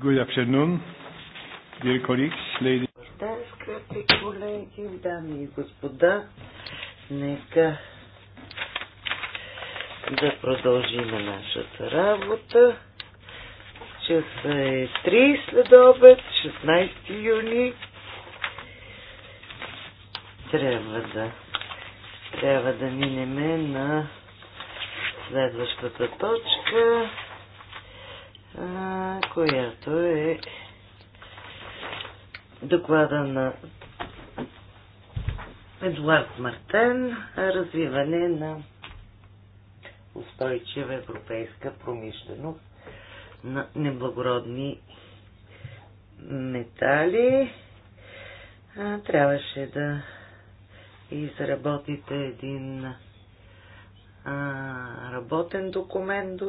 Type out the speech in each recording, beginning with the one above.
Good afternoon, dear colleagues, ladies. скъпи колеги, дами и господа, нека да продължим нашата работа. Часа е 3 след обед, 16 юни. Трябва да, трябва да минеме на следващата точка а, която е доклада на Едуард Мартен развиване на устойчива европейска промишленост на неблагородни метали. А, трябваше да изработите един работен документ до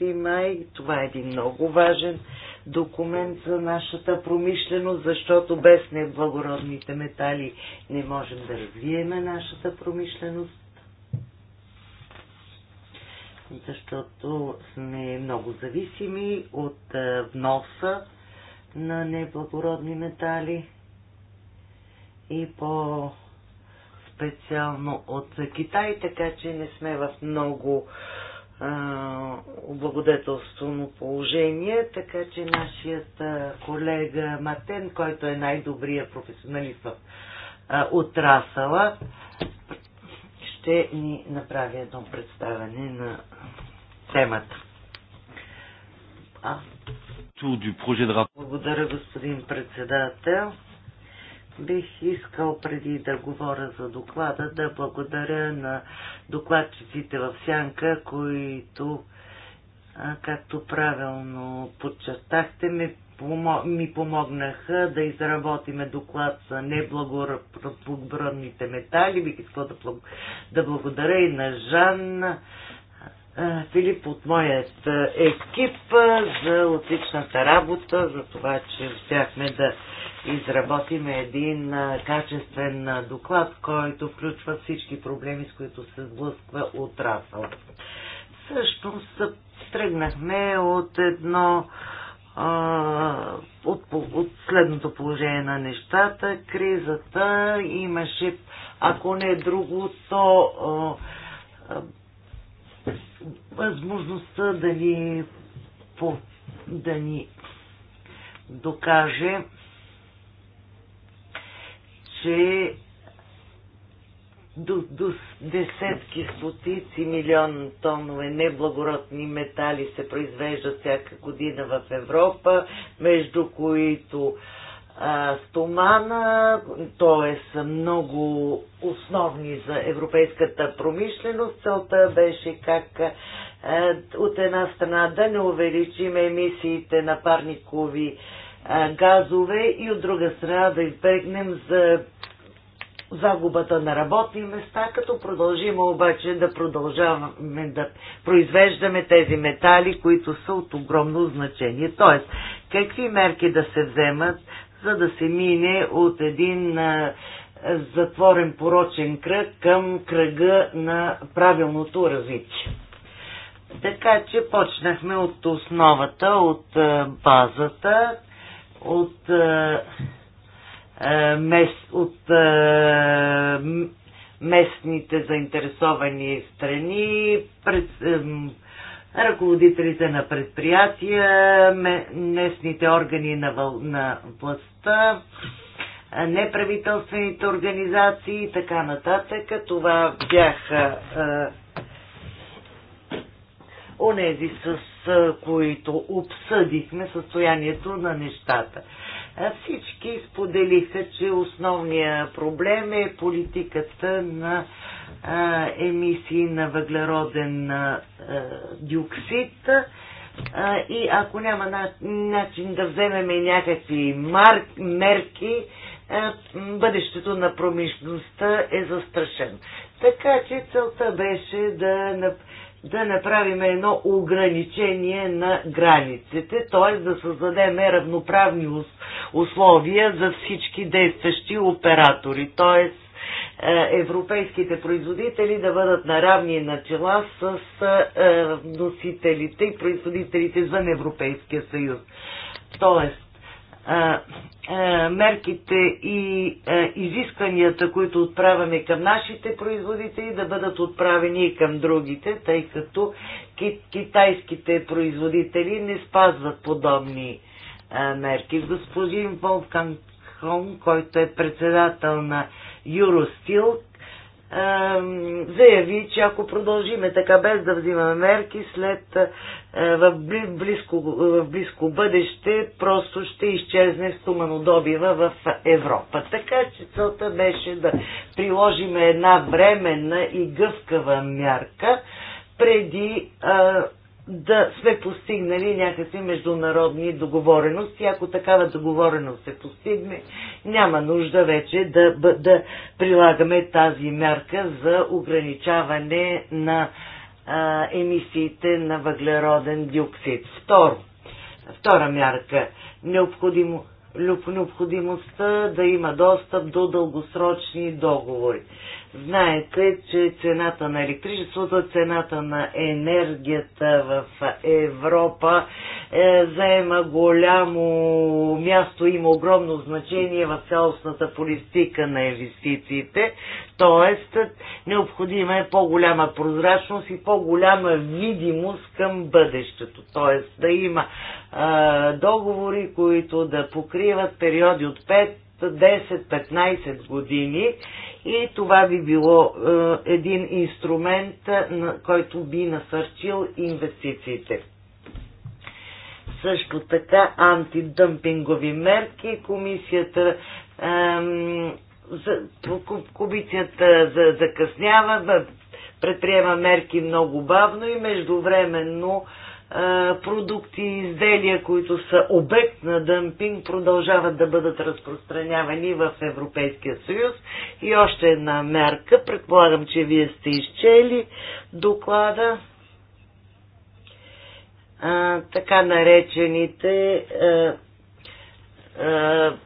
6 май. Това е един много важен документ за нашата промишленост, защото без неблагородните метали не можем да развиеме нашата промишленост. Защото сме много зависими от вноса на неблагородни метали и по специално от Китай, така че не сме в много облагодетелствено положение, така че нашият колега Матен, който е най-добрият професионалист в отрасъла, ще ни направи едно представяне на темата. А. Благодаря, господин председател. Бих искал преди да говоря за доклада да благодаря на докладчиците в Сянка, които, както правилно подчертахте, ми, ми помогнаха да изработиме доклад за неблагородните метали. Бих искал да, да благодаря и на Жан Филип от моят екип за отличната работа, за това, че успяхме да изработим един качествен доклад, който включва всички проблеми, с които се сблъсква отрасъл. Също тръгнахме от едно от, от следното положение на нещата, кризата имаше, ако не е друго, то възможността да ни, по, да ни докаже че до, до десетки, стотици милион тонове неблагородни метали се произвеждат всяка година в Европа, между които а, стомана, т.е. са много основни за европейската промишленост. Целта беше как а, от една страна да не увеличим емисиите на парникови а, газове и от друга страна да избегнем за загубата на работни места, като продължим обаче да продължаваме да произвеждаме тези метали, които са от огромно значение. Тоест, какви мерки да се вземат, за да се мине от един затворен порочен кръг към кръга на правилното развитие. Така че почнахме от основата, от базата, от, е, е, мес, от е, местните заинтересовани страни, пред, е, ръководителите на предприятия, местните органи на, въл, на властта, е, неправителствените организации и така нататък. Това бяха е, унези с които обсъдихме състоянието на нещата. Всички споделиха, че основният проблем е политиката на емисии на въглероден диоксид и ако няма начин да вземем някакви марк, мерки, бъдещето на промишлеността е застрашено. Така че целта беше да да направим едно ограничение на границите, т.е. да създадем равноправни условия за всички действащи оператори, т.е. европейските производители да бъдат на равни начала с е, е, носителите и производителите извън Европейския съюз. Тоест, мерките и изискванията, които отправяме към нашите производители, да бъдат отправени и към другите, тъй като китайските производители не спазват подобни мерки. Господин Волкан Хон, който е председател на Юростил, заяви, че ако продължиме така без да взимаме мерки, след в близко, в близко бъдеще просто ще изчезне стоманодобива в Европа. Така че целта беше да приложиме една временна и гъвкава мярка преди да сме постигнали някакви международни договорености. Ако такава договореност се постигне, няма нужда вече да, да прилагаме тази мярка за ограничаване на а, емисиите на въглероден диоксид. Второ, втора мярка необходимо, необходимостта да има достъп до дългосрочни договори. Знаете, че цената на електричеството, цената на енергията в Европа е, заема голямо място, има огромно значение в цялостната политика на инвестициите. Т.е. необходима е по-голяма прозрачност и по-голяма видимост към бъдещето. Т.е. да има е, договори, които да покриват периоди от 5 10-15 години и това би било е, един инструмент, е, на който би насърчил инвестициите. Също така антидъмпингови мерки, комисията ем, за, комисията за, закъснява, предприема мерки много бавно и междувременно е, продукти и изделия, които са обект на дъмпинг, продължават да бъдат разпространявани в Европейския съюз. И още една мерка, предполагам, че вие сте изчели доклада а, така наречените а, а,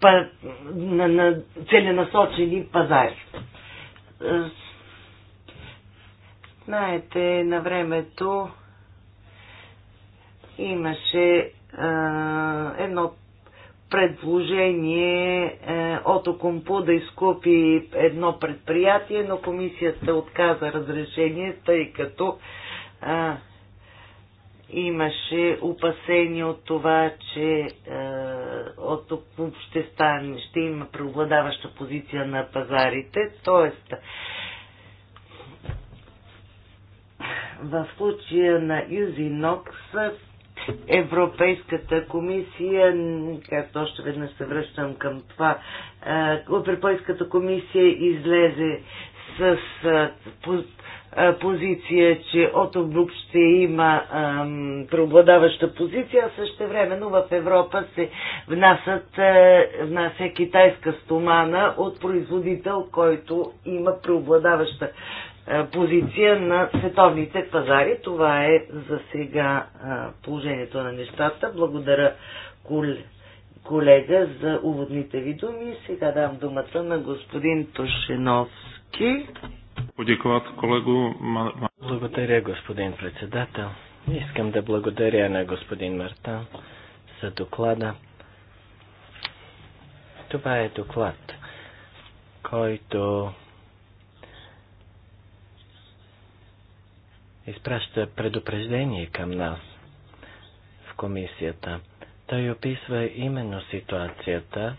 па, на, на целенасочени пазари. знаете, на времето имаше а, едно предложение е, от Окумпу да изкупи едно предприятие, но комисията отказа разрешение, тъй като а, е, имаше опасение от това, че а, е, от ще, стане, ще има преобладаваща позиция на пазарите, т.е. в случая на Юзи Нокс Европейската комисия, както още веднъж се връщам към това, е, Европейската комисия излезе с е, е, позиция, че от Облук ще има ам, преобладаваща позиция, а също времено в Европа се внасят, е, внася китайска стомана от производител, който има преобладаваща е, позиция на световните пазари. Това е за сега е, положението на нещата. Благодаря, колега, за уводните ви думи. Сега дам думата на господин Тошиновски. Благодаря, господин председател. Искам да благодаря на господин Мартан за доклада. Това е доклад, който изпраща предупреждение към нас в комисията. Той описва именно ситуацията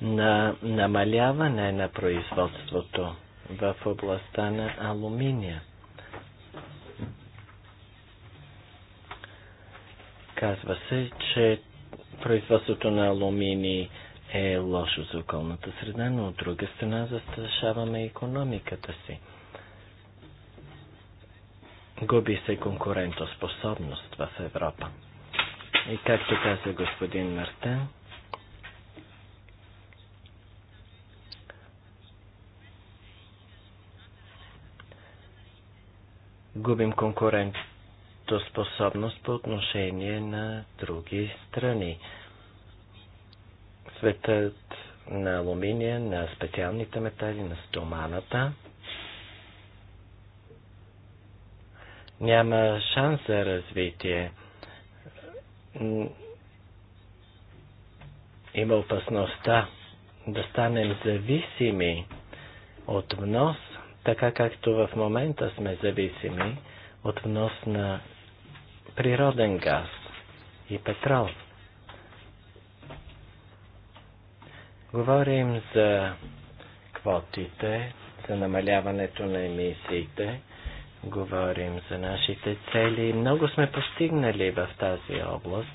на намаляване на производството в областта на алуминия. Казва се, че производството на алуминия е лошо за околната среда, но от друга страна застрашаваме економиката си. Губи се конкурентоспособност в Европа. И както каза господин Мартен, губим конкурентоспособност по отношение на други страни светът на алуминия, на специалните метали, на стоманата. Няма шанс за развитие. Има опасността да станем зависими от внос, така както в момента сме зависими от внос на природен газ и петрол. Говорим за квотите, за намаляването на емисиите, говорим за нашите цели. Много сме постигнали в тази област.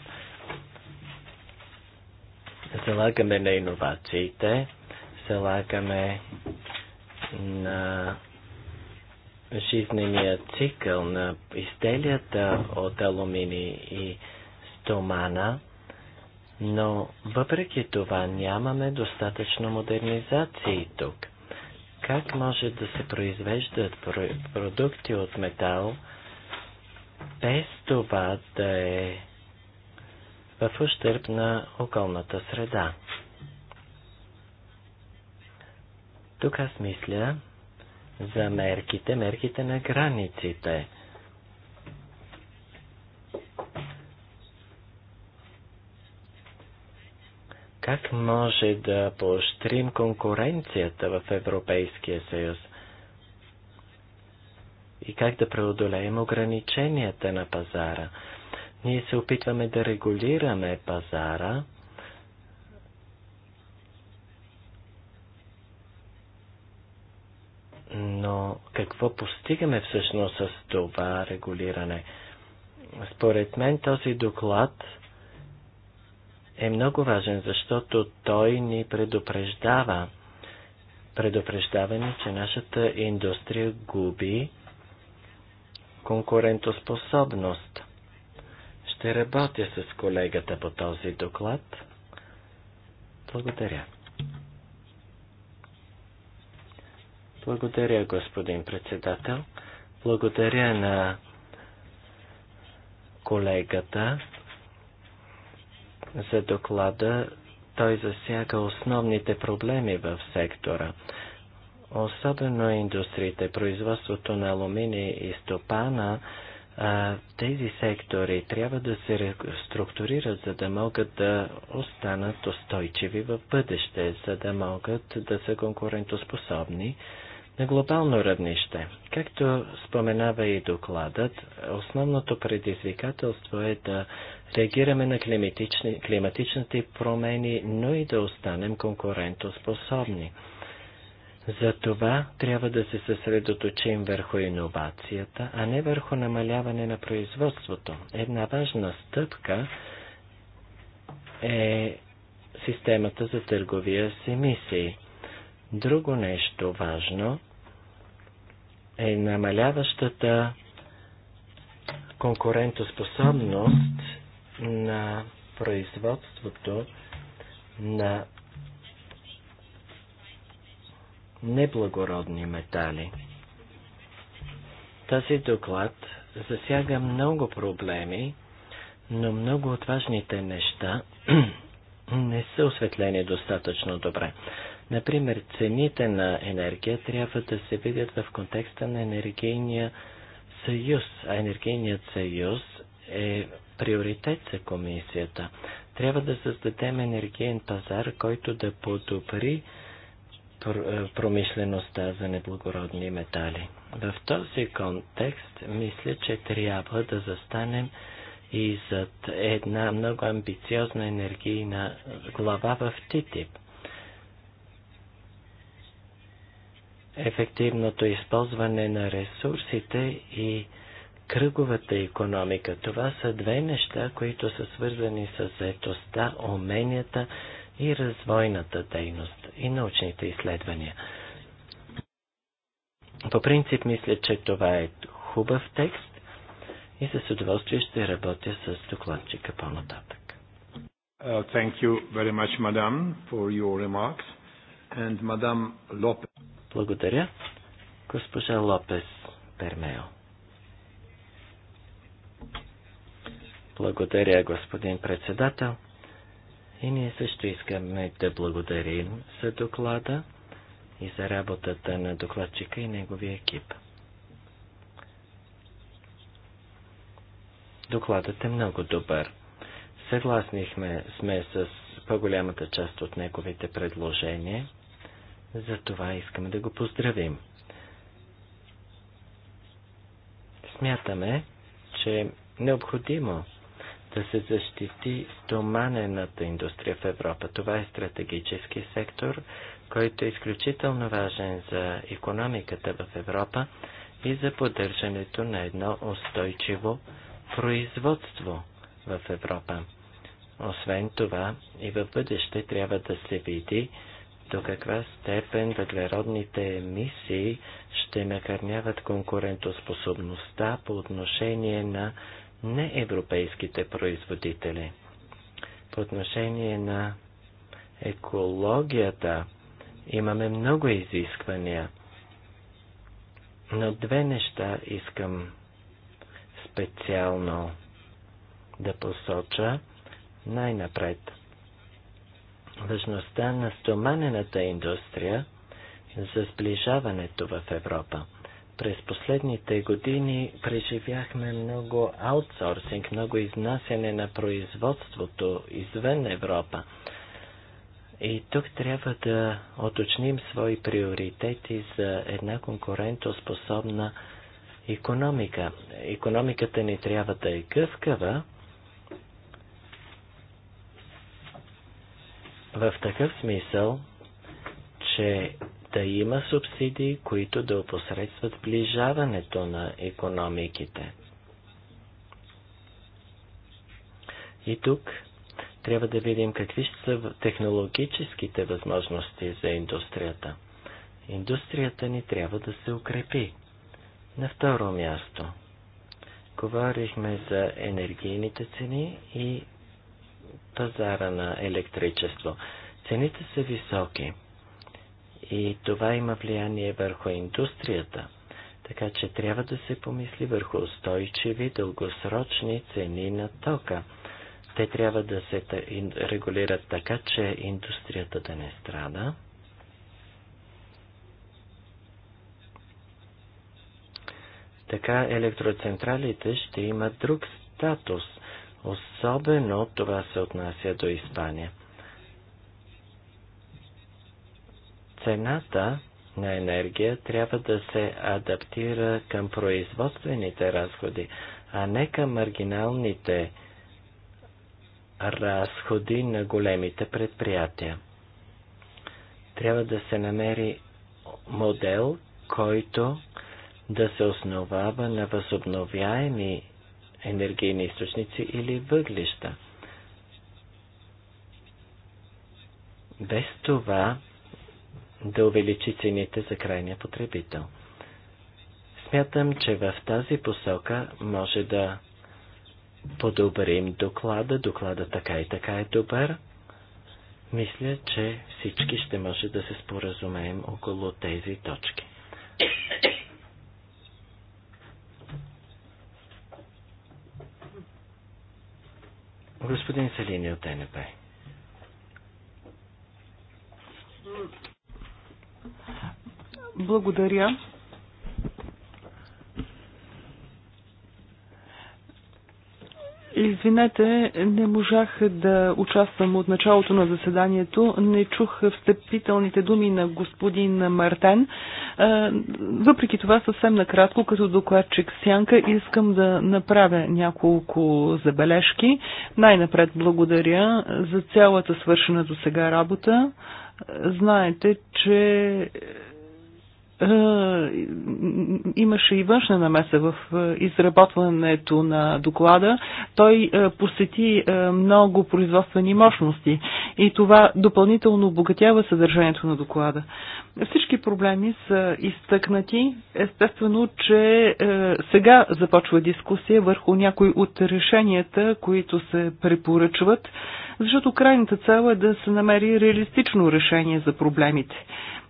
Залагаме на иновациите, залагаме на жизнения цикъл на изделията от алумини и стомана. Но въпреки това нямаме достатъчно модернизации тук. Как може да се произвеждат продукти от метал без това да е в ущърп на околната среда? Тук аз мисля за мерките, мерките на границите. Как може да поощрим конкуренцията в Европейския съюз? И как да преодолеем ограниченията на пазара? Ние се опитваме да регулираме пазара, но какво постигаме всъщност с това регулиране? Според мен този доклад е много важен, защото той ни предупреждава. Предупреждава ни, че нашата индустрия губи конкурентоспособност. Ще работя с колегата по този доклад. Благодаря. Благодаря, господин председател. Благодаря на колегата за доклада. Той засяга основните проблеми в сектора. Особено индустриите, производството на алумини и стопана, тези сектори трябва да се реструктурират, за да могат да останат устойчиви в бъдеще, за да могат да са конкурентоспособни на глобално равнище. Както споменава и докладът, основното предизвикателство е да реагираме на климатични, климатичните промени, но и да останем конкурентоспособни. За това трябва да се съсредоточим върху иновацията, а не върху намаляване на производството. Една важна стъпка е системата за търговия с емисии. Друго нещо важно е намаляващата конкурентоспособност на производството на неблагородни метали. Този доклад засяга много проблеми, но много от важните неща не са осветлени достатъчно добре. Например, цените на енергия трябва да се видят в контекста на енергийния съюз, а енергийният съюз е приоритет за комисията. Трябва да създадем енергиен пазар, който да подобри е, промишлеността за неблагородни метали. В този контекст мисля, че трябва да застанем и зад една много амбициозна енергийна глава в ТИТИП. Ефективното използване на ресурсите и кръговата економика. Това са две неща, които са свързани с заетостта, уменията и развойната дейност и научните изследвания. По принцип мисля, че това е хубав текст и с удоволствие ще работя с докладчика по-нататък. Uh, thank you very much, madam, for your remarks. And madam Lopez. Благодаря. Госпожа Лопес Пермео. Благодаря, господин председател. И ние също искаме да благодарим за доклада и за работата на докладчика и неговия екип. Докладът е много добър. Съгласнихме сме с по-голямата част от неговите предложения, затова искаме да го поздравим. Смятаме, че е необходимо да се защити стоманената индустрия в Европа. Това е стратегически сектор, който е изключително важен за економиката в Европа и за поддържането на едно устойчиво производство в Европа. Освен това, и в бъдеще трябва да се види до каква степен въглеродните емисии ще накърняват конкурентоспособността по отношение на неевропейските производители. По отношение на екологията имаме много изисквания, но две неща искам специално да посоча най-напред. Важността на стоманената индустрия за сближаването в Европа – през последните години преживяхме много аутсорсинг, много изнасяне на производството извън Европа. И тук трябва да оточним свои приоритети за една конкурентоспособна економика. Економиката ни трябва да е гъвкава. В такъв смисъл, че да има субсидии, които да опосредстват ближаването на економиките. И тук трябва да видим какви ще са технологическите възможности за индустрията. Индустрията ни трябва да се укрепи. На второ място, говорихме за енергийните цени и пазара на електричество. Цените са високи. И това има влияние върху индустрията. Така че трябва да се помисли върху устойчиви, дългосрочни цени на тока. Те трябва да се регулират така, че индустрията да не страда. Така електроцентралите ще имат друг статус. Особено това се отнася до Испания. Цената на енергия трябва да се адаптира към производствените разходи, а не към маргиналните разходи на големите предприятия. Трябва да се намери модел, който да се основава на възобновяеми енергийни източници или въглища. Без това да увеличи цените за крайния потребител. Смятам, че в тази посока може да подобрим доклада. Доклада така и така е добър. Мисля, че всички ще може да се споразумеем около тези точки. Господин Селини от НП. Благодаря. Извинете, не можах да участвам от началото на заседанието. Не чух встъпителните думи на господин Мартен. Въпреки това, съвсем накратко, като докладчик Сянка, искам да направя няколко забележки. Най-напред благодаря за цялата свършена до сега работа. Знаете, че е, имаше и външна намеса в е, изработването на доклада. Той е, посети много производствени мощности и това допълнително обогатява съдържанието на доклада. Всички проблеми са изтъкнати. Естествено, че сега започва дискусия върху някои от решенията, които се препоръчват защото крайната цел е да се намери реалистично решение за проблемите.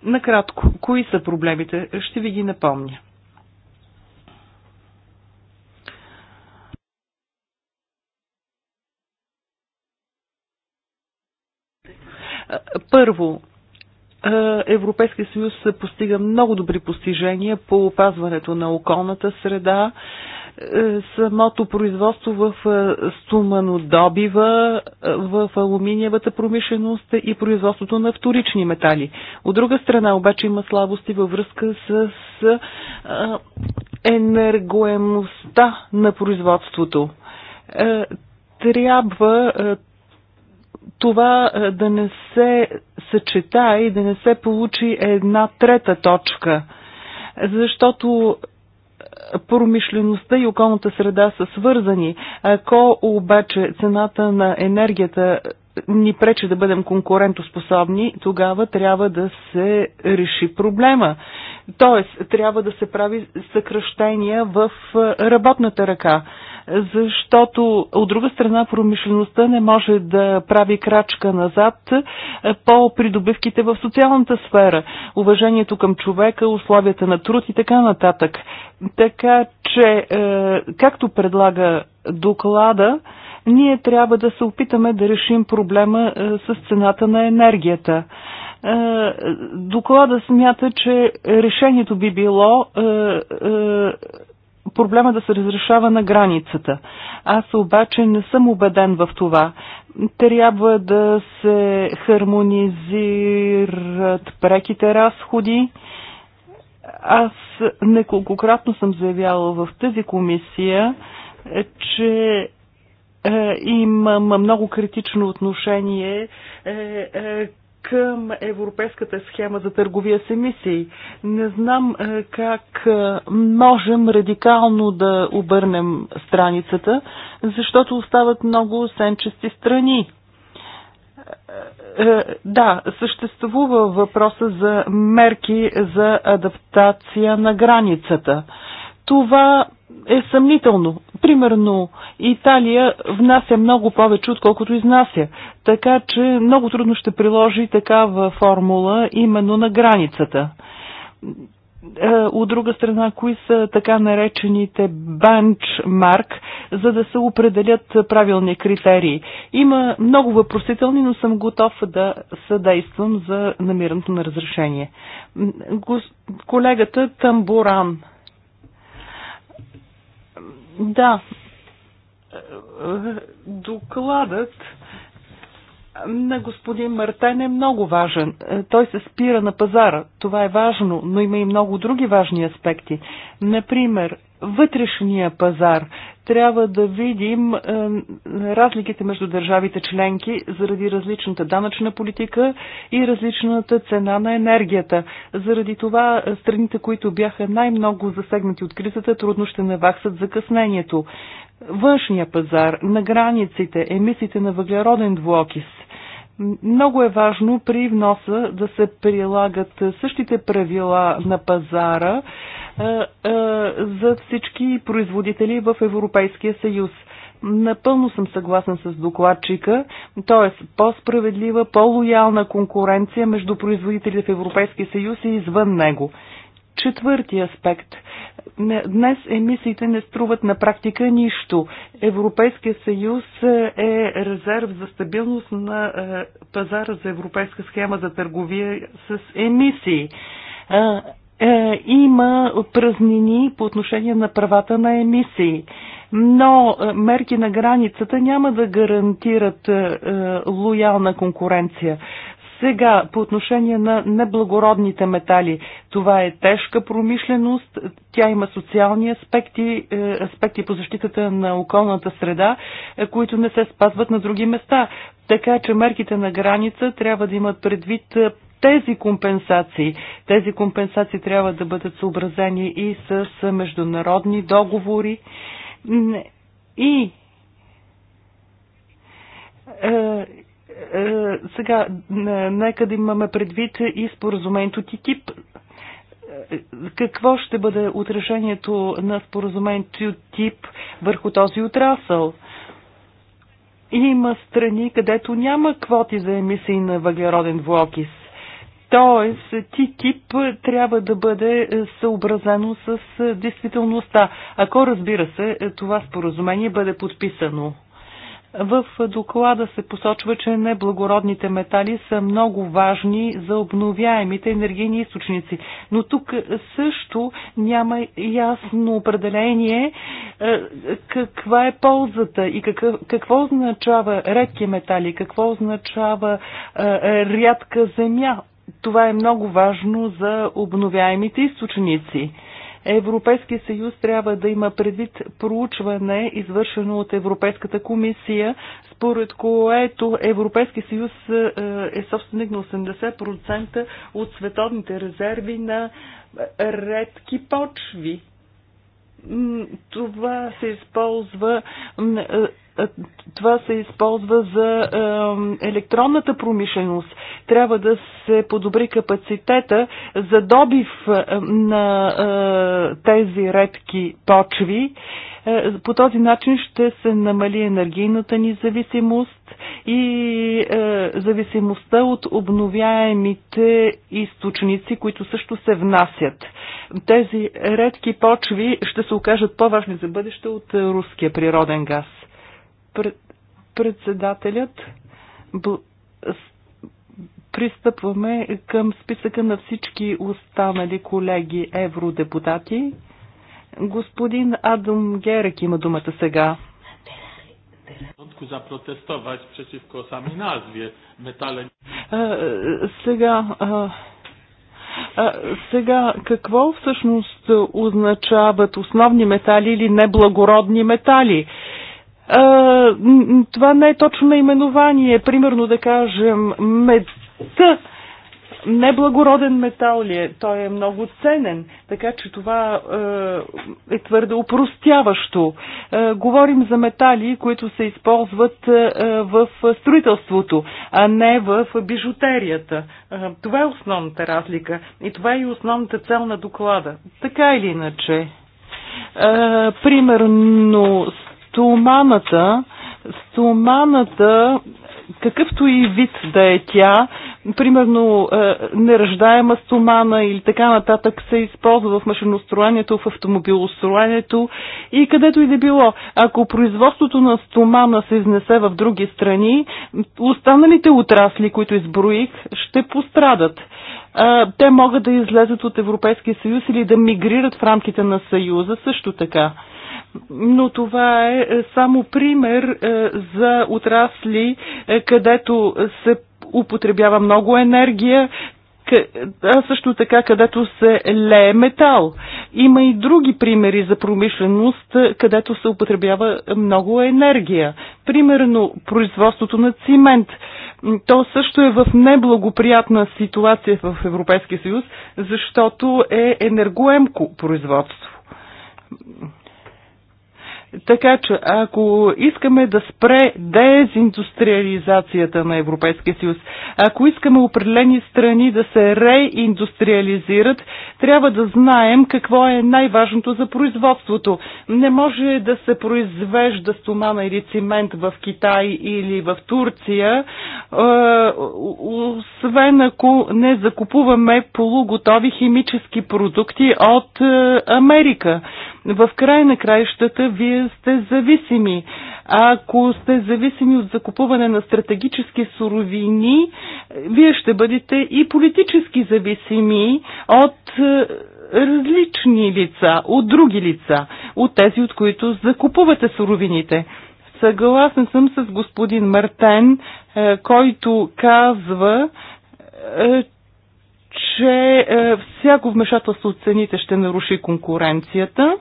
Накратко, кои са проблемите? Ще ви ги напомня. Първо, е, Европейския съюз постига много добри постижения по опазването на околната среда, е, самото производство в е, стоманодобива, е, в алуминиевата промишленост и производството на вторични метали. От друга страна обаче има слабости във връзка с енергоемността на производството. Трябва това да не се съчета и да не се получи една трета точка, защото промишлеността и околната среда са свързани. Ако обаче цената на енергията ни пречи да бъдем конкурентоспособни, тогава трябва да се реши проблема. Тоест, трябва да се прави съкръщения в работната ръка защото от друга страна промишлеността не може да прави крачка назад по придобивките в социалната сфера, уважението към човека, условията на труд и така нататък. Така че, е, както предлага доклада, ние трябва да се опитаме да решим проблема е, с цената на енергията. Е, доклада смята, че решението би било проблема да се разрешава на границата. Аз обаче не съм убеден в това. Трябва да се хармонизират преките разходи. Аз неколкократно съм заявяла в тази комисия, че е, имам много критично отношение е, е, към европейската схема за търговия с емисии. Не знам е, как е, можем радикално да обърнем страницата, защото остават много сенчести страни. Е, да, съществува въпроса за мерки за адаптация на границата. Това е съмнително. Примерно, Италия внася много повече, отколкото изнася. Така че много трудно ще приложи такава формула именно на границата. Е, от друга страна, кои са така наречените банчмарк, за да се определят правилни критерии? Има много въпросителни, но съм готов да съдействам за намирането на разрешение. Колегата Тамбуран да. Докладът на господин Мартен е много важен. Той се спира на пазара. Това е важно, но има и много други важни аспекти. Например, вътрешния пазар трябва да видим е, разликите между държавите членки заради различната данъчна политика и различната цена на енергията. Заради това е, страните, които бяха най-много засегнати от кризата, трудно ще наваксат закъснението. Външния пазар, на границите, емисиите на въглероден двуокис – много е важно при вноса да се прилагат същите правила на пазара, за всички производители в Европейския съюз. Напълно съм съгласен с докладчика, т.е. по-справедлива, по-лоялна конкуренция между производителите в Европейския съюз и извън него. Четвърти аспект. Днес емисиите не струват на практика нищо. Европейския съюз е резерв за стабилност на пазара за европейска схема за търговия с емисии е, има празнини по отношение на правата на емисии. Но е, мерки на границата няма да гарантират е, е, лоялна конкуренция. Сега, по отношение на неблагородните метали, това е тежка промишленост, тя има социални аспекти, е, аспекти по защитата на околната среда, които не се спазват на други места. Така че мерките на граница трябва да имат предвид тези компенсации. Тези компенсации трябва да бъдат съобразени и с международни договори. И е, е, сега, нека да имаме предвид и споразумението ТИТИП. Е, какво ще бъде отражението на споразумението ТИП върху този отрасъл? Има страни, където няма квоти за емисии на въглероден двуокис – Тоест, ТИТИП трябва да бъде е, съобразено с е, действителността, ако разбира се е, това споразумение бъде подписано. В доклада се посочва, че неблагородните метали са много важни за обновяемите енергийни източници, но тук също няма ясно определение каква е ползата и какво означава редки метали, какво означава рядка земя това е много важно за обновяемите източници. Европейския съюз трябва да има предвид проучване, извършено от Европейската комисия, според което Европейския съюз е, е собственик на 80% от световните резерви на редки почви. Това се използва е, е, това се използва за е, електронната промишленост. Трябва да се подобри капацитета за добив е, на тези редки почви. По този начин ще се намали енергийната зависимост и зависимостта от обновяемите източници, които също се внасят. Тези редки почви ще се окажат по-важни за бъдеще от руския природен газ. Председателят пристъпваме към списъка на всички останали колеги евродепутати. Господин Адам Герек има думата сега. Сега, а, а, сега какво всъщност означават основни метали или неблагородни метали? А, това не е точно наименование. Примерно да кажем мед. Неблагороден метал ли е? Той е много ценен, така че това е, е твърде упростяващо. Е, говорим за метали, които се използват е, в строителството, а не в бижутерията. Е, това е основната разлика и това е и основната цел на доклада. Така или иначе. Е, примерно стоманата, стоманата, какъвто и вид да е тя, примерно е, неръждаема стомана или така нататък се използва в машиностроението, в автомобилостроението и където и да било. Ако производството на стомана се изнесе в други страни, останалите отрасли, които изброих, ще пострадат те могат да излезат от Европейския съюз или да мигрират в рамките на съюза също така. Но това е, е само пример е, за отрасли, е, където се употребява много енергия, а също така където се лее метал. Има и други примери за промишленост, където се употребява много енергия. Примерно производството на цимент. То също е в неблагоприятна ситуация в Европейския съюз, защото е енергоемко производство. Така че, ако искаме да спре дезиндустриализацията на Европейския съюз, ако искаме определени страни да се реиндустриализират, трябва да знаем какво е най-важното за производството. Не може да се произвежда стомана или цимент в Китай или в Турция, е, освен ако не закупуваме полуготови химически продукти от е, Америка. В край на краищата вие сте зависими. Ако сте зависими от закупуване на стратегически суровини, вие ще бъдете и политически зависими от е, различни лица, от други лица, от тези, от които закупувате суровините. Съгласен съм с господин Мартен, е, който казва, е, че всяко вмешателство от цените ще наруши конкуренцията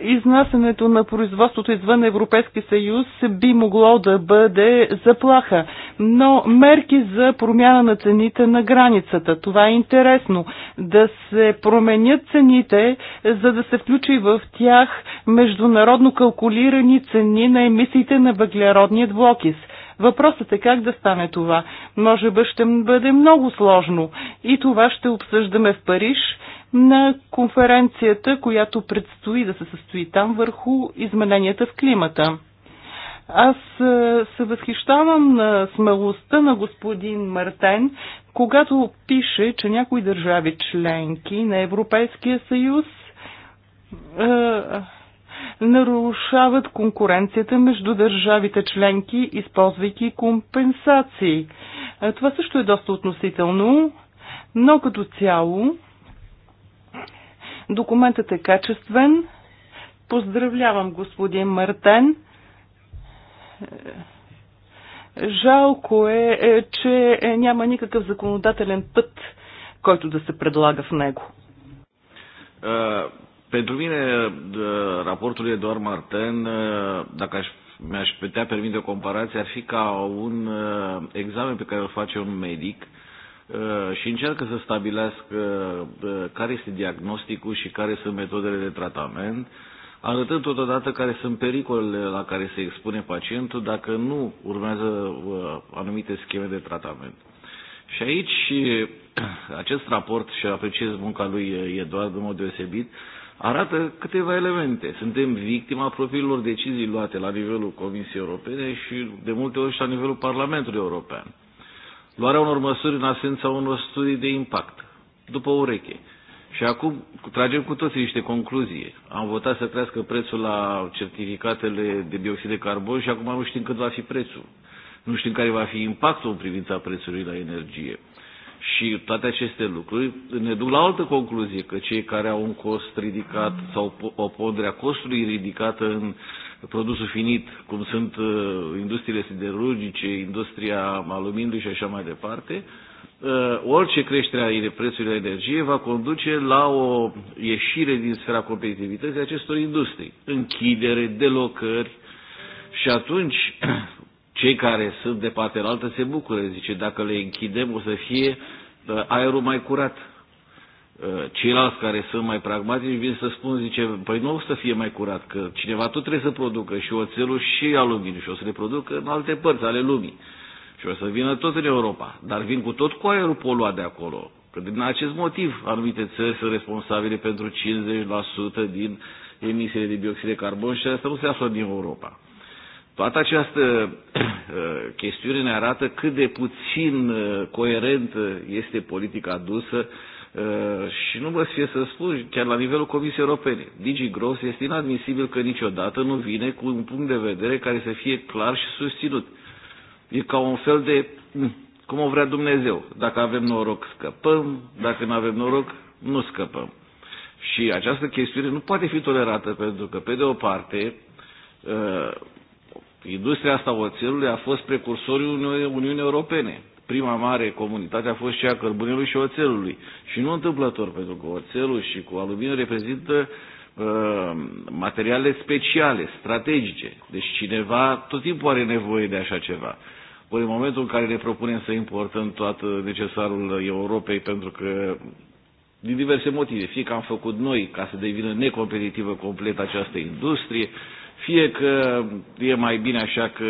изнасянето на производството извън Европейски съюз би могло да бъде заплаха. Но мерки за промяна на цените на границата, това е интересно. Да се променят цените, за да се включи в тях международно калкулирани цени на емисиите на въглеродния блокис. Въпросът е как да стане това. Може би ще бъде много сложно. И това ще обсъждаме в Париж – на конференцията, която предстои да се състои там върху измененията в климата. Аз е, се възхищавам на смелостта на господин Мартен, когато пише, че някои държави членки на Европейския съюз е, нарушават конкуренцията между държавите членки, използвайки компенсации. Е, това също е доста относително, но като цяло Документът е качествен. Поздравлявам господин Мартен. Жалко е, е, че няма никакъв законодателен път, който да се предлага в него. Е, Pentru mine, е, raportul Eduard Marten, dacă aș, mi-aș putea permite o comparație, ar fi ca un e, examen pe care îl face un medic uh, și încearcă să stabilească care este diagnosticul și care sunt metodele de tratament, arătând totodată care sunt pericolele la care se expune pacientul dacă nu urmează anumite scheme de tratament. Și aici acest raport, și apreciez munca lui Eduard în mod deosebit, arată câteva elemente. Suntem victima propriilor decizii luate la nivelul Comisiei Europene și de multe ori și la nivelul Parlamentului European luarea unor măsuri în asența unor studii de impact, după ureche. Și acum tragem cu toții niște concluzii. Am votat să crească prețul la certificatele de bioxid de carbon și acum nu știm cât va fi prețul. Nu știm care va fi impactul în privința prețului la energie. Și toate aceste lucruri ne duc la altă concluzie, că cei care au un cost ridicat sau o pondere a costului ridicată în uh, produsul finit, cum sunt industriile siderurgice, industria aluminiului și așa mai departe, orice creștere a prețurilor energiei va conduce la o ieșire din sfera competitivității acestor industrii. Închidere, delocări și atunci cei care sunt de partea altă se bucură, zice, dacă le închidem o să fie aerul mai curat, ceilalți care sunt mai pragmatici vin să spun, zice, păi nu o să fie mai curat, că cineva tot trebuie să producă și oțelul și aluminiu și o să le producă în alte părți ale lumii. Și o să vină tot în Europa, dar vin cu tot cu aerul poluat de acolo. Că din acest motiv anumite țări sunt responsabile pentru 50% din emisiile de dioxid de carbon și asta nu se află din Europa. Toată această chestiune ne arată cât de puțin coerentă este politica adusă și nu vă fie să spun, chiar la nivelul Comisiei Europene, Digi Gross este inadmisibil că niciodată nu vine cu un punct de vedere care să fie clar și susținut. E ca un fel de, cum o vrea Dumnezeu, dacă avem noroc scăpăm, dacă nu avem noroc nu scăpăm. Și această chestiune nu poate fi tolerată pentru că, pe de o parte, industria asta oțelului a fost precursorul Uniunii Europene prima mare comunitate a fost cea a cărbunelui și oțelului. Și nu întâmplător, pentru că oțelul și cu aluminiu reprezintă uh, materiale speciale, strategice. Deci cineva tot timpul are nevoie de așa ceva. Ori în momentul în care ne propunem să importăm tot necesarul Europei, pentru că din diverse motive, fie că am făcut noi ca să devină necompetitivă complet această industrie, uh, fie că e mai bine așa că,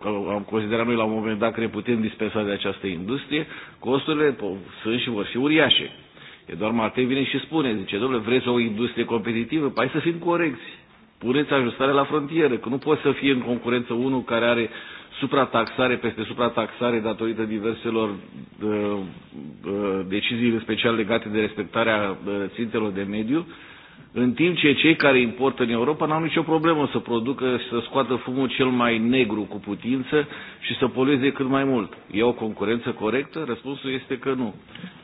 că am considerat noi la un moment dat că ne putem dispensa de această industrie, costurile sunt și vor fi uriașe. doar Matei vine și spune, zice, domnule, vreți o industrie competitivă? Păi să fim corecți. Puneți ajustare la frontieră, că nu poți să fie în concurență unul care are suprataxare peste suprataxare datorită diverselor uh, uh, decizii special legate de respectarea uh, țintelor de mediu, uh, în timp ce cei care importă în Europa n-au nicio problemă să producă și să scoată fumul cel mai negru cu putință și să polueze cât mai mult. E o concurență corectă? Răspunsul este că nu.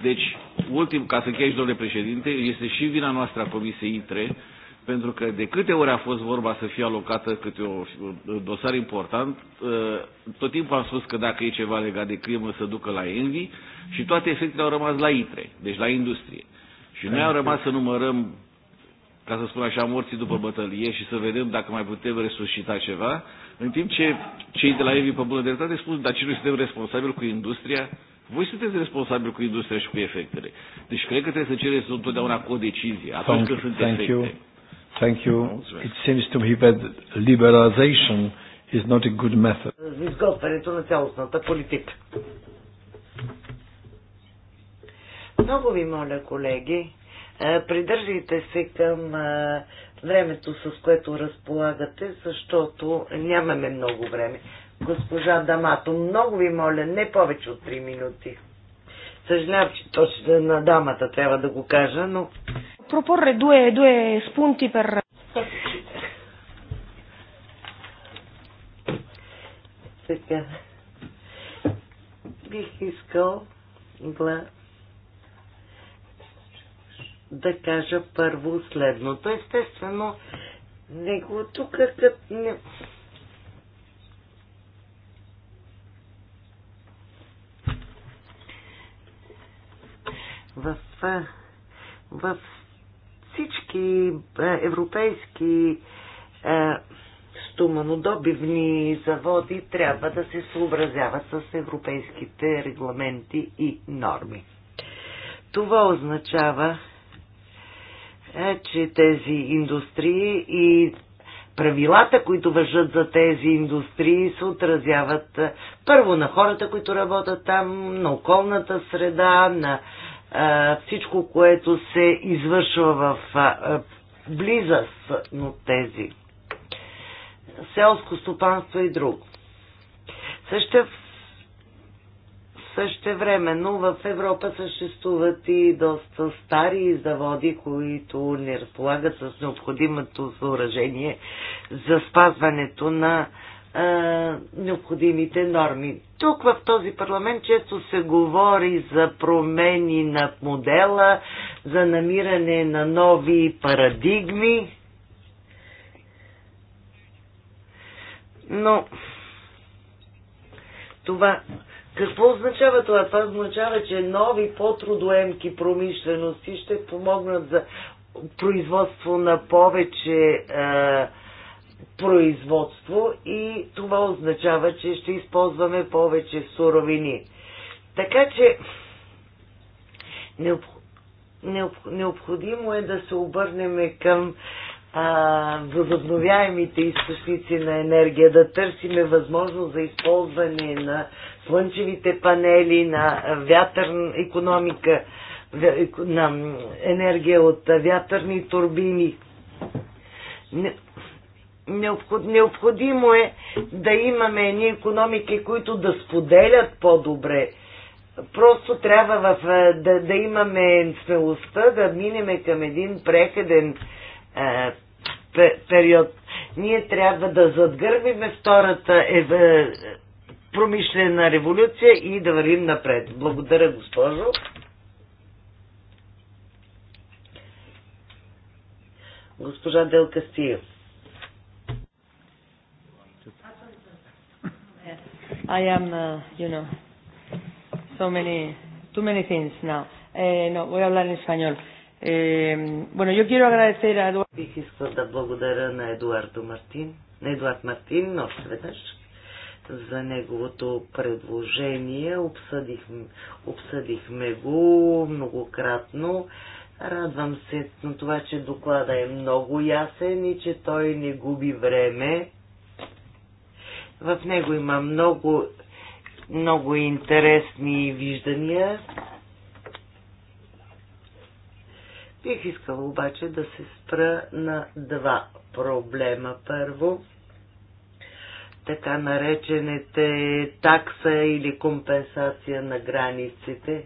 Deci, ultim, ca să încheiași, domnule președinte, este și vina noastră a Comisiei ITRE, pentru că de câte ori a fost vorba să fie alocată câte o, dosar important, tot timpul am spus că dacă e ceva legat de crimă să ducă la Envi și toate efectele au rămas la ITRE, deci la industrie. Și noi am rămas să numărăm ca să spun așa, morții după bătălie și să vedem dacă mai putem resuscita ceva, în timp ce cei de la Evi pe bună dreptate spun, dar ce noi suntem responsabili cu industria? Voi sunteți responsabili cu industria și cu efectele. Deci cred că trebuie să cereți întotdeauna cu o decizie, atunci când sunt thank efecte. You. Thank you. It seems to me that liberalization is not a good method. Много ви моля, колеги, е, придържайте се към е, времето, с което разполагате, защото нямаме много време. Госпожа Дамато, много ви моля, не повече от 3 минути. Съжалявам, че точно на дамата трябва да го кажа, но... Пропорре две, две спунти пер... Така. Бих искал да да кажа първо следното. Естествено, него тук като не... В, в всички европейски е, стоманодобивни заводи трябва да се съобразяват с европейските регламенти и норми. Това означава, е, че тези индустрии и правилата, които въжат за тези индустрии, се отразяват е, първо на хората, които работят там, на околната среда, на е, всичко, което се извършва в близост на тези селско стопанство и друго. Също също но в Европа съществуват и доста стари заводи, които не разполагат с необходимото съоръжение за спазването на е, необходимите норми. Тук в този парламент често се говори за промени на модела, за намиране на нови парадигми, но това какво означава това? Това означава, че нови по-трудоемки промишлености ще помогнат за производство на повече е, производство и това означава, че ще използваме повече суровини. Така че необ, необ, необходимо е да се обърнем към а, възобновяемите източници на енергия, да търсиме възможност за използване на слънчевите панели, на вятърна економика, на енергия от вятърни турбини. Необходимо е да имаме едни економики, които да споделят по-добре. Просто трябва в, да, да имаме смелостта да минеме към един преходен е, период. Ние трябва да задгърбиме втората е, е, промишлена революция и да вървим напред. Благодаря, госпожо. Госпожа Делка Стиев. I am, uh, you know, so many, too many things now. Eh, no, voy a hablar en español. Eh, bueno, yo quiero agradecer a Eduardo. Бих искал да благодаря на Едуардо Мартин, на Едуард Мартин, още веднъж за неговото предложение. Обсъдих, обсъдихме го многократно. Радвам се на това, че доклада е много ясен и че той не губи време. В него има много, много интересни виждания. Бих искал обаче да се спра на два проблема. Първо, така наречените такса или компенсация на границите.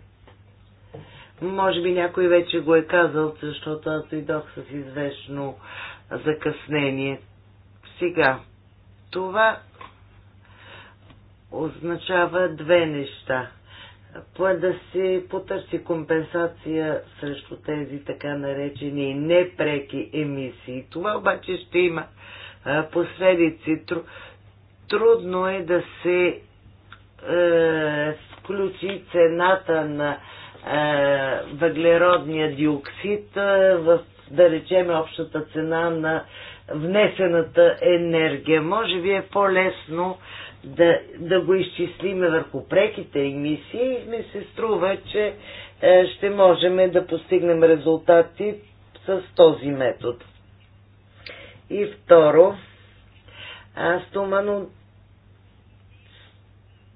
Може би някой вече го е казал, защото аз дойдох с известно закъснение. Сега, това означава две неща. Пла да се потърси компенсация срещу тези така наречени непреки емисии. Това обаче ще има последици трудно е да се е, включи цената на е, въглеродния диоксид е, в, да речем, общата цена на внесената енергия. Може би е по-лесно да, да го изчислиме върху преките емисии и ми се струва, че е, ще можем да постигнем резултати с този метод. И второ, стомано,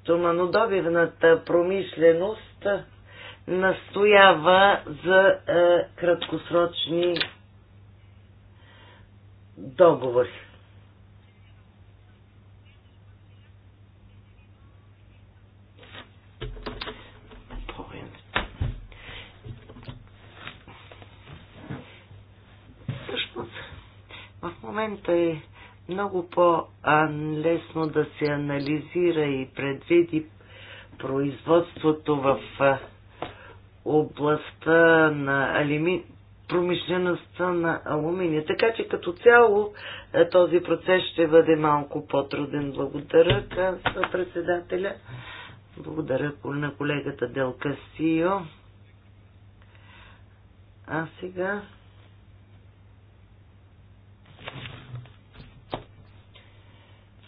стоманодобивната промишленост настоява за е, краткосрочни договори. В момента е много по-лесно да се анализира и предвиди производството в областта на алими... промишлеността на алуминия. Така че като цяло този процес ще бъде малко по-труден. Благодаря, казва председателя. Благодаря на колегата Делка Сио. А сега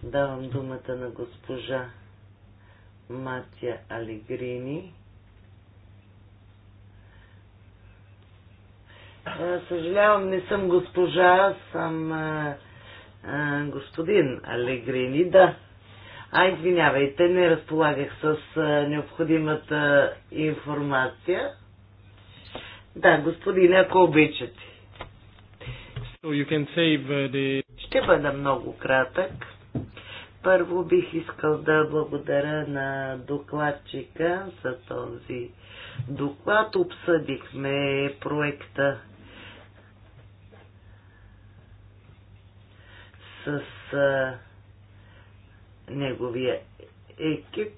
Давам думата на госпожа Матя Алегрини. Съжалявам, не съм госпожа, съм а, а, господин Алегрини. Да. А, извинявайте, не разполагах с а, необходимата информация. Да, господин, ако обичате. So you can save uh, the... Ще бъда много кратък. Първо бих искал да благодаря на докладчика за този доклад. Обсъдихме проекта с а, неговия екип.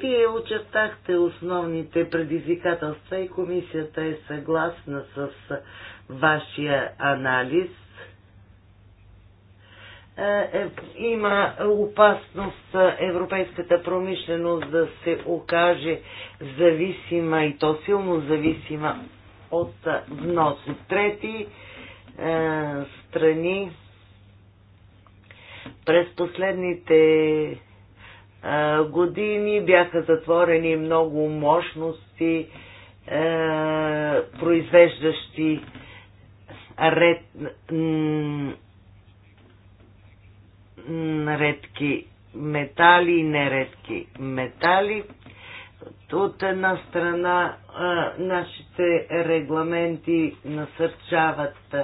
Вие очертахте основните предизвикателства и комисията е съгласна с вашия анализ е, е, има опасност е, европейската промишленост да се окаже зависима и то силно зависима от е, внос от трети е, страни. През последните е, години бяха затворени много мощности, е, произвеждащи ред редки метали и нередки метали. От една страна а, нашите регламенти насърчават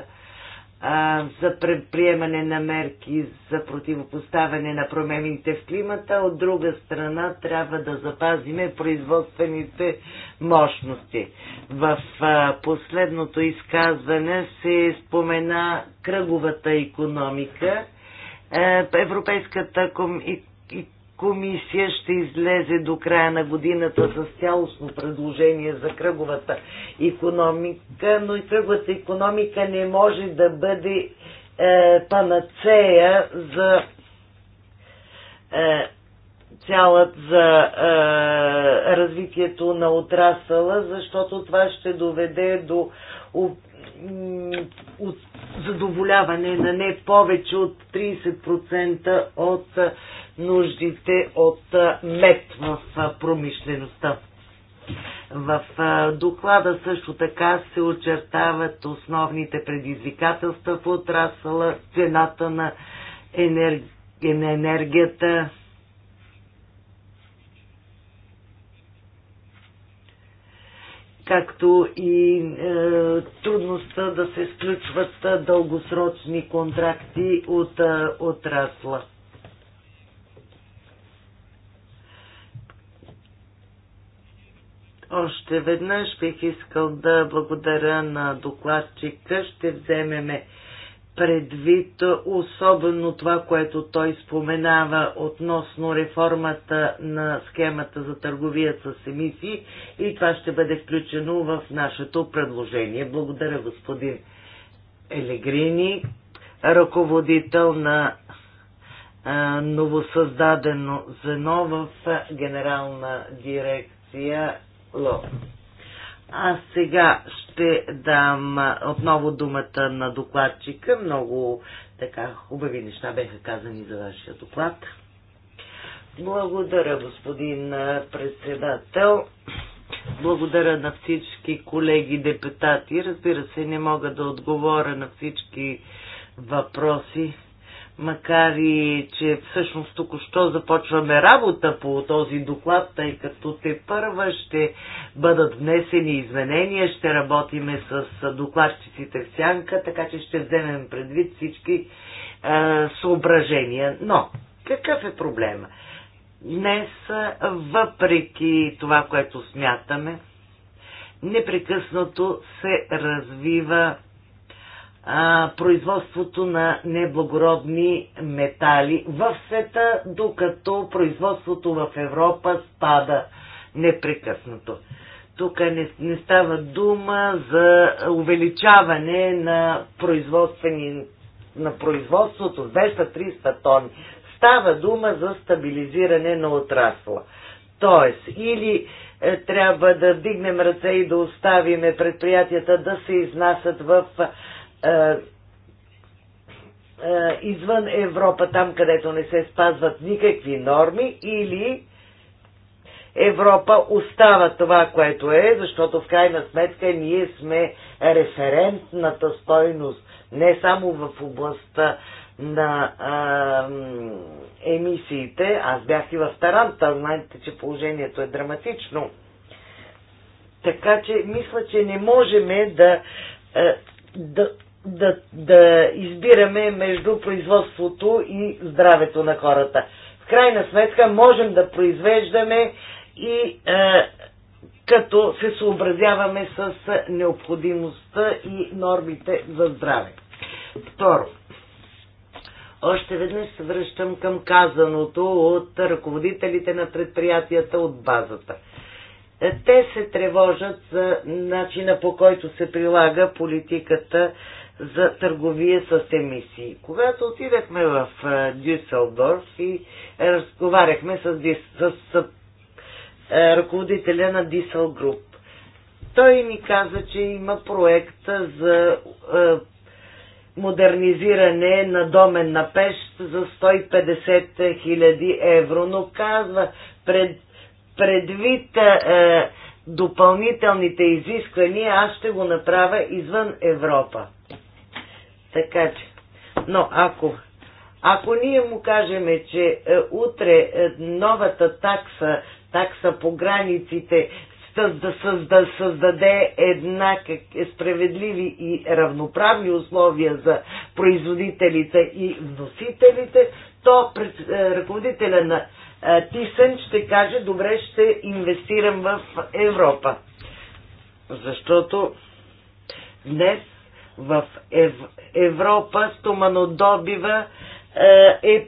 а, за предприемане на мерки за противопоставяне на промените в климата, от друга страна трябва да запазиме производствените мощности. В а, последното изказване се спомена кръговата економика е, Европейската комисия ще излезе до края на годината с цялостно предложение за кръговата економика, но и кръговата економика не може да бъде е, панацея за е, цялата за е, развитието на отрасъла, защото това ще доведе до от, задоволяване на не повече от 30% от нуждите от мед в промишлеността. В доклада също така се очертават основните предизвикателства в отрасъла, цената на енергията, както и е, трудността да се сключват е, дългосрочни контракти от е, отрасла. Още веднъж бих искал да благодаря на докладчика. Ще вземеме предвид особено това, което той споменава относно реформата на схемата за търговия с емисии и това ще бъде включено в нашето предложение. Благодаря господин Елегрини, ръководител на новосъздадено звено в Генерална дирекция ЛО. Аз сега ще дам отново думата на докладчика. Много така хубави неща беха казани за вашия доклад. Благодаря, господин председател. Благодаря на всички колеги депутати. Разбира се, не мога да отговоря на всички въпроси, макар и че всъщност току-що започваме работа по този доклад, тъй като те първа ще бъдат внесени изменения, ще работиме с докладчиците в сянка, така че ще вземем предвид всички е, съображения. Но, какъв е проблема? Днес, въпреки това, което смятаме, непрекъснато се развива а, производството на неблагородни метали в света, докато производството в Европа спада непрекъснато. Тук не, не става дума за увеличаване на, производствени, на производството 200-300 тони. Става дума за стабилизиране на отрасла. Тоест, или е, трябва да дигнем ръце и да оставиме предприятията да се изнасят в е, е, е, извън Европа, там където не се спазват никакви норми или Европа остава това, което е, защото в крайна сметка ние сме референтната стойност не само в областта на а, е, емисиите. Аз бях и в Таранта, знаете, че положението е драматично. Така че мисля, че не можем да, да да, да избираме между производството и здравето на хората. В крайна сметка можем да произвеждаме и е, като се съобразяваме с необходимостта и нормите за здраве. Второ, още веднъж се връщам към казаното от ръководителите на предприятията от базата. Е, те се тревожат за начина по който се прилага политиката за търговия с емисии. Когато отидахме в Дюсселдорф и разговаряхме с, с, с ръководителя на Дисел Груп, той ни каза, че има проект за модернизиране на домен на пещ за 150 хиляди евро, но казва пред, предвид е, допълнителните изисквания, аз ще го направя извън Европа. Така че, но ако, ако ние му кажем, че е, утре е, новата такса, такса по границите, да създа, създаде еднакъв, справедливи и равноправни условия за производителите и вносителите, то пред, е, ръководителя на е, Тисен ще каже, добре, ще инвестирам в Европа. Защото днес в Ев... Европа стоманодобива е, е, е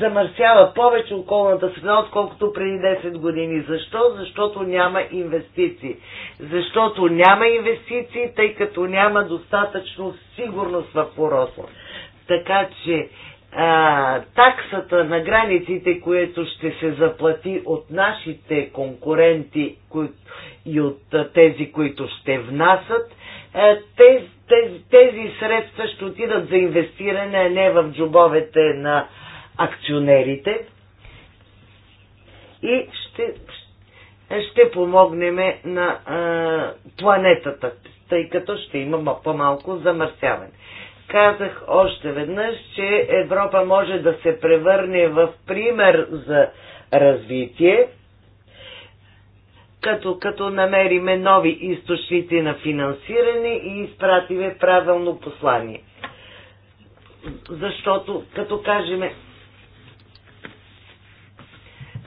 замърсява повече околната среда, отколкото преди 10 години. Защо? Защото няма инвестиции. Защото няма инвестиции, тъй като няма достатъчно сигурност в поросла. Така че а, таксата на границите, което ще се заплати от нашите конкуренти кои, и от а, тези, които ще внасят, тези, тези, тези средства ще отидат за инвестиране, а не в джобовете на акционерите. И ще, ще помогнем на а, планетата, тъй като ще има по-малко замърсяване. Казах още веднъж, че Европа може да се превърне в пример за развитие като, като намериме нови източници на финансиране и изпратиме правилно послание. Защото, като кажеме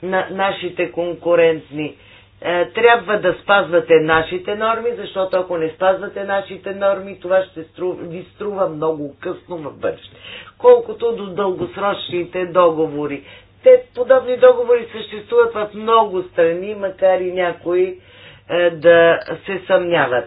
на нашите конкурентни, е, трябва да спазвате нашите норми, защото ако не спазвате нашите норми, това ще струва, ви струва много късно в бъдеще. Колкото до дългосрочните договори, те, подобни договори съществуват в много страни, макар и някои е, да се съмняват.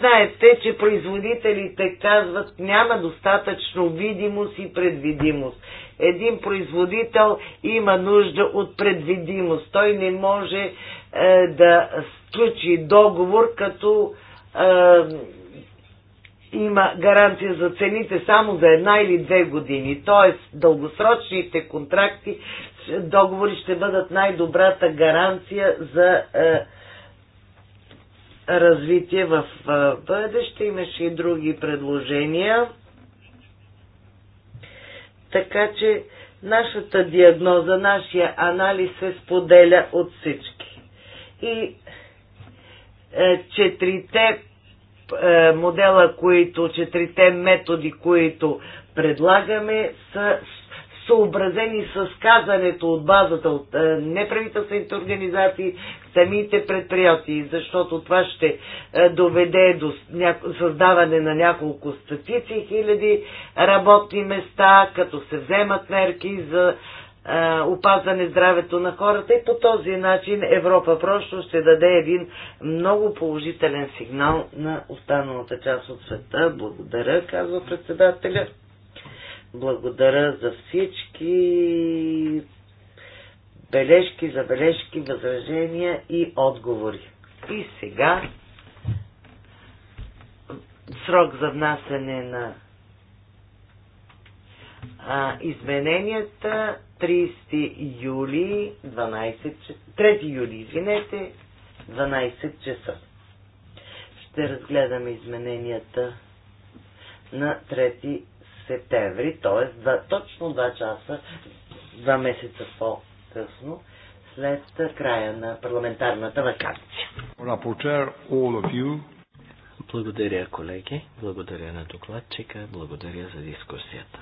Знаете, че производителите казват няма достатъчно видимост и предвидимост. Един производител има нужда от предвидимост. Той не може е, да сключи договор като е, има гаранция за цените само за една или две години. Тоест, дългосрочните контракти, договори ще бъдат най-добрата гаранция за е, развитие в е, бъдеще. Имаше и други предложения. Така че нашата диагноза, нашия анализ се споделя от всички. И е, четирите е, модела, които, четирите методи, които предлагаме, са съобразени с казането от базата от е, неправителствените организации, самите предприятия, защото това ще е, доведе до създаване на няколко стотици хиляди работни места, като се вземат мерки за опазване здравето на хората и по този начин Европа просто ще даде един много положителен сигнал на останалата част от света. Благодаря, казва председателя. Благодаря за всички бележки, забележки, възражения и отговори. И сега срок за внасене на а, измененията 30 юли, 12 часа, 3 юли, извинете, 12 часа. Ще разгледаме измененията на 3 септември, т.е. точно 2 часа, 2 месеца по-късно, след края на парламентарната вакансия. Благодаря, колеги. Благодаря на докладчика. Благодаря за дискусията.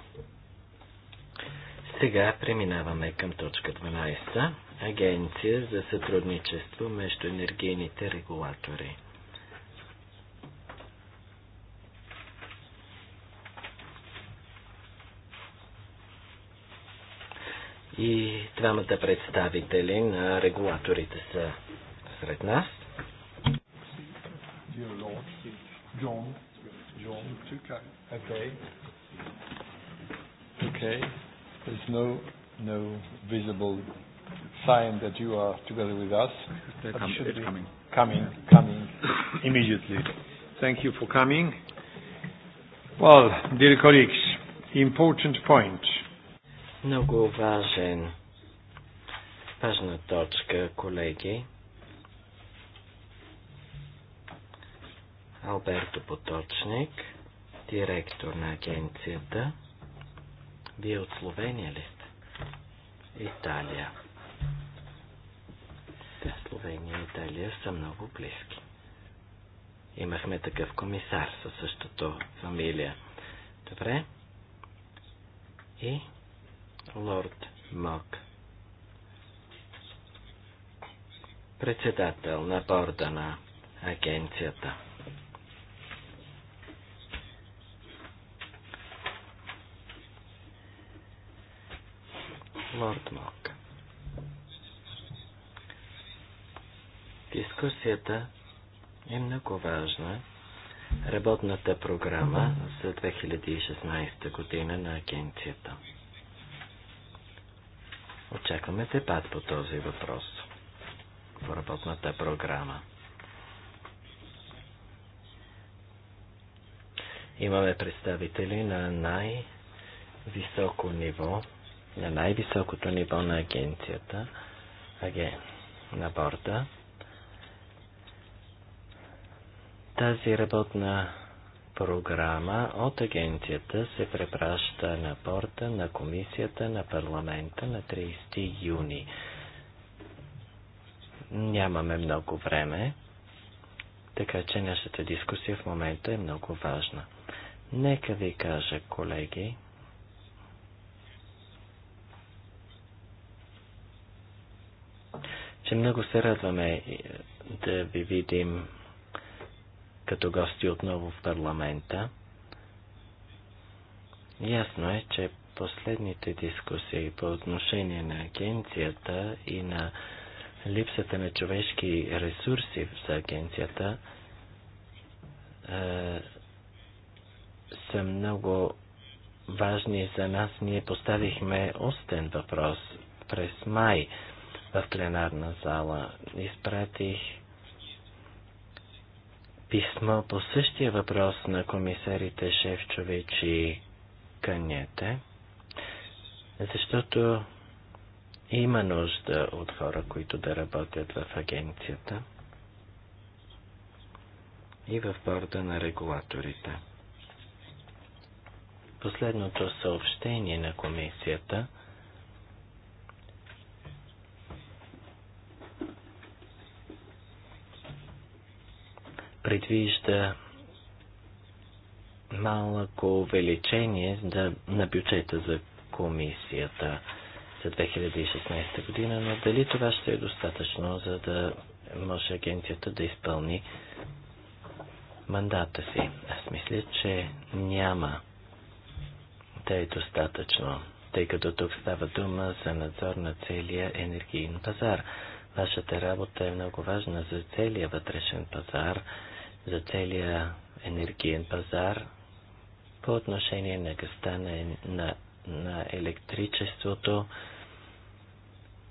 Сега преминаваме към точка 12. Агенция за сътрудничество между енергийните регулатори. И двамата представители на регулаторите са сред нас. Okay. There's no, no visible sign that you are together with us. They're com- it's coming. Coming, coming immediately. Thank you for coming. Well, dear colleagues, important point. Много важен, важна точка, колеги. Алберто Поточник, директор на агенцията. Вие от Словения ли сте? Италия. Да, Словения и Италия са много близки. Имахме такъв комисар със същото фамилия. Добре. И лорд Мок. Председател на борда на агенцията. Лорд Мок. Дискусията е много важна. Работната програма за 2016 година на агенцията. Очакваме дебат по този въпрос в работната програма. Имаме представители на най-високо ниво на най-високото ниво на агенцията, аге, на борда. Тази работна програма от агенцията се препраща на борда на комисията на парламента на 30 юни. Нямаме много време, така че нашата дискусия в момента е много важна. Нека ви кажа, колеги, че много се радваме е, да ви видим като гости отново в парламента. Ясно е, че последните дискусии по отношение на агенцията и на липсата на човешки ресурси за агенцията е, са много важни за нас. Ние поставихме остен въпрос през май в пленарна зала. Изпратих писмо по същия въпрос на комисарите Шевчович и Кънете, защото има нужда от хора, които да работят в агенцията и в борда на регулаторите. Последното съобщение на комисията – предвижда малко увеличение на бюджета за комисията за 2016 година, но дали това ще е достатъчно, за да може агенцията да изпълни мандата си? Аз мисля, че няма да е достатъчно, тъй като тук става дума за надзор на целия енергиен пазар. Вашата работа е много важна за целия вътрешен пазар – за целия енергиен пазар по отношение на гъста на, на, на електричеството.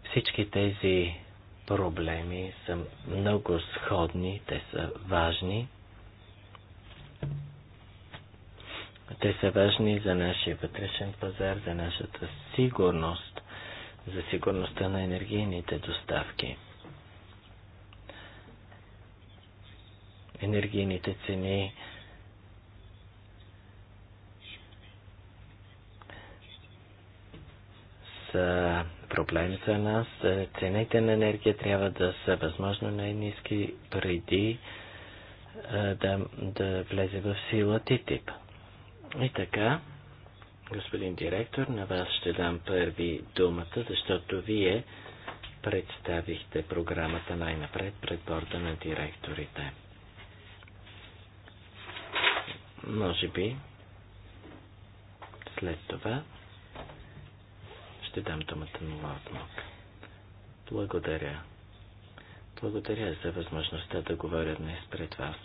Всички тези проблеми са много сходни, те са важни. Те са важни за нашия вътрешен пазар, за нашата сигурност, за сигурността на енергийните доставки. енергийните цени. са проблем за нас. Цените на енергия трябва да са възможно най-низки преди да, да влезе в сила ТИТИП. И така, господин директор, на вас ще дам първи думата, защото вие представихте програмата най-напред пред борда на директорите. Може би след това ще дам думата на Лавнок. Благодаря. Благодаря за възможността да говоря днес пред вас.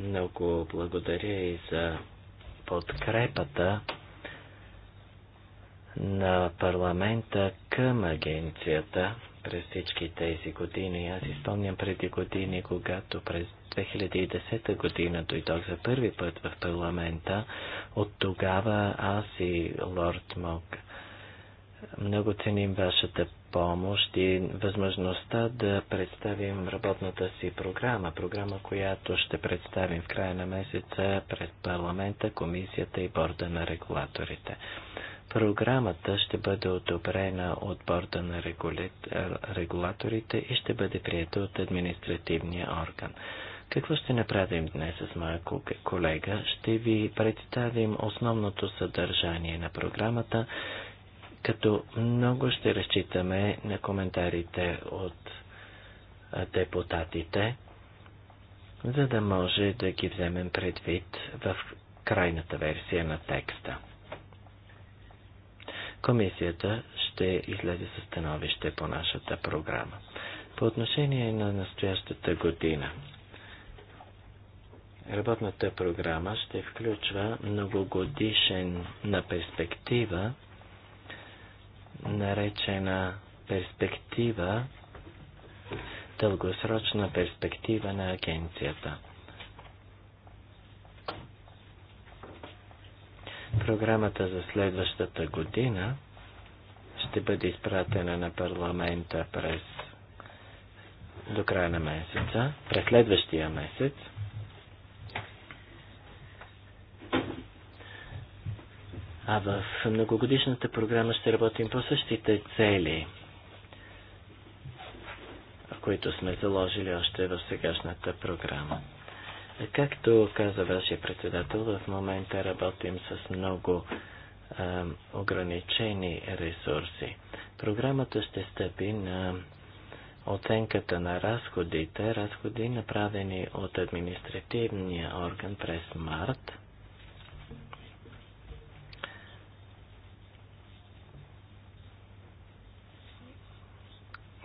Много благодаря и за подкрепата на парламента към агенцията през всички тези години. Аз изпълням преди години, когато през 2010 година дойдох за първи път в парламента. От тогава аз и лорд Мок много ценим вашата помощ и възможността да представим работната си програма. Програма, която ще представим в края на месеца пред парламента, комисията и борда на регулаторите. Програмата ще бъде одобрена от борда на е, регулаторите и ще бъде приета от административния орган. Какво ще направим днес с моя колега? Ще ви представим основното съдържание на програмата, като много ще разчитаме на коментарите от е, депутатите, за да може да ги вземем предвид в крайната версия на текста комисията ще излезе със становище по нашата програма. По отношение на настоящата година, работната програма ще включва многогодишен на перспектива, наречена перспектива, дългосрочна перспектива на агенцията – Програмата за следващата година ще бъде изпратена на парламента през до края на месеца, през следващия месец. А в многогодишната програма ще работим по същите цели, които сме заложили още в сегашната програма. Както каза вашия председател, в момента работим с много а, ограничени ресурси. Програмата ще стъпи на оценката на разходите, разходи направени от административния орган през март.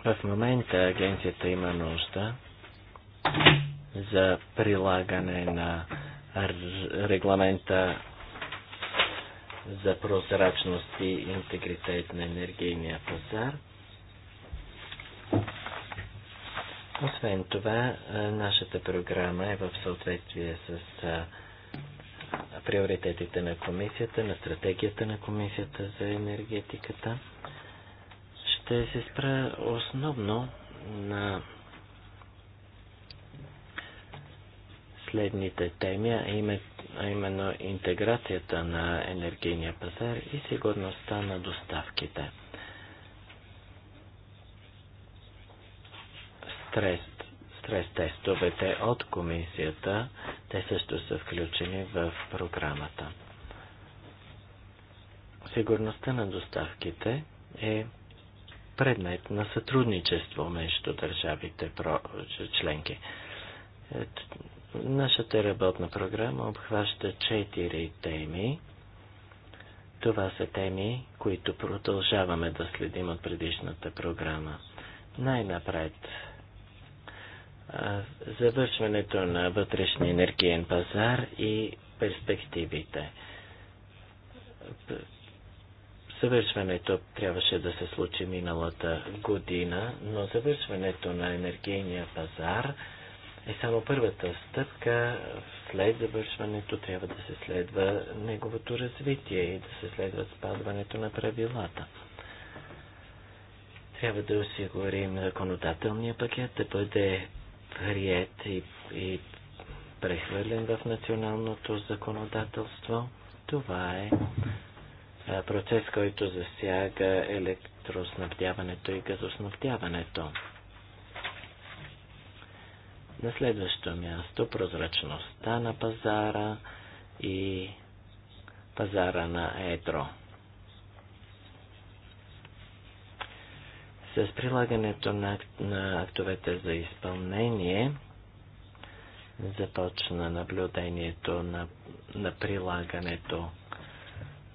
В момента агенцията има нужда за прилагане на регламента за прозрачност и интегритет на енергийния пазар. Освен това, нашата програма е в съответствие с приоритетите на комисията, на стратегията на комисията за енергетиката. Ще се спра основно на следните теми, а именно интеграцията на енергийния пазар и сигурността на доставките. Стрес, стрес тестовете от комисията, те също са включени в програмата. Сигурността на доставките е предмет на сътрудничество между държавите членки. Е, Нашата работна програма обхваща четири теми. Това са теми, които продължаваме да следим от предишната програма. Най-напред завършването на вътрешния енергиен пазар и перспективите. Завършването трябваше да се случи миналата година, но завършването на енергийния пазар – е само първата стъпка. След завършването трябва да се следва неговото развитие и да се следва спазването на правилата. Трябва да осигурим законодателния пакет да бъде прият и, и прехвърлен в националното законодателство. Това е процес, който засяга електроснабдяването и газоснабдяването. На следващо място прозрачността на пазара и пазара на едро. С прилагането на, на актовете за изпълнение започна наблюдението на, на прилагането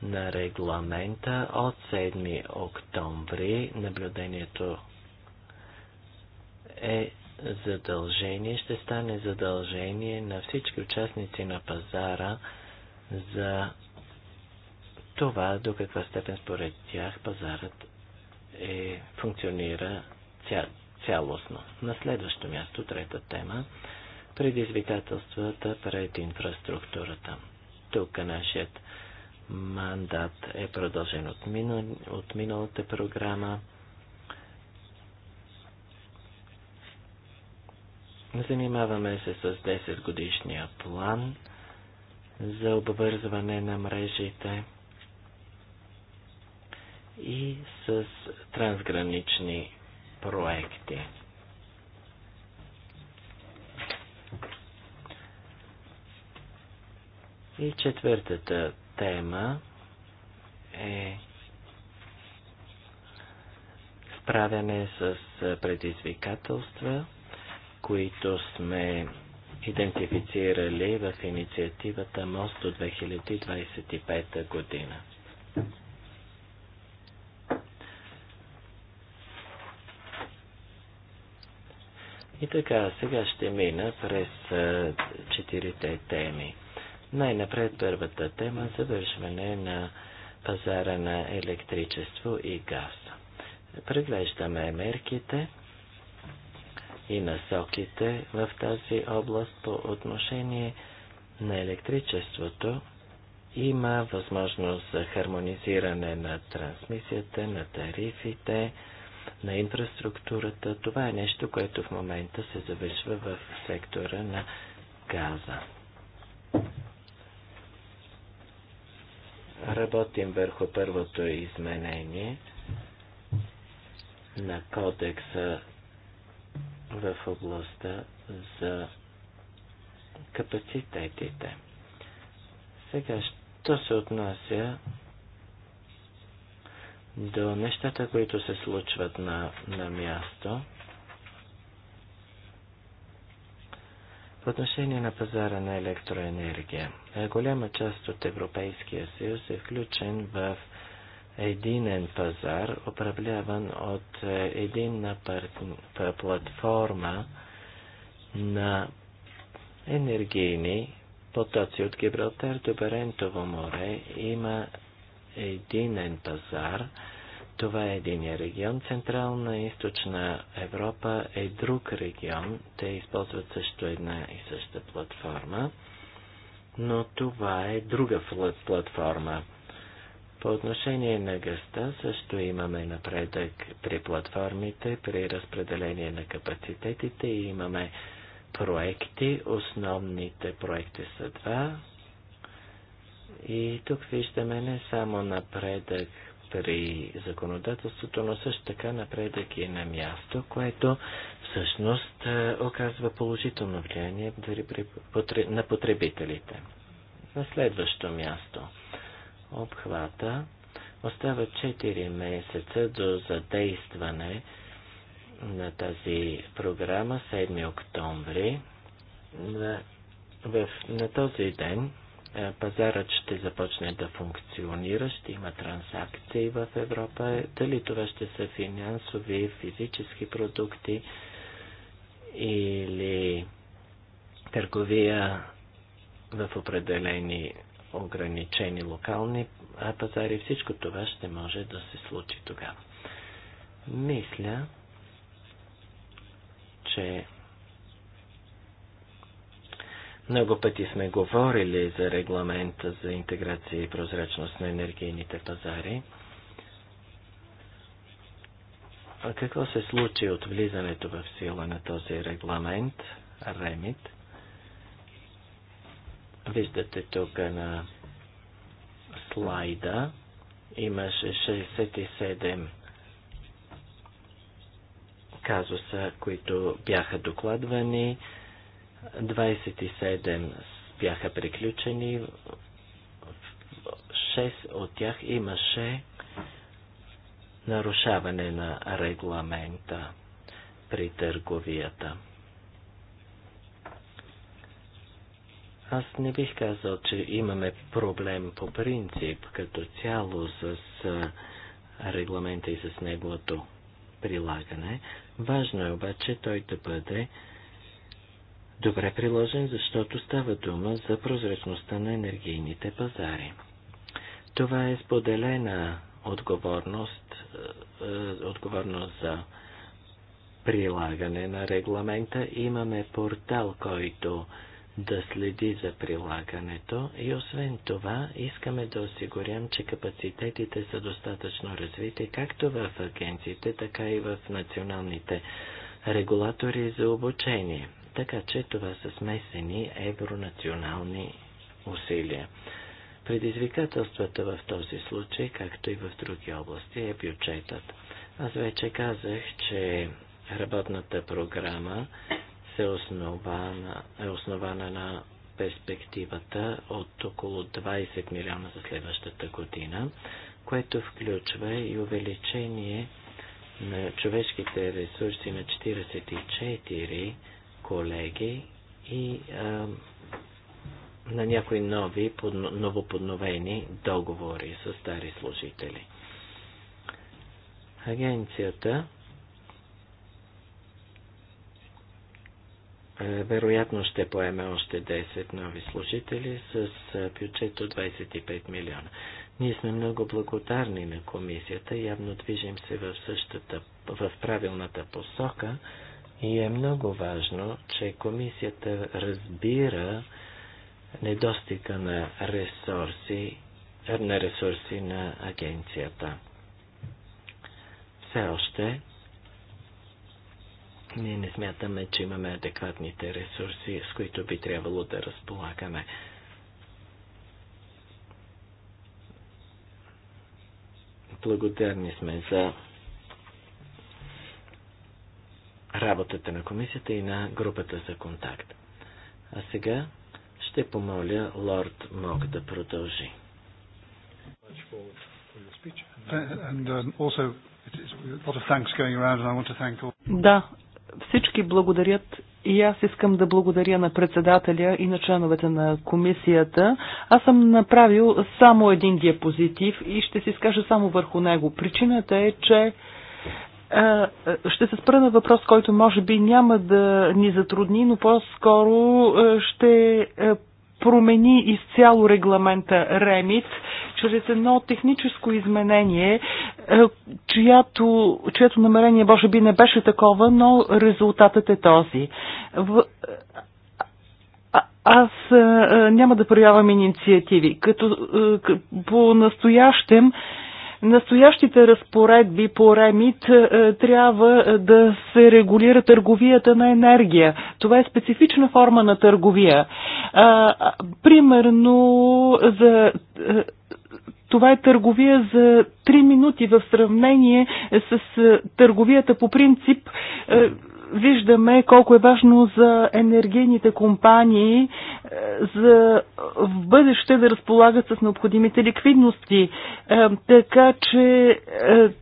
на регламента от 7 октомври. Наблюдението е задължение, ще стане задължение на всички участници на пазара за това до каква степен според тях пазарът е, функционира ця, цялостно. На следващо място, трета тема предизвикателствата пред инфраструктурата. Тук нашият мандат е продължен от, мину, от миналата програма. Занимаваме се с 10 годишния план за обвързване на мрежите и с трансгранични проекти. И четвъртата тема е справяне с предизвикателства които сме идентифицирали в инициативата МОСТ до 2025 година. И така, сега ще мина през четирите теми. Най-напред първата тема – завършване на пазара на електричество и газ. Преглеждаме мерките – и насоките в тази област по отношение на електричеството има възможност за хармонизиране на трансмисията, на тарифите, на инфраструктурата. Това е нещо, което в момента се завършва в сектора на газа. Работим върху първото изменение на кодекса в областта за капацитетите. Сега, що се отнася до нещата, които се случват на, на място, По отношение на пазара на електроенергия, голяма част от Европейския съюз е включен в единен пазар, управляван от е, единна платформа на енергийни потоци от Гибралтар до Берентово море има единен пазар. Това е един регион. Централна и източна Европа е друг регион. Те използват също една и съща платформа, но това е друга платформа. По отношение на гъста също имаме напредък при платформите, при разпределение на капацитетите и имаме проекти. Основните проекти са два. И тук виждаме не само напредък при законодателството, но също така напредък и на място, което всъщност е, оказва положително влияние на потребителите. На следващо място – обхвата. Остават 4 месеца до задействане на тази програма 7 октомври. На, в, на този ден е, пазарът ще започне да функционира, ще има транзакции в Европа. Дали това ще са финансови, физически продукти или търговия в определени ограничени локални пазари. Всичко това ще може да се случи тогава. Мисля, че много пъти сме говорили за регламента за интеграция и прозрачност на енергийните пазари. А какво се случи от влизането в сила на този регламент, ремит? Виждате тук на слайда имаше 67 казуса, които бяха докладвани, 27 бяха приключени, 6 от тях имаше нарушаване на регламента при търговията. Аз не бих казал, че имаме проблем по принцип като цяло с регламента и с неговото прилагане. Важно е обаче той да бъде добре приложен, защото става дума за прозрачността на енергийните пазари. Това е споделена отговорност, отговорност за прилагане на регламента. Имаме портал, който да следи за прилагането и освен това искаме да осигурям, че капацитетите са достатъчно развити както в агенциите, така и в националните регулатори за обучение. Така че това са смесени евронационални усилия. Предизвикателствата в този случай, както и в други области, е бюджетът. Аз вече казах, че работната програма се основа на, е основана на перспективата от около 20 милиона за следващата година, което включва и увеличение на човешките ресурси на 44 колеги и а, на някои нови, под, новоподновени договори с стари служители. Агенцията Е, вероятно ще поеме още 10 нови служители с е, бюджет от 25 милиона. Ние сме много благодарни на комисията, явно движим се в същата, в правилната посока и е много важно, че комисията разбира недостига на ресурси, на ресурси на агенцията. Все още ние не смятаме, че имаме адекватните ресурси, с които би трябвало да разполагаме. Благодарни сме за работата на комисията и на групата за контакт. А сега ще помоля лорд Мог да продължи. Uh, да, всички благодарят и аз искам да благодаря на председателя и на членовете на комисията. Аз съм направил само един диапозитив и ще си скажа само върху него. Причината е, че ще се спра на въпрос, който може би няма да ни затрудни, но по-скоро ще промени изцяло регламента Ремит чрез едно техническо изменение, е, чиято, чието намерение може би не беше такова, но резултатът е този. В... аз а, е, е, няма да проявявам инициативи. Като, а, по настоящем Настоящите разпоредби по ремит е, трябва е, да се регулира търговията на енергия. Това е специфична форма на търговия. Е, примерно за това е търговия за 3 минути в сравнение с търговията по принцип виждаме колко е важно за енергийните компании е, за в бъдеще да разполагат с необходимите ликвидности. Е, така че е,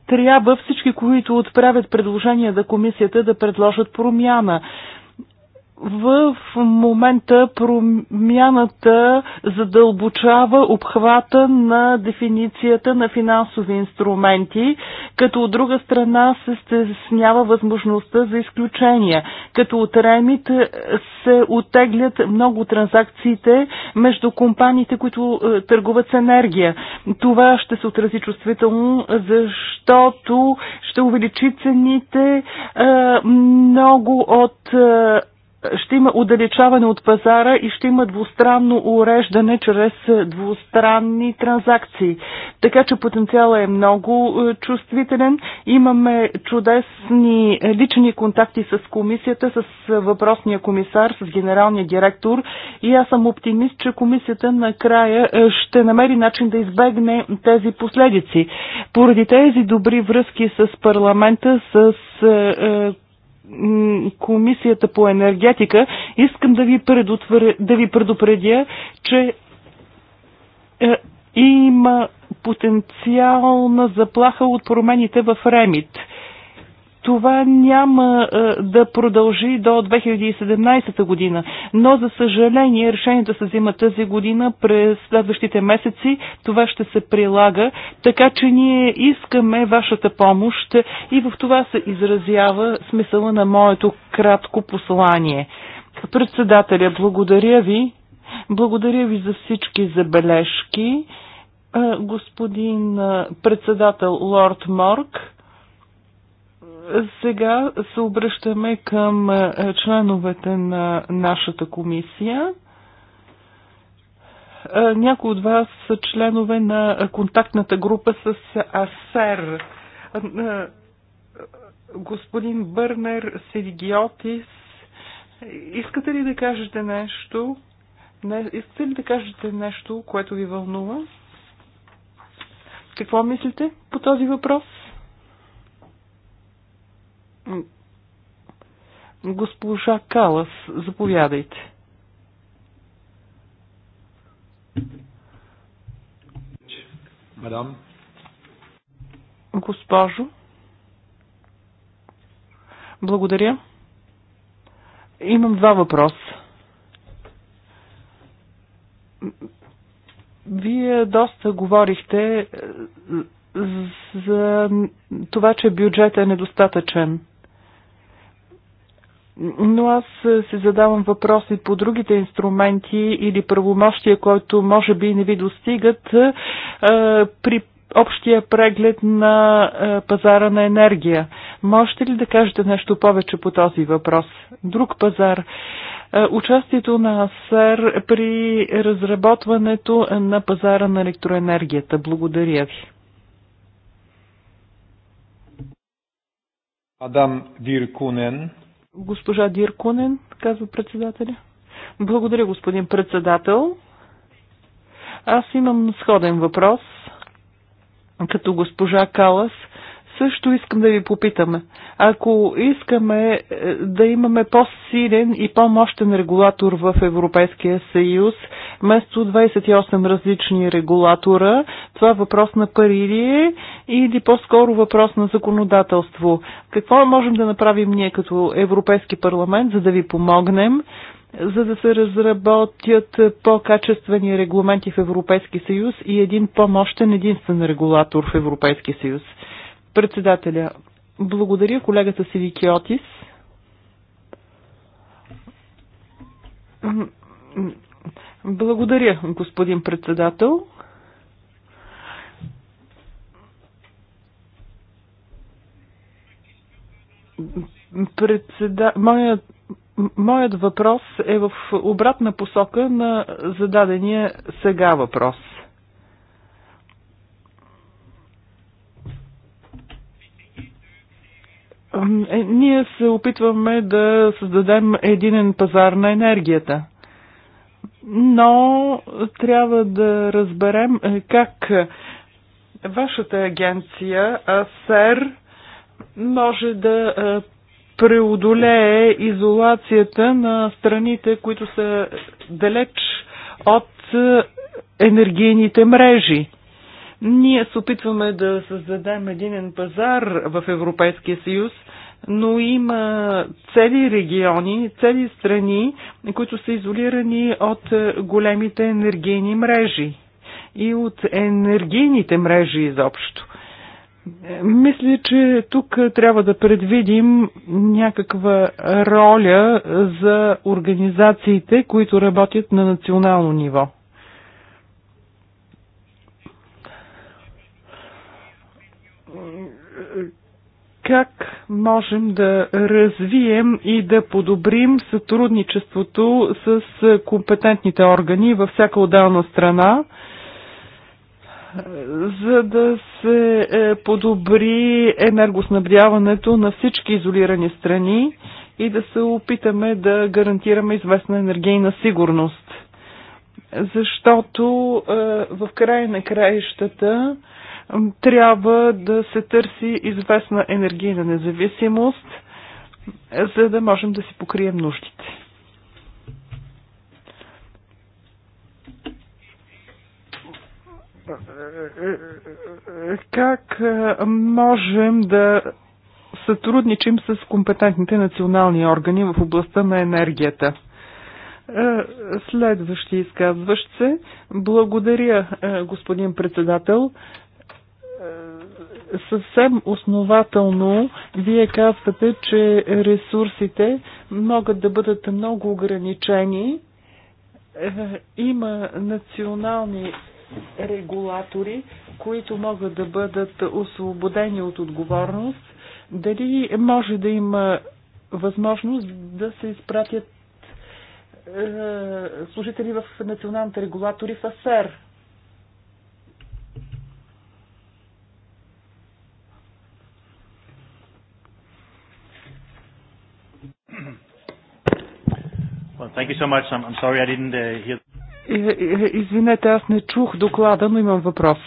трябва всички, които отправят предложения за комисията, да предложат промяна в момента промяната задълбочава обхвата на дефиницията на финансови инструменти, като от друга страна се стеснява възможността за изключения, като от ремит се отеглят много транзакциите между компаниите, които е, търгуват с енергия. Това ще се отрази чувствително, защото ще увеличи цените е, много от е, ще има удалечаване от пазара и ще има двустранно уреждане чрез двустранни транзакции. Така че потенциалът е много е, чувствителен. Имаме чудесни лични контакти с комисията, с въпросния комисар, с генералния директор и аз съм оптимист, че комисията накрая е, ще намери начин да избегне тези последици. Поради тези добри връзки с парламента, с е, Комисията по енергетика, искам да ви, предотвър... да ви предупредя, че е, има потенциална заплаха от промените в ремит. Е, това няма е, да продължи до 2017 година. Но, за съжаление, решението се взима тази година. През следващите месеци това ще се прилага. Така че ние искаме вашата помощ и в това се изразява смисъла на моето кратко послание. Председателя, благодаря ви. Благодаря ви за всички забележки. Е, господин е, председател Лорд Морг, сега се обръщаме към е, членовете на нашата комисия. Е, някои от вас са членове на контактната група с АСЕР. Е, господин Бърнер Сергиотис, искате ли да кажете нещо? Не, искате ли да кажете нещо, което ви вълнува? Какво мислите по този въпрос? Госпожа Калас, заповядайте. Мадам. Госпожо. Благодаря. Имам два въпроса. Вие доста говорихте е, за това, че бюджет е недостатъчен но аз е, си задавам въпроси по другите инструменти или правомощия, които може би не ви достигат е, при общия преглед на е, пазара на енергия. Можете ли да кажете нещо повече по този въпрос? Друг пазар. Участието на СЕР при разработването на пазара на електроенергията. Благодаря ви. Адам Виркунен Госпожа Дирконен, казва председателя. Благодаря, господин председател. Аз имам сходен въпрос като госпожа Калас също искам да ви попитаме. ако искаме е, да имаме по-силен и по-мощен регулатор в Европейския съюз, вместо 28 различни регулатора, това е въпрос на пари ли е или по-скоро въпрос на законодателство? Какво можем да направим ние като Европейски парламент, за да ви помогнем? за да се разработят по-качествени регламенти в Европейски съюз и един по-мощен единствен регулатор в Европейски съюз. Председателя, благодаря колегата Отис. Благодаря, господин председател. Председа... Моят... Моят въпрос е в обратна посока на зададения сега въпрос – Е, ние се опитваме да създадем единен пазар на енергията. Но трябва да разберем е, как вашата агенция СЕР може да е, преодолее изолацията на страните, които са далеч от енергийните мрежи. Ние се опитваме да създадем единен пазар в Европейския съюз, но има цели региони, цели страни, които са изолирани от големите енергийни мрежи и от енергийните мрежи изобщо. Мисля, че тук трябва да предвидим някаква роля за организациите, които работят на национално ниво. как можем да развием и да подобрим сътрудничеството с компетентните органи във всяка отделна страна, за да се е, подобри енергоснабдяването на всички изолирани страни и да се опитаме да гарантираме известна енергийна сигурност. Защото е, в края на краищата трябва да се търси известна енергийна независимост, за да можем да си покрием нуждите. Как е, можем да сътрудничим с компетентните национални органи в областта на енергията? Е, следващи изказващ се. Благодаря, е, господин председател съвсем основателно вие казвате, че ресурсите могат да бъдат много ограничени. Е, има национални регулатори, които могат да бъдат освободени от отговорност. Дали може да има възможност да се изпратят е, служители в националните регулатори в АСЕР? Thank you so much. I'm, I'm sorry I didn't uh, hear. Извинете, аз не чух доклада, но имам въпрос.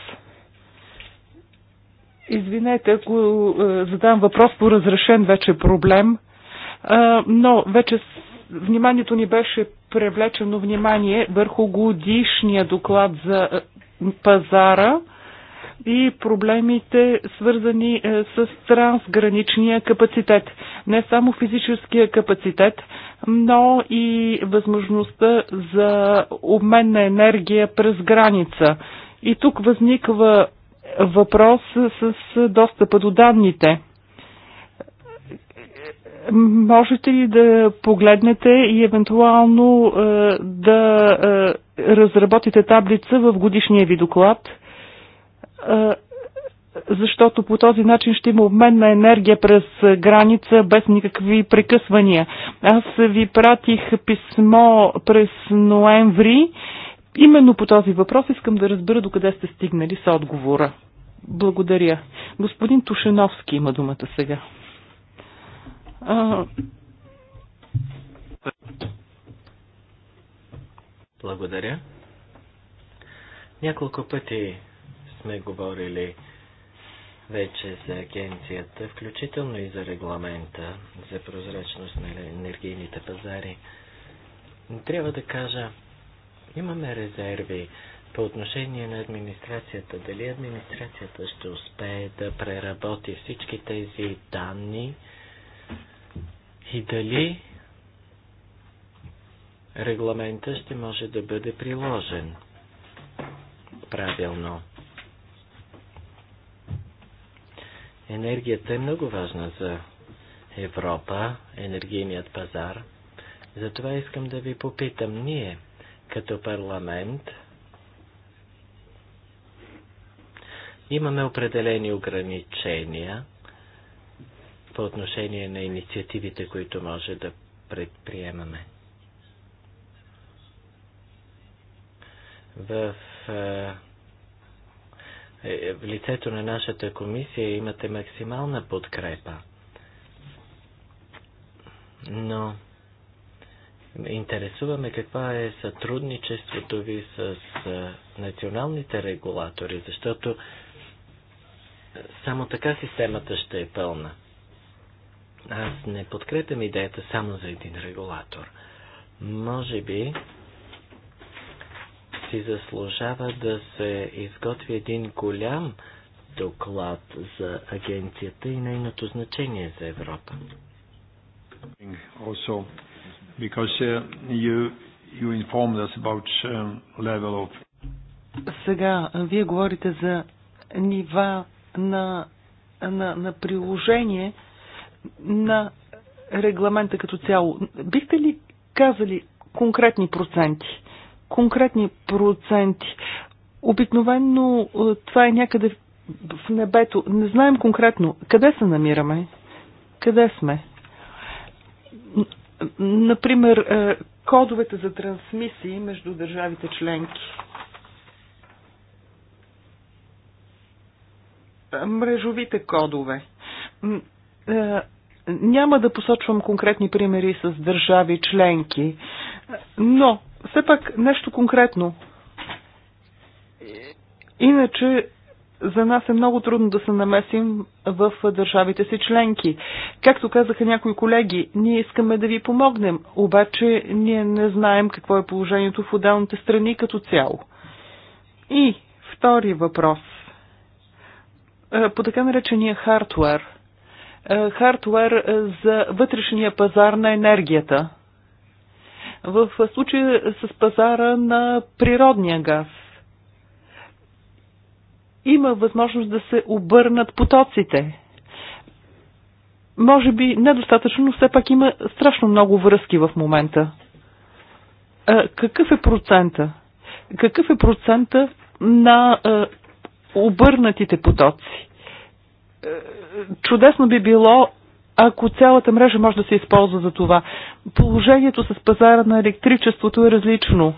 Извинете, ако е, задам въпрос по разрешен вече проблем, е, но вече вниманието ни беше привлечено внимание върху годишния доклад за е, пазара и проблемите свързани с трансграничния капацитет. Не само физическия капацитет, но и възможността за обмен на енергия през граница. И тук възниква въпрос с достъпа до данните. Можете ли да погледнете и евентуално е, да е, разработите таблица в годишния ви доклад? Е, защото по този начин ще има обмен на енергия през граница без никакви прекъсвания. Аз ви пратих писмо през ноември. Именно по този въпрос искам да разбера докъде сте стигнали с отговора. Благодаря. Господин Тушеновски има думата сега. А... Благодаря. Няколко пъти сме говорили вече за агенцията, включително и за регламента за прозрачност на енергийните пазари. Трябва да кажа, имаме резерви по отношение на администрацията. Дали администрацията ще успее да преработи всички тези данни и дали регламента ще може да бъде приложен правилно. Енергията е много важна за Европа, енергийният пазар. Затова искам да ви попитам ние, като парламент, имаме определени ограничения по отношение на инициативите, които може да предприемаме. В е, е, е, в лицето на нашата комисия имате максимална подкрепа. Но интересуваме каква е сътрудничеството ви с националните регулатори, защото само така системата ще е пълна. Аз не подкрепям идеята само за един регулатор. Може би си заслужава да се изготви един голям доклад за агенцията и нейното значение за Европа. Also, because uh, you, you informed us about um, level of... Сега, вие говорите за нива на, на, на приложение на регламента като цяло. Бихте ли казали конкретни проценти? конкретни проценти. Обикновено е, това е някъде в небето. Не знаем конкретно къде се намираме, къде сме. Например, е, кодовете за трансмисии между държавите членки. Е, мрежовите кодове. Няма да посочвам конкретни примери с държави членки, но все пак нещо конкретно. Иначе за нас е много трудно да се намесим в държавите си членки. Както казаха някои колеги, ние искаме да ви помогнем, обаче ние не знаем какво е положението в отделните страни като цяло. И втори въпрос. Е, по така наречения хардвер. Е, хардвер за вътрешния пазар на енергията в случая с пазара на природния газ. Има възможност да се обърнат потоците. Може би недостатъчно, но все пак има страшно много връзки в момента. А, какъв е процента? Какъв е процента на а, обърнатите потоци? чудесно би било ако цялата мрежа може да се използва за това. Положението с пазара на електричеството е различно.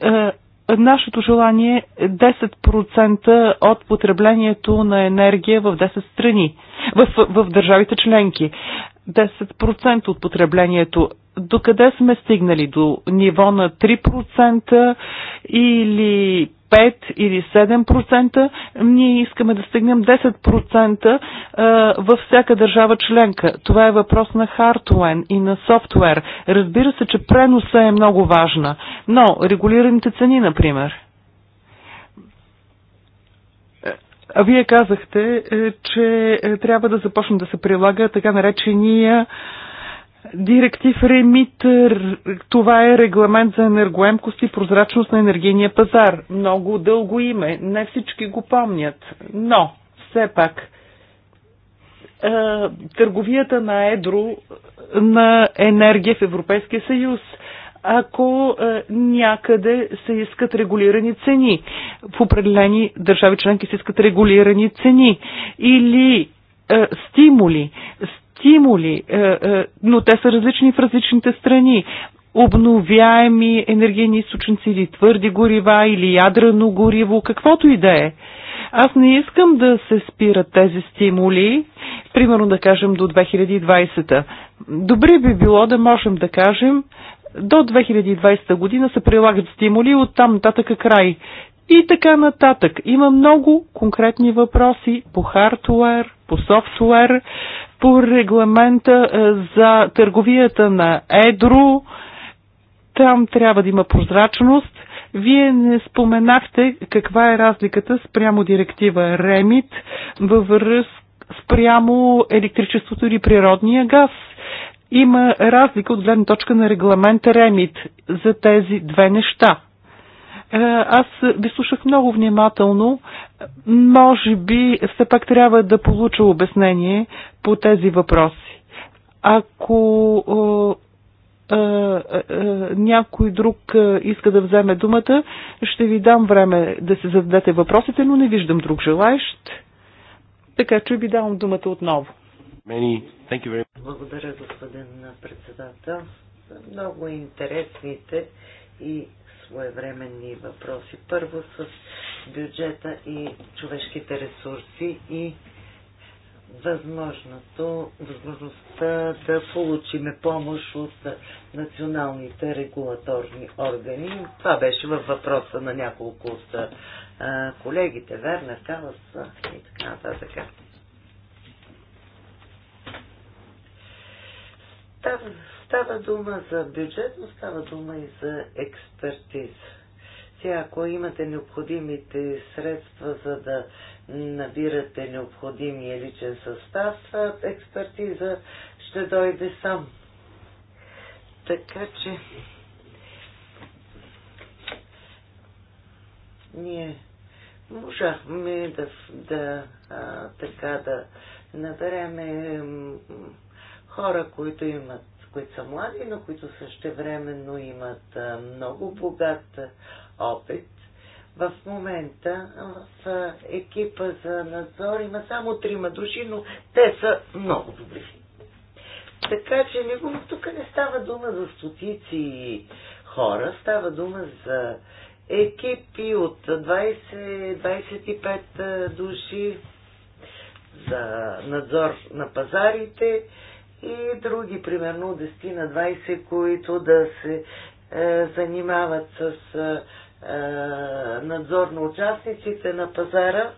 Е, е, нашето желание е 10% от потреблението на енергия в 10 страни, в, в държавите членки. 10% от потреблението докъде сме стигнали? До ниво на 3% или 5 или 7%, ние искаме да стигнем 10% във всяка държава членка. Това е въпрос на хардвен и на софтуер. Разбира се, че преноса е много важна, но регулираните цени, например. А вие казахте, е, че е, трябва да започне да се прилага така наречения Директив Ремит, това е регламент за енергоемкост и прозрачност на енергийния пазар. Много дълго име, не всички го помнят, но все пак търговията на едро на енергия в Европейския съюз ако е, някъде се искат регулирани цени. В определени държави членки се искат регулирани цени или е, стимули стимули, е, е, но те са различни в различните страни. Обновяеми енергийни източници или твърди горива или ядрено гориво, каквото и да е. Аз не искам да се спират тези стимули, примерно да кажем до 2020. Добре би било да можем да кажем до 2020 година се прилагат стимули от там нататък край и така нататък. Има много конкретни въпроси по хардуер, по софтуер, по регламента е, за търговията на Едро. Там трябва да има прозрачност. Вие не споменахте каква е разликата спрямо директива Ремит във връзка спрямо електричеството или природния газ. Има разлика от гледна точка на регламента Ремит за тези две неща. Е, аз ви слушах много внимателно. Може би все пак трябва да получа обяснение по тези въпроси. Ако е, е, някой друг иска да вземе думата, ще ви дам време да се зададете въпросите, но не виждам друг желаещ. Така че ви давам думата отново. Благодаря, господин председател, много интересните и своевременни въпроси. Първо с бюджета и човешките ресурси и възможното, възможността да получиме помощ от националните регулаторни органи. Това беше във въпроса на няколко от а, колегите, Верна, Калас и така нататък. Става става дума за бюджет, но става дума и за експертиза. Сега, ако имате необходимите средства, за да набирате необходимия личен състав, експертиза ще дойде сам. Така че ние можахме да, да а, така да набереме хора, които имат които са млади, но които същевременно имат много богат опит. В момента в екипа за надзор има само трима души, но те са много добри. Така че не, тук не става дума за стотици хора, става дума за екипи от 20-25 души за надзор на пазарите, и други, примерно 10 на 20, които да се е, занимават с е, е, надзор на участниците на пазара.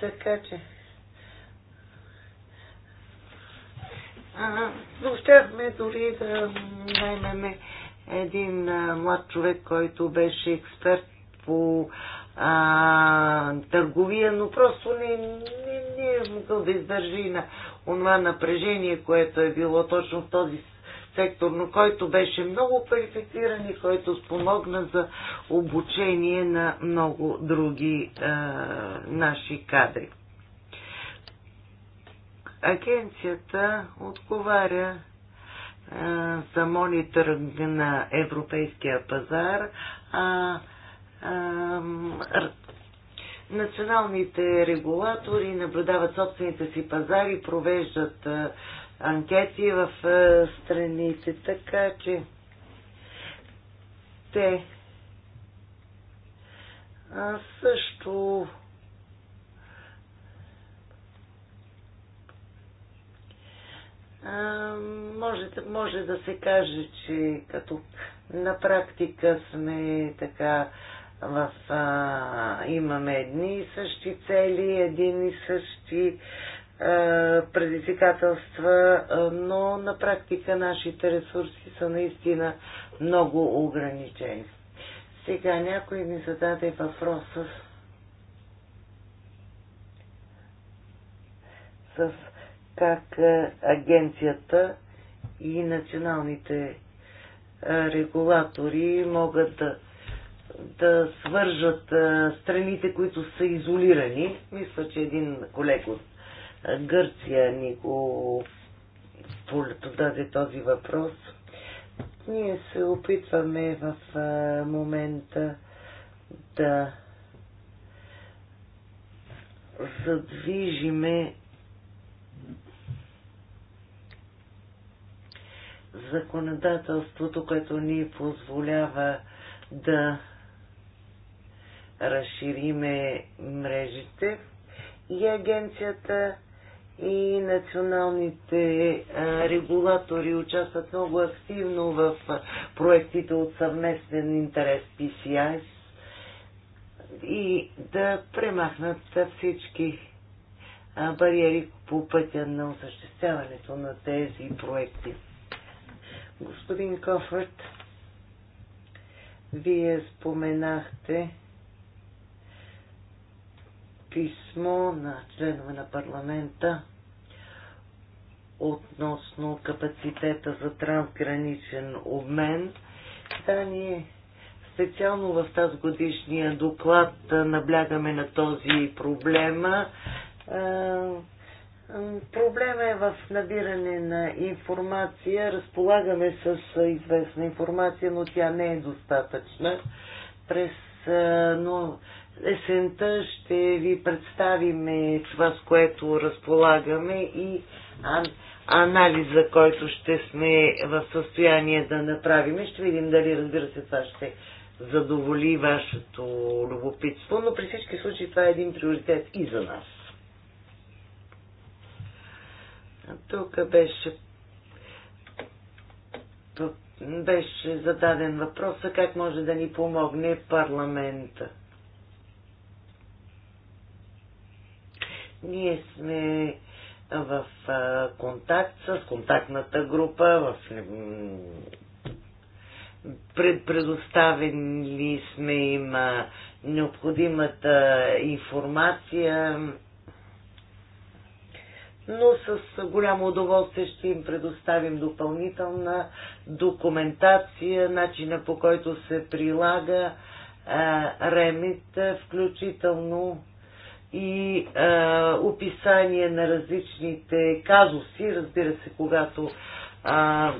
Така че. А, дори да наймеме един а, е, млад човек, който беше експерт по а, а, търговия, но просто не, не, не е могъл да издържи на това напрежение, което е било точно в този сектор, но който беше много квалифициран и който спомогна за обучение на много други а, наши кадри. Агенцията отговаря а, за мониторинг на европейския пазар, а Националните регулатори наблюдават собствените си пазари, провеждат анкети в страните, така че те също може, може да се каже, че като на практика сме така в, а, имаме едни и същи цели, един и същи а, предизвикателства, а, но на практика нашите ресурси са наистина много ограничени. Сега някой ми зададе въпроса с как агенцията и националните регулатори могат да да свържат страните, които са изолирани. Мисля, че един колег от Гърция ни го даде този въпрос. Ние се опитваме в момента да задвижиме законодателството, което ни позволява да разшириме мрежите и агенцията и националните регулатори участват много активно в проектите от съвместен интерес PCI и да премахнат всички бариери по пътя на осъществяването на тези проекти. Господин Кофърт, вие споменахте писмо на членове на парламента относно капацитета за трансграничен обмен. Да, ние специално в тази годишния доклад наблягаме на този проблема. Проблема е в набиране на информация. Разполагаме с известна информация, но тя не е достатъчна. През но есента ще ви представим това, с което разполагаме и анализа, който ще сме в състояние да направим. Ще видим дали, разбира се, това ще задоволи вашето любопитство, но при всички случаи това е един приоритет и за нас. тук беше беше зададен въпрос, как може да ни помогне парламента. Ние сме в контакт с контактната група, в пред, предоставили сме им необходимата информация, но с голямо удоволствие ще им предоставим допълнителна документация, начина по който се прилага ремит, включително и а, е, описание на различните казуси, разбира се, когато а, е,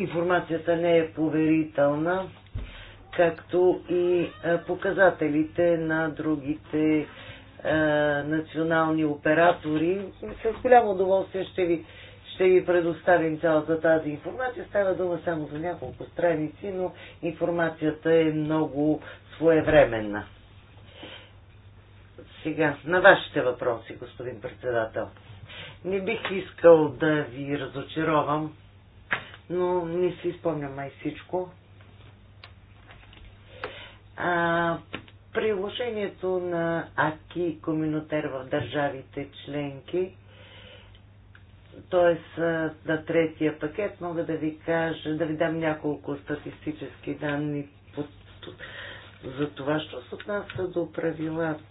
информацията не е поверителна, както и а, е, показателите на другите а, национални оператори. С голямо удоволствие ще ви, ще ви предоставим цялата тази информация. Става дума само за няколко страници, но информацията е много своевременна. Сега, на вашите въпроси, господин председател. Не бих искал да ви разочаровам, но не си спомням май всичко. А, приложението на АКИ Коминотер в държавите членки, т.е. на третия пакет, мога да ви кажа, да ви дам няколко статистически данни за това, що се отнася до правилата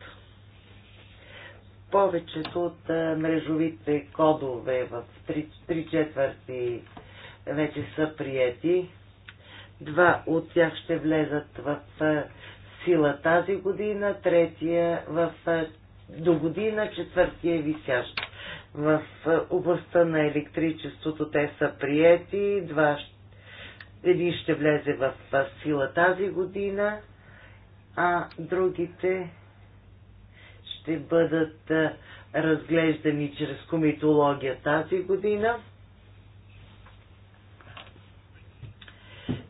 повечето от мрежовите кодове в 3, четвърти вече са приети. Два от тях ще влезат в сила тази година, третия в до година, четвъртия е висящ. В областта на електричеството те са приети, два един ще влезе в сила тази година, а другите ще бъдат разглеждани чрез комитология тази година.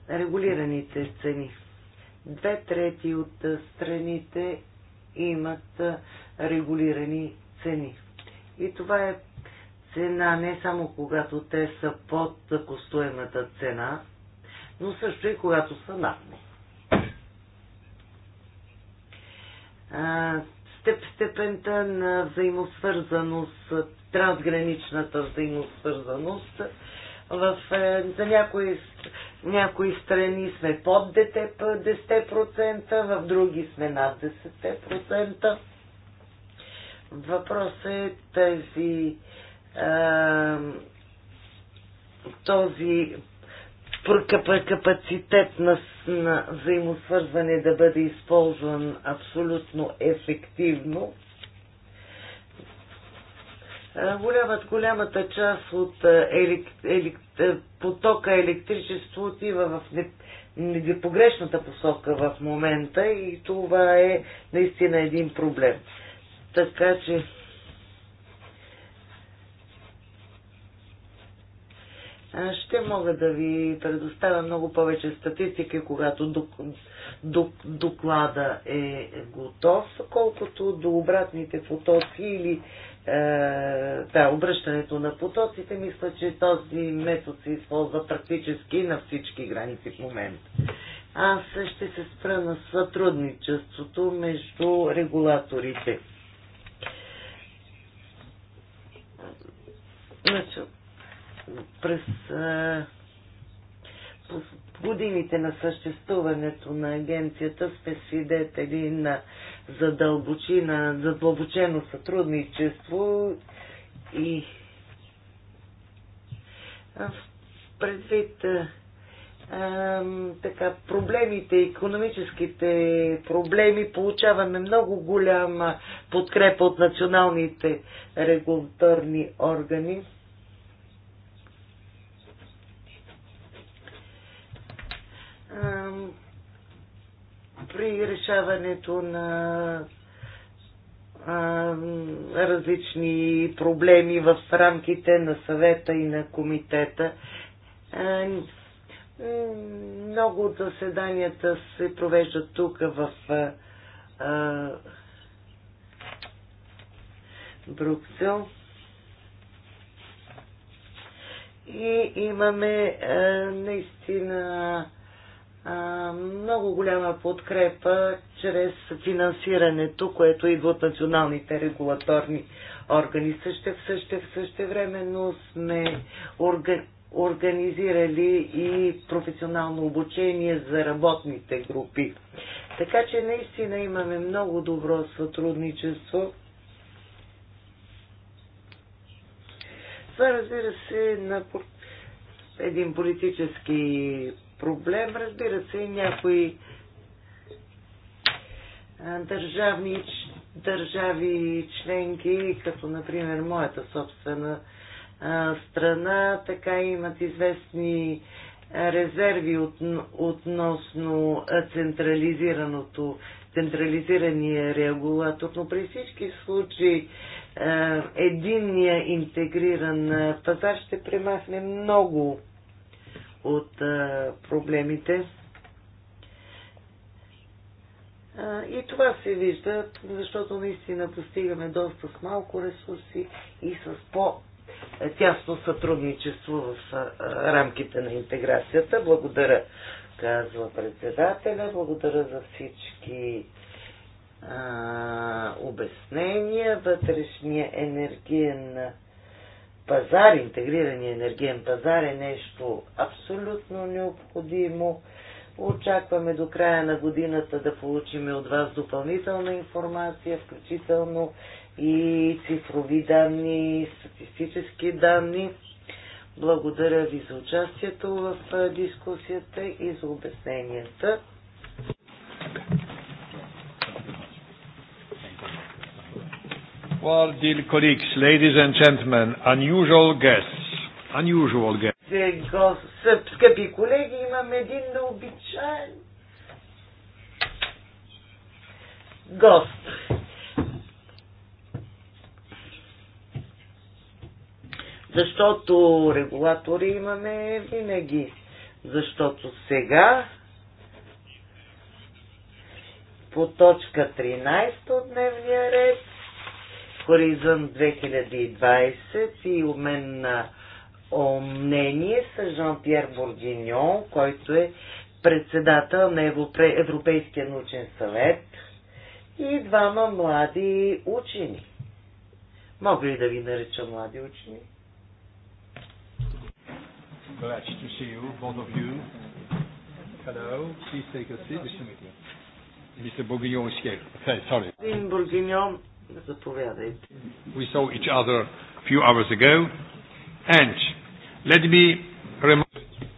Регулираните цени. Две трети от страните имат регулирани цени. И това е цена не само когато те са под костоемата цена, но също и когато са над степ, степента на взаимосвързаност, трансграничната взаимосвързаност. В, е, за някои, някои страни сме под 10%, в други сме над 10%. Въпрос е тези а, е, този капацитет на на взаимосвързване да бъде използван абсолютно ефективно. Голямата, голямата част от елек, елек, потока електричество отива в не, не, погрешната посока в момента и това е наистина един проблем. Така че ще мога да ви предоставя много повече статистики, когато доклада е готов, колкото до обратните потоци или е, да, обръщането на потоците. Мисля, че този метод се използва практически на всички граници в момента. Аз ще се спра на сътрудничеството между регулаторите. Значи, през а, годините на съществуването на агенцията сме свидетели на задълбочина, задълбочено сътрудничество и предвид а, така, проблемите, економическите проблеми, получаваме много голяма подкрепа от националните регулаторни органи. при решаването на различни проблеми в рамките на съвета и на комитета. Много от заседанията се провеждат тук в Бруксел. И имаме наистина много голяма подкрепа чрез финансирането, което идва от националните регулаторни органи. Също, също, също но сме орга, организирали и професионално обучение за работните групи. Така че наистина имаме много добро сътрудничество. Това разбира се на един политически проблем. Разбира се, и някои държавни държави членки, като например моята собствена страна, така имат известни резерви от, относно централизираното, централизирания регулатор, но при всички случаи единния интегриран пазар ще премахне много от проблемите. И това се вижда, защото наистина постигаме доста с малко ресурси и с по- тясно сътрудничество в рамките на интеграцията. Благодаря, казва председателя. Благодаря за всички а, обяснения. Вътрешния енергиен пазар, интегрирания енергиен пазар е нещо абсолютно необходимо. Очакваме до края на годината да получим от вас допълнителна информация, включително и цифрови данни, и статистически данни. Благодаря ви за участието в дискусията и за обясненията. Well, dear colleagues, ladies and gentlemen, unusual guests. Unusual guests. Скъпи колеги, имам един необичайен гост. Защото регулатори имаме винаги. Защото сега по точка 13 от дневния ред Хоризон 2020 и обмен на мнение с Жан-Пьер Бординьон, който е председател на Европейския научен съвет и двама млади учени. Мога ли да ви нарича млади учени? Glad to see you, both of you. Hello, please take a seat. Mr. Bourguignon is here. Okay, sorry. Заповядайте. We saw each other a few hours ago and let me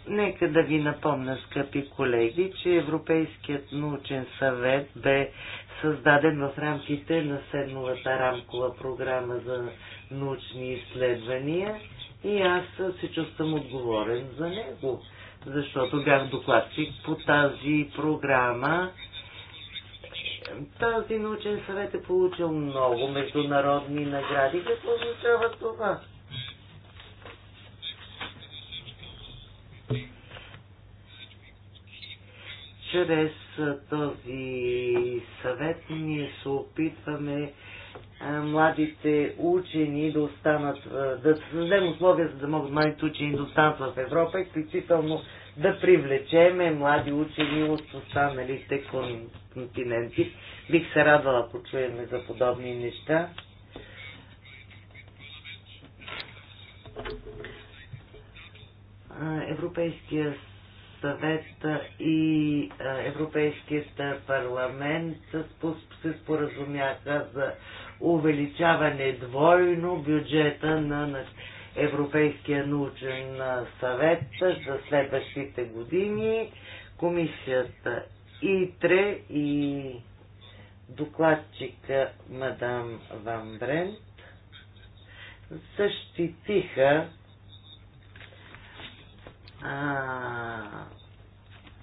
Нека да ви напомня, скъпи колеги, че Европейският научен съвет бе създаден в рамките на седмовата рамкова програма за научни изследвания и аз се чувствам отговорен за него, защото бях докладчик по тази програма този научен съвет е получил много международни награди. Какво означава това? Чрез този съвет ние се опитваме младите учени да останат, да създадем условия, за да могат младите учени да останат в Европа, изключително да привлечеме млади учени от останалите континенти. Бих се радвала, ако чуеме за подобни неща. Европейския съвет и Европейският парламент се споразумяха за увеличаване двойно бюджета на Европейския научен съвет за следващите години. Комисията ИТРЕ и докладчика мадам Ван Брент защитиха а,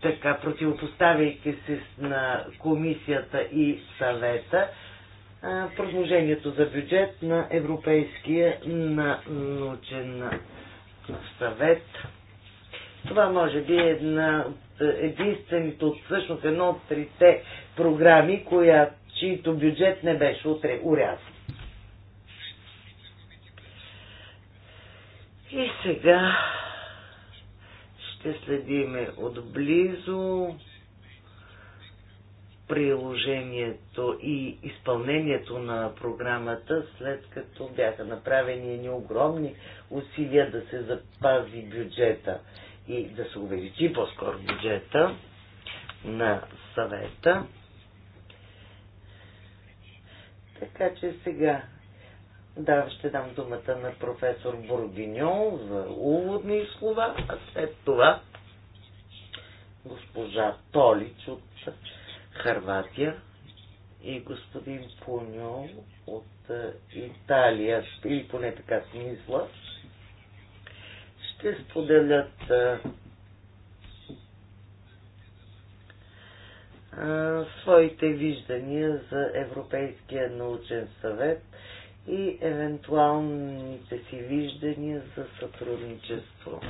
така, противопоставяйки се на комисията и съвета, предложението за бюджет на Европейския научен съвет. Това може би е една единственото, всъщност едно от трите програми, коя, чието бюджет не беше утре урязан. И сега ще следиме отблизо приложението и изпълнението на програмата, след като бяха направени ни огромни усилия да се запази бюджета и да се увеличи по-скоро бюджета на съвета. Така че сега да, ще дам думата на професор Бординьо за уводни слова, а след това госпожа Толич от Харватия и господин Пуньо от е, Италия, или поне така си мисля, ще споделят е, е, своите виждания за Европейския научен съвет и евентуалните си виждания за сътрудничество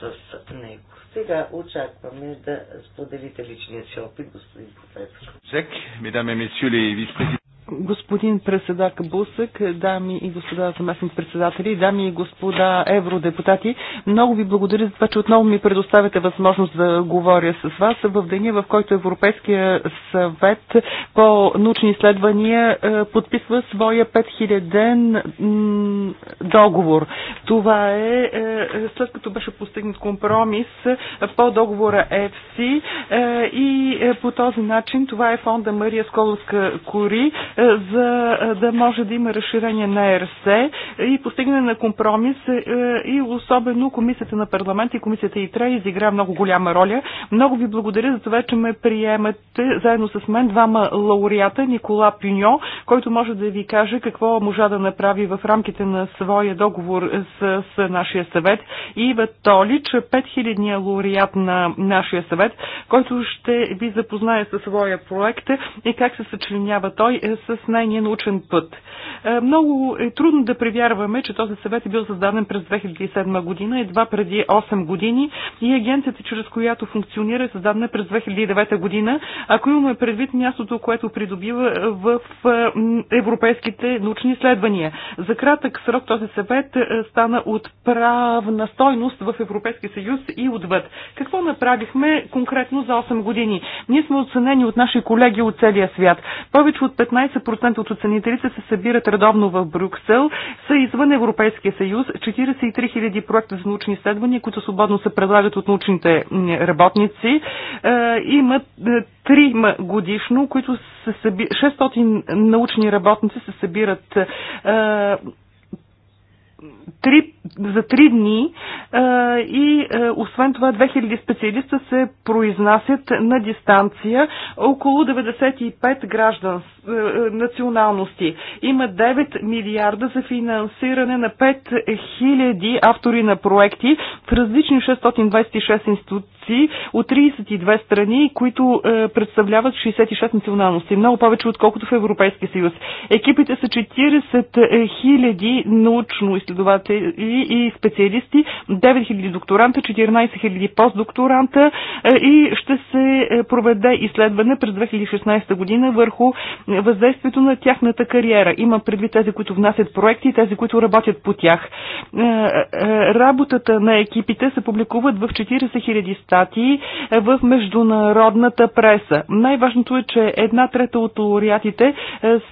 с него. Сега очакваме да споделите личния си опит, господин професор. ми даме Жек, медаме, месюли, виспреди. Господин председак Бусък, дами и господа заместник председатели, дами и господа евродепутати, много ви благодаря за това, че отново ми предоставяте възможност да говоря с вас в деня, в който Европейския съвет по научни изследвания е, подписва своя 5000-ден договор. Това е, е след като беше постигнат компромис по договора Ефси е, и по този начин това е фонда Мария Сколовска Кори, е, за е, да може да има разширение на РС и постигане на компромис е, и особено Комисията на парламент и Комисията ИТРА изигра много голяма роля. Много ви благодаря за това, че ме приемате заедно с мен двама лауреата Никола Пюньо, който може да ви каже какво можа да направи в рамките на своя договор с, с нашия съвет и Ива Толич, 5000-ния лауреат на нашия съвет, който ще ви запознае със своя проект и как се съчленява той с най-ния научен път. Е, много е трудно да превярваме, че този съвет е бил създаден през 2007 година, едва преди 8 години и агенцията, чрез която функционира, е създадена през 2009 година, ако имаме предвид мястото, което придобива в е, европейските научни изследвания. За кратък срок този съвет е, стана от правна стойност в Европейския съюз и отвъд. Какво направихме конкретно за 8 години? Ние сме оценени от наши колеги от целия свят. Повече от 15 40% от оценителите се събират редовно в Брюксел, са извън Европейския съюз, 43 000 проекта за научни изследвания, които свободно се предлагат от научните работници. Е, има 3 е, годишно, които се съби... 600 научни работници се събират е, три, за три дни а, и а, освен това 2000 специалиста се произнасят на дистанция около 95 граждан а, националности. Има 9 милиарда за финансиране на 5000 автори на проекти в различни 626 институции от 32 страни, които а, представляват 66 националности. Много повече отколкото в Европейския съюз. Екипите са 40 000 научно-изследователи преподаватели и специалисти, 9000 докторанта, 14 000 постдокторанта е, и ще се е, проведе изследване през 2016 година върху е, въздействието на тяхната кариера. Има предвид тези, които внасят проекти и тези, които работят по тях. Работата на екипите се публикуват в 40 000 статии в международната преса. Най-важното е, че една трета от лауреатите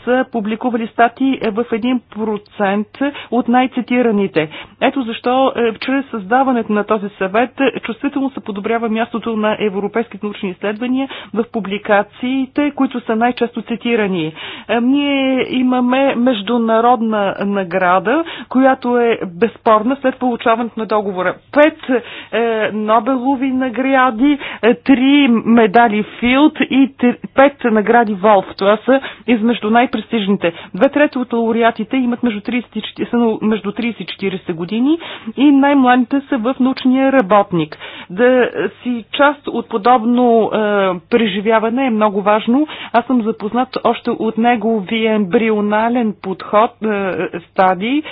са публикували статии в 1% от най-цитираните страните. Ето защо е, чрез създаването на този съвет е, чувствително се подобрява мястото на европейските научни изследвания в публикациите, които са най-често цитирани. Е, ние имаме международна награда, която е безспорна след получаването на договора. Пет е, Нобелови награди, е, три медали Филд и пет награди Волф. Това са измежду най-престижните. Две трети от лауреатите имат между 30, са между 30 30-40 години и най-младите са в научния работник. Да си част от подобно е, преживяване е много важно. Аз съм запознат още от неговия ембрионален подход, е, стадий.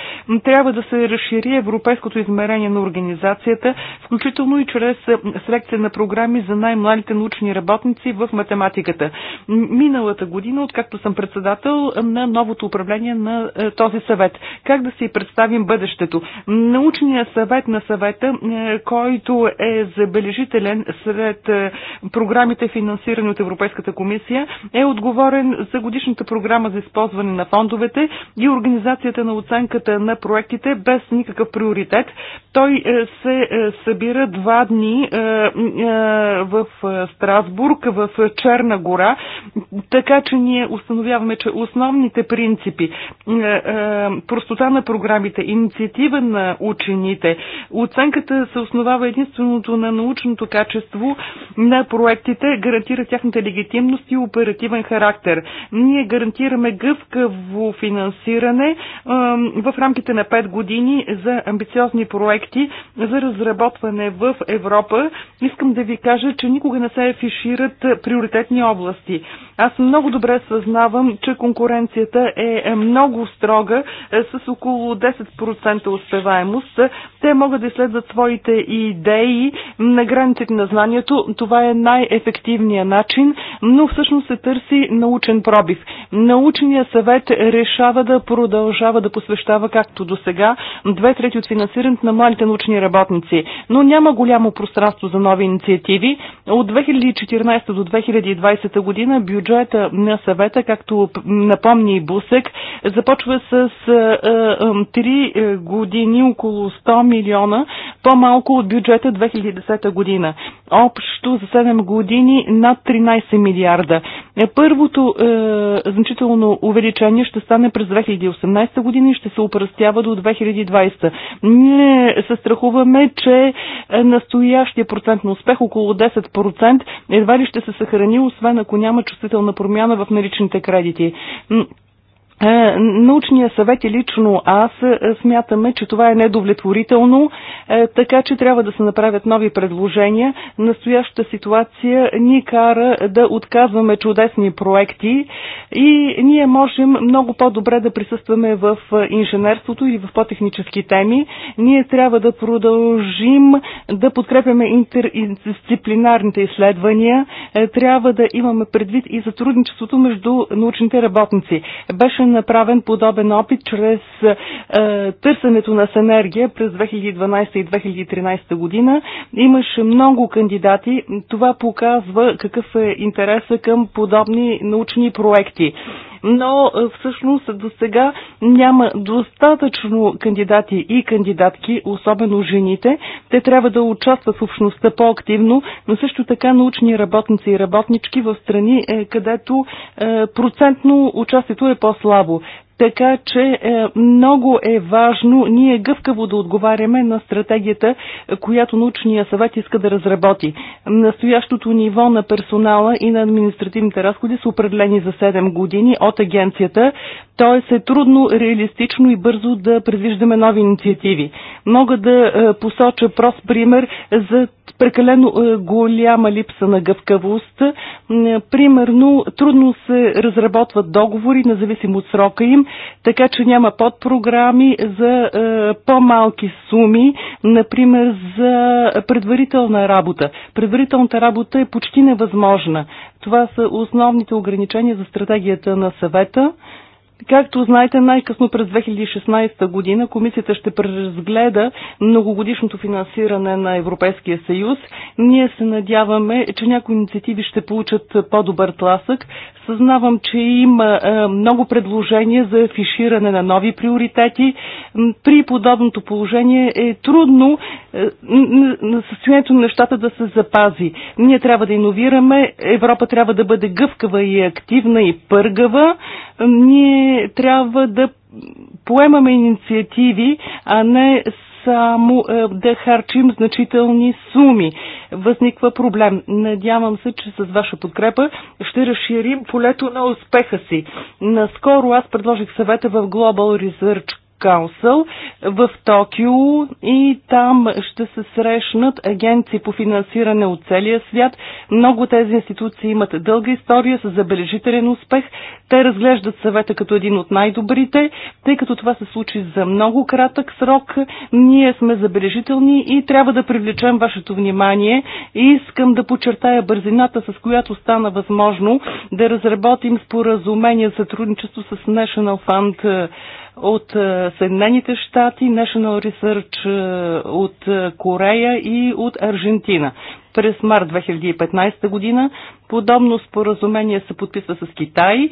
Трябва да се разшири европейското измерение на организацията, включително и чрез е, селекция на програми за най-младите научни работници в математиката. Миналата година, откакто съм председател на новото управление на е, този съвет, как да си представим бъдещето бъдещето. Научният съвет на съвета, е, който е забележителен сред е, програмите финансирани от Европейската комисия, е отговорен за годишната програма за използване на фондовете и организацията на оценката на проектите без никакъв приоритет. Той е, се събира два дни в Страсбург, в Черна гора, така че ние установяваме, че основните принципи, простота на програмите, инициатива на учените. Оценката се основава единственото на научното качество на проектите, гарантира тяхната легитимност и оперативен характер. Ние гарантираме гъвкаво финансиране в рамките на 5 години за амбициозни проекти за разработване в Европа. Искам да ви кажа, че никога не се афишират приоритетни области. Аз много добре съзнавам, че конкуренцията е, е много строга, е, с около 10% успеваемост. Те могат да изследват своите идеи на границите на знанието. Това е най-ефективният начин, но всъщност се търси научен пробив. Научният съвет решава да продължава да посвещава, както до сега, две трети от финансирането на малите научни работници. Но няма голямо пространство за нови инициативи. От 2014 до 2020 година бюджет бюджета на съвета, както напомни и Бусек, започва с 3 е, години около 100 милиона, по-малко от бюджета 2010 година. Общо за 7 години над 13 милиарда. Е, първото е, значително увеличение ще стане през 2018 година и ще се упръстява до 2020. Ние се страхуваме, че е, настоящия процент на успех, около 10%, едва ли ще се съхрани, освен ако няма чувствително положителна промяна в наличните кредити. Е, научния съвет и лично аз е, смятаме, че това е недовлетворително, е, така че трябва да се направят нови предложения. Настоящата ситуация ни кара да отказваме чудесни проекти и ние можем много по-добре да присъстваме в инженерството или в по-технически теми. Ние трябва да продължим да подкрепяме интердисциплинарните изследвания. Трябва да имаме предвид и сътрудничеството между научните работници. Беше направен подобен опит чрез е, търсенето на Сенергия през 2012 и 2013 година. Имаше много кандидати. Това показва какъв е интереса към подобни научни проекти но е, всъщност до сега няма достатъчно кандидати и кандидатки, особено жените. Те трябва да участват в общността по-активно, но също така научни работници и работнички в страни, е, където е, процентно участието е по-слабо. Така че е, много е важно ние гъвкаво да отговаряме на стратегията, която научния съвет иска да разработи. Настоящото ниво на персонала и на административните разходи са определени за 7 години от агенцията, т.е. е трудно, реалистично и бързо да предвиждаме нови инициативи. Мога да е, посоча прост пример за прекалено е, голяма липса на гъвкавост. Примерно, трудно се разработват договори, независимо от срока им, така че няма подпрограми за е, по-малки суми, например за предварителна работа. Предварителната работа е почти невъзможна. Това са основните ограничения за стратегията на съвета. Както знаете, най-късно през 2016 година комисията ще преразгледа многогодишното финансиране на Европейския съюз. Ние се надяваме, че някои инициативи ще получат по-добър тласък. Съзнавам, че има е, много предложения за афиширане на нови приоритети. При подобното положение е трудно е, състоянието на нещата да се запази. Ние трябва да иновираме, Европа трябва да бъде гъвкава и активна и пъргава. Ние ние трябва да поемаме инициативи, а не само е, да харчим значителни суми. Възниква проблем. Надявам се, че с ваша подкрепа ще разширим полето на успеха си. Наскоро аз предложих съвета в Global Research Каусъл в Токио и там ще се срещнат агенции по финансиране от целия свят. Много тези институции имат дълга история с забележителен успех. Те разглеждат съвета като един от най-добрите, тъй като това се случи за много кратък срок. Ние сме забележителни и трябва да привлечем вашето внимание. И искам да подчертая бързината, с която стана възможно да разработим споразумение за сътрудничество с National Fund от е, Съединените щати, National Research е, от е, Корея и от Аржентина. През март 2015 година подобно споразумение се подписва с Китай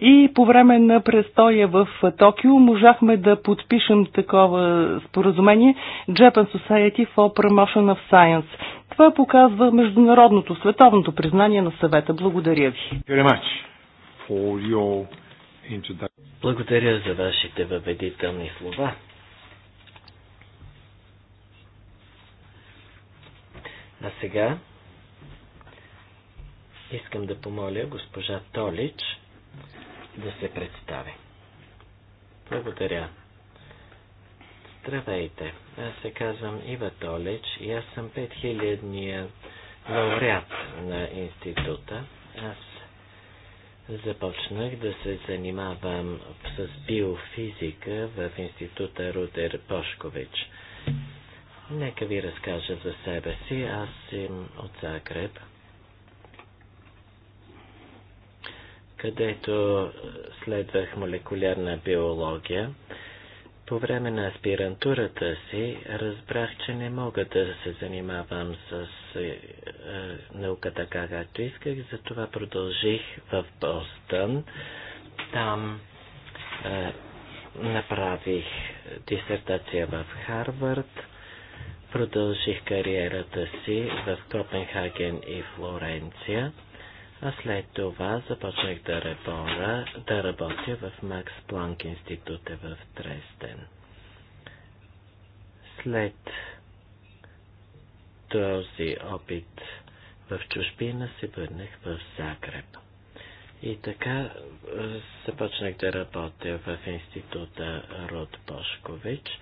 и по време на престоя в Токио можахме да подпишем такова споразумение Japan Society for Promotion of Science. Това показва международното, световното признание на съвета. Благодаря ви. Благодаря за вашите въведителни слова. А сега искам да помоля госпожа Толич да се представи. Благодаря. Здравейте, аз се казвам Ива Толич и аз съм 5000-ният лауреат на института. Аз започнах да се занимавам с биофизика в института Рудер Пошкович. Нека ви разкажа за себе си. Аз съм от Загреб, където следвах молекулярна биология. По време на аспирантурата си разбрах, че не мога да се занимавам с е, е наука така, както исках, затова продължих в Бостън. Там е, направих дисертация в Харвард, продължих кариерата си в Копенхаген и Флоренция а след това започнах да, работя, да работя в Макс Планк института в Трестен. След този опит в чужбина се върнах в Загреб. И така е, започнах да работя в института Род Бошкович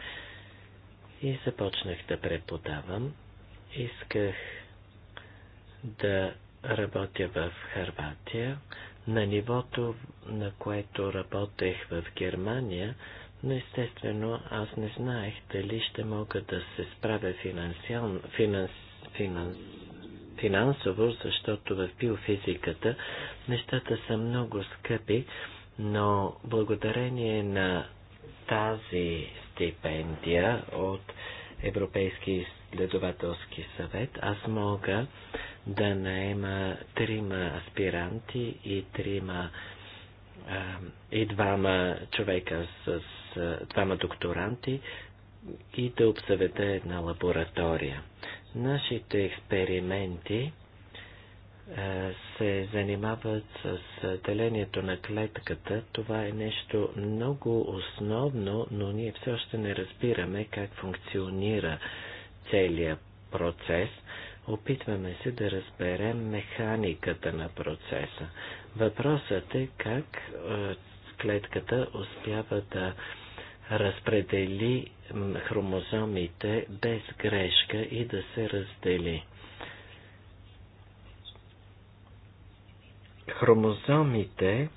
и започнах да преподавам. Исках да работя в Харватия, на нивото, на което работех в Германия, но естествено аз не знаех дали ще мога да се справя финансиал, финанс, финанс, финансово, защото в биофизиката нещата са много скъпи, но благодарение на тази стипендия от Европейски изследователски съвет аз мога да наема трима аспиранти и трима и двама човека с двама докторанти и да обсъведа една лаборатория. Нашите експерименти се занимават с делението на клетката. Това е нещо много основно, но ние все още не разбираме как функционира целият процес – Опитваме се да разберем механиката на процеса. Въпросът е как е, клетката успява да разпредели хромозомите без грешка и да се раздели. Хромозомите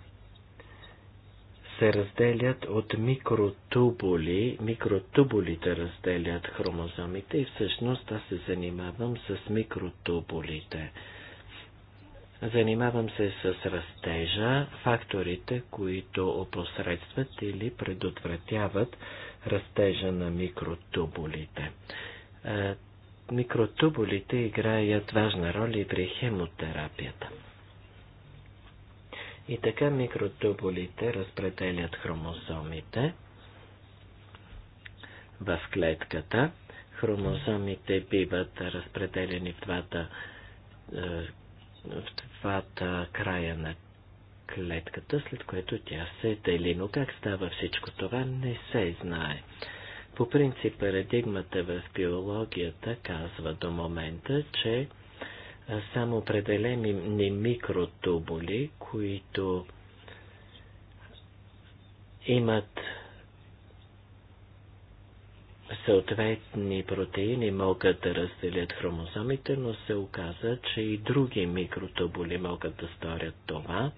се разделят от микротубули. Микротубулите разделят хромозомите и всъщност аз се занимавам с микротубулите. Занимавам се с растежа, факторите, които опосредстват или предотвратяват растежа на микротубулите. Е, микротубулите играят важна роля и при хемотерапията. И така микротубулите разпределят хромозомите в клетката. Хромозомите биват разпределени в двата, е, в двата края на клетката, след което тя се дели. Но как става всичко това, не се знае. По принцип, парадигмата в биологията казва до момента, че само определени микротубули, които имат съответни протеини могат да разделят хромозомите, но се оказа, че и други микротубули могат да сторят това.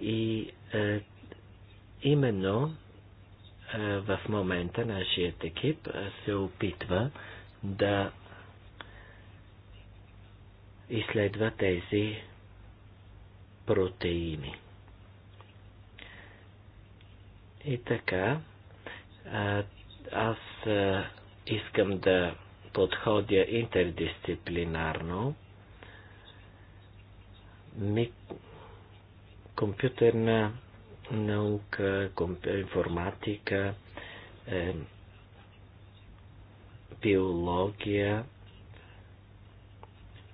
И е, именно е, в момента нашият екип се опитва да изследва тези протеини. И така, аз искам да подходя интердисциплинарно. Ми, компютърна наука, информатика, е, биология,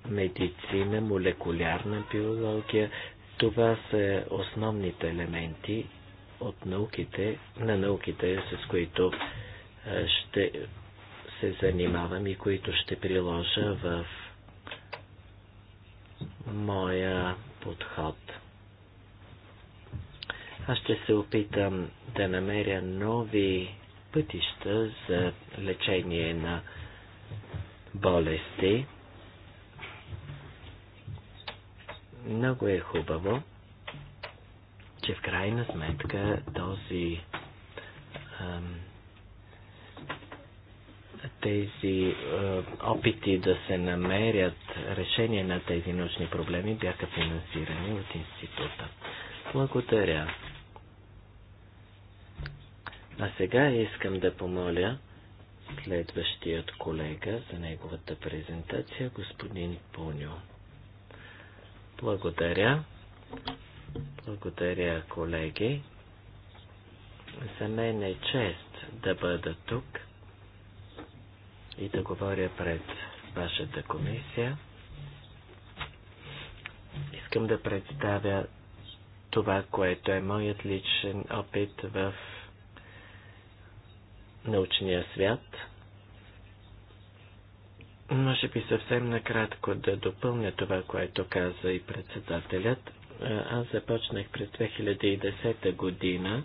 медицина, молекулярна биология. Това са основните елементи от науките, на науките, с които ще се занимавам и които ще приложа в моя подход. Аз ще се опитам да намеря нови пътища за лечение на болести. Много е хубаво, че в крайна сметка този ам, тези ам, опити да се намерят решение на тези научни проблеми бяха финансирани от института. Благодаря. А сега искам да помоля следващият колега за неговата презентация, господин Пуньо. Благодаря. Благодаря, колеги. За мен е чест да бъда тук и да говоря пред вашата комисия. Искам да представя това, което е моят личен опит в научния свят – може би съвсем накратко да допълня това, което каза и председателят. Аз започнах през 2010 година.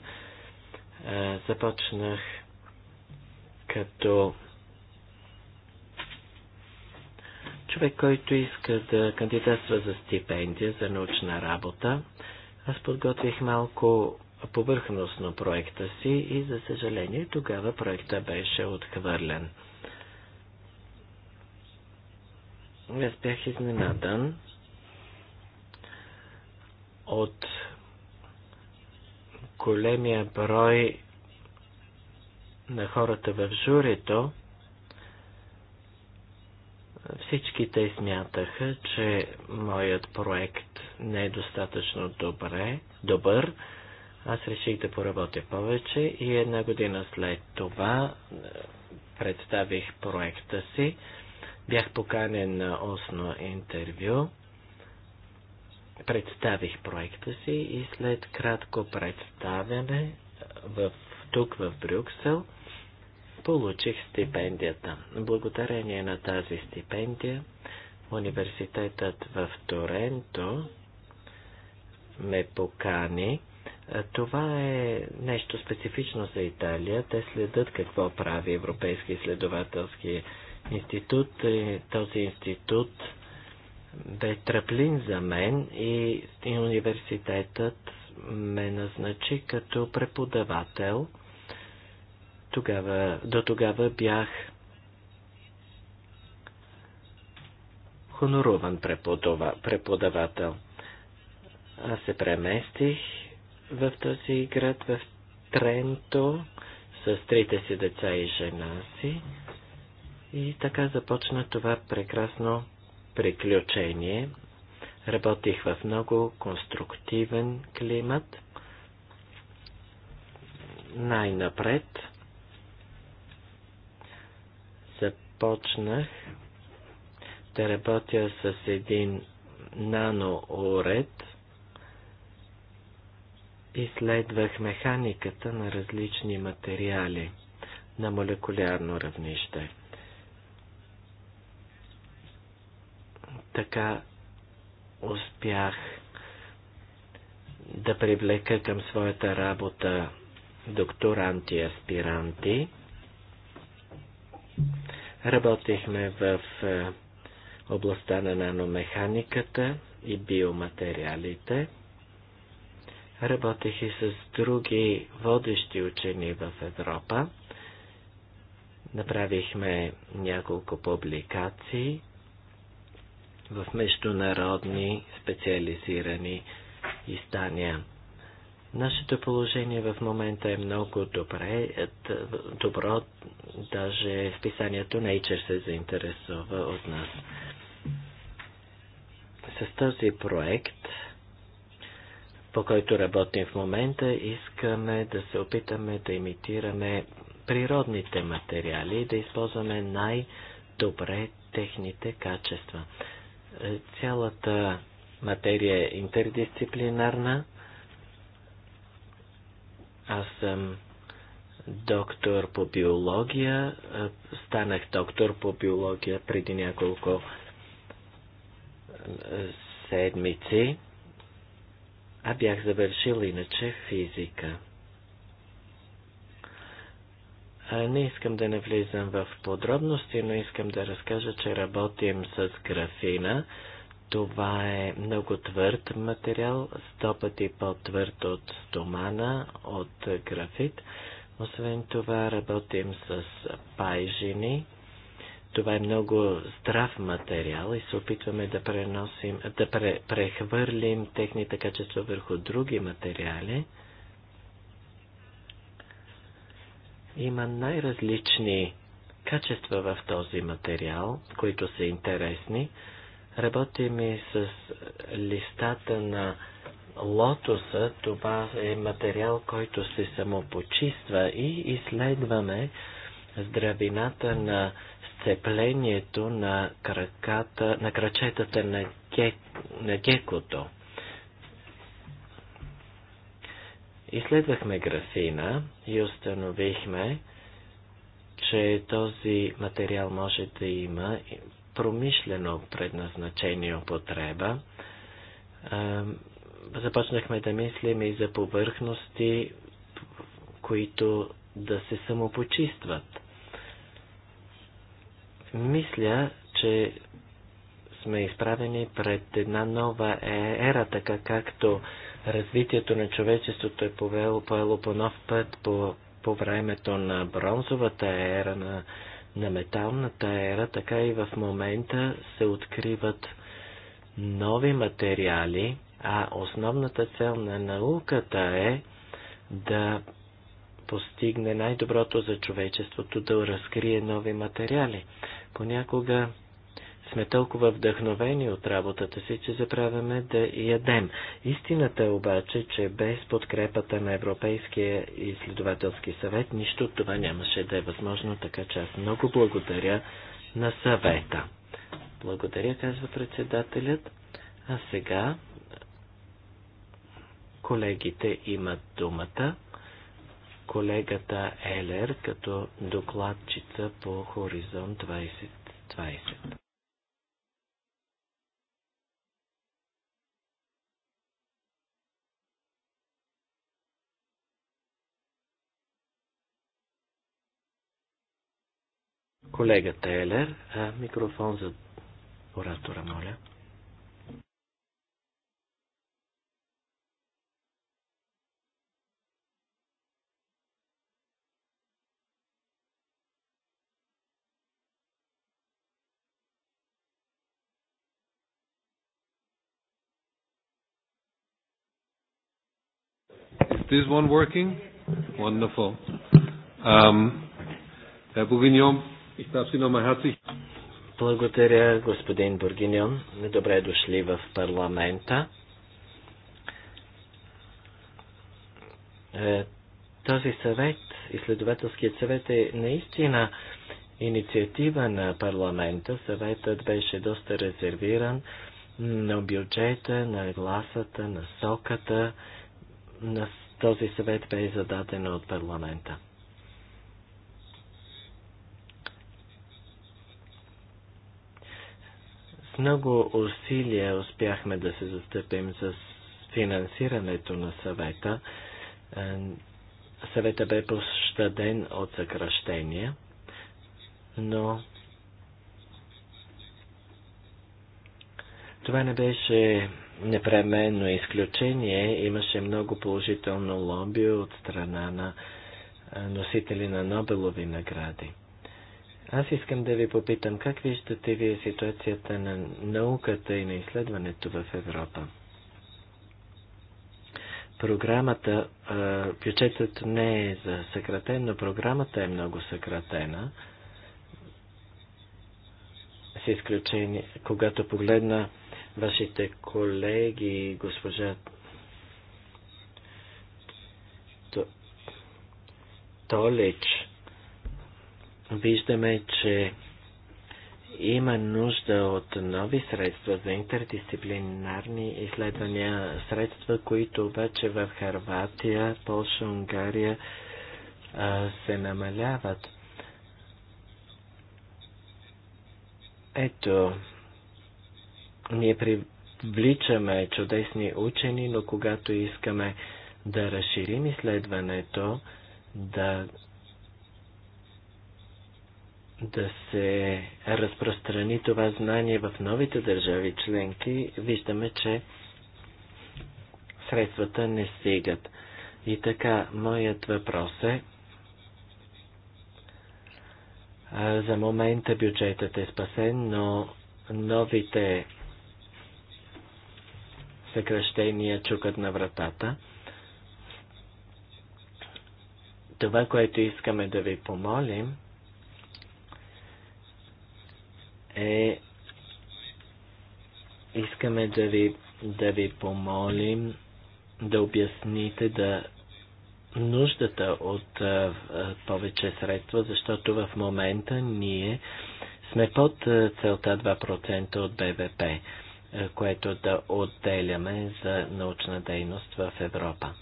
Започнах като човек, който иска да кандидатства за стипендия за научна работа. Аз подготвих малко повърхностно проекта си и, за съжаление, тогава проекта беше отхвърлен. Аз бях изненадан от големия брой на хората в журито, всички те смятаха, че моят проект не е достатъчно добре, добър. Аз реших да поработя повече и една година след това е, представих проекта си Бях поканен на осно интервю, представих проекта си и след кратко представяне в, тук в Брюксел получих стипендията. Благодарение на тази стипендия университетът в Торенто ме покани. Това е нещо специфично за Италия. Те следят какво прави Европейски изследователски институт. Е този институт бе тръплин за мен и университетът ме назначи като преподавател. Тогава, до тогава бях хоноруван преподава, преподавател. Аз се преместих в този град, в Тренто, с трите си деца и жена си. И така започна това прекрасно приключение. Работих в много конструктивен климат. Най-напред започнах да работя с един наноуред. Изследвах механиката на различни материали на молекулярно равнище. Така успях да привлека към своята работа докторанти и аспиранти. Работихме в е, областта на наномеханиката и биоматериалите. Работех и с други водещи учени в Европа. Направихме няколко публикации в международни специализирани издания. Нашето положение в момента е много добре, е, добро, даже в писанието Nature се заинтересува от нас. С този проект, по който работим в момента, искаме да се опитаме да имитираме природните материали и да използваме най-добре техните качества. Е, цялата материя е интердисциплинарна. Аз съм доктор по биология. Е, станах доктор по биология преди няколко е, седмици, а бях завършил иначе физика. Не искам да не влизам в подробности, но искам да разкажа, че работим с графина. Това е много твърд материал, сто пъти по-твърд от стомана, от графит. Освен това работим с пайжини. Това е много здрав материал и се опитваме да, преносим, да пре, прехвърлим техните качества върху други материали. Има най-различни качества в този материал, които са интересни. Работим и с листата на лотоса. Това е материал, който се самопочиства и изследваме здравината на сцеплението на, краката, на крачетата на, гек, на гекото. Изследвахме графина и установихме, че този материал може да има промишлено предназначение употреба. Започнахме да мислим и за повърхности, които да се самопочистват. Мисля, че сме изправени пред една нова е- ера, така както развитието на човечеството е повело, по нов път по, по времето на бронзовата ера, на, на металната ера, така и в момента се откриват нови материали, а основната цел на науката е да постигне най-доброто за човечеството, да разкрие нови материали. Понякога сме толкова вдъхновени от работата си, че заправяме да ядем. Истината е обаче, че без подкрепата на Европейския изследователски съвет, нищо от това нямаше да е възможно, така че аз много благодаря на съвета. Благодаря, казва председателят. А сега колегите имат думата. Колегата Елер като докладчица по Хоризонт 2020. Колегата Елер, микрофон за оратора, моля. this one working? Wonderful. Um, Herr Bourguignon, Ich darf Sie nochmal herzlich. Благодаря, господин Бургиньон. Добре дошли в парламента. Е, този съвет, изследователският съвет е наистина инициатива на парламента. Съветът беше доста резервиран на бюджета, на гласата, на соката. На този съвет бе зададен от парламента. много усилия успяхме да се застъпим за финансирането на съвета. Е, съвета бе пощаден от съкръщения, но това не беше непременно изключение. Имаше много положително лоби от страна на е, носители на Нобелови награди. Аз искам да ви попитам, как виждате вие ситуацията на науката и на изследването в Европа? Програмата, бюджетът не е за съкратен, но програмата е много съкратена. С изключение, когато погледна вашите колеги, госпожа Толич, виждаме, че има нужда от нови средства за интердисциплинарни изследвания, средства, които обаче в Харватия, Польша, Унгария се намаляват. Ето, ние привличаме чудесни учени, но когато искаме да разширим изследването, да да се разпространи това знание в новите държави членки, виждаме, че средствата не стигат. И така, моят въпрос е, за момента бюджетът е спасен, но новите съкръщения чукат на вратата. Това, което искаме да ви помолим, е искаме да ви, да ви помолим да обясните да нуждата от а, повече средства, защото в момента ние сме под целта 2% от БВП, което да отделяме за научна дейност в Европа.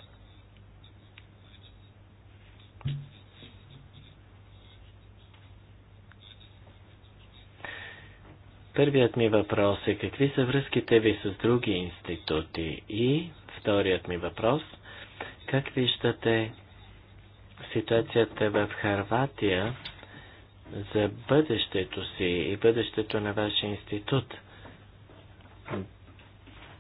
Първият ми въпрос е какви са връзките ви с други институти и вторият ми въпрос как виждате ситуацията в Харватия за бъдещето си и бъдещето на вашия институт?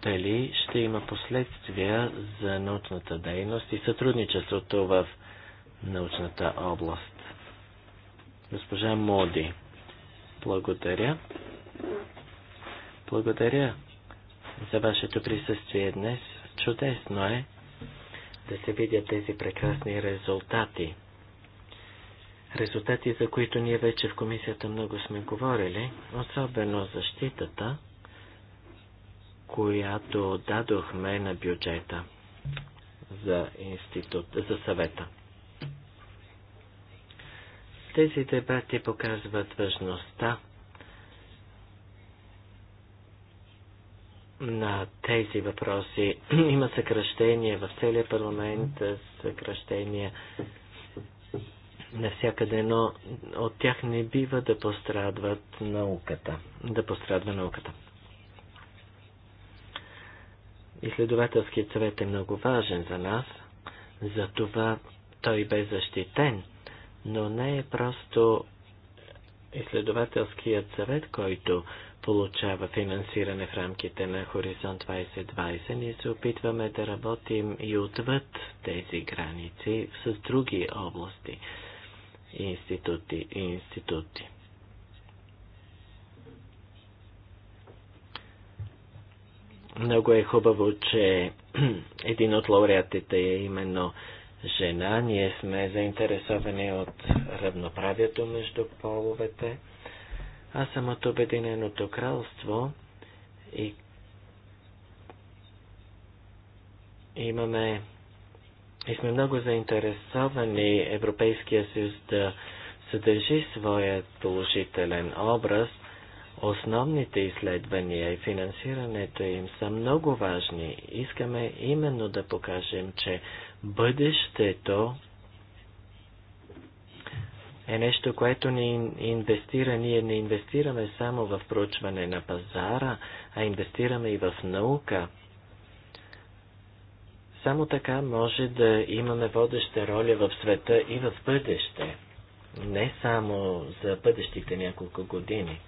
Дали ще има последствия за научната дейност и сътрудничеството в научната област? Госпожа Моди, благодаря. Благодаря за вашето присъствие днес. Чудесно е да се видят тези прекрасни резултати. Резултати, за които ние вече в комисията много сме говорили, особено защитата, която дадохме на бюджета за, институт, за съвета. Тези дебати показват важността на тези въпроси. Има съкръщения в целия парламент, съкръщения навсякъде, но от тях не бива да пострадват науката. Да пострадва науката. Изследователският съвет е много важен за нас, затова той бе защитен, но не е просто изследователският съвет, който получава финансиране в рамките на Хоризонт 2020, ние се опитваме да работим и отвъд тези граници с други области и институти. И институти. Много е хубаво, че един от лауреатите е именно жена. Ние сме заинтересовани от равноправието между половете. Аз съм от Обединеното кралство и имаме и сме много заинтересовани Европейския съюз да съдържи своят положителен образ. Основните изследвания и финансирането им са много важни. Искаме именно да покажем, че бъдещето е нещо, което ни инвестира. Ние не инвестираме само в проучване на пазара, а инвестираме и в наука. Само така може да имаме водеща роля в света и в бъдеще, не само за бъдещите няколко години.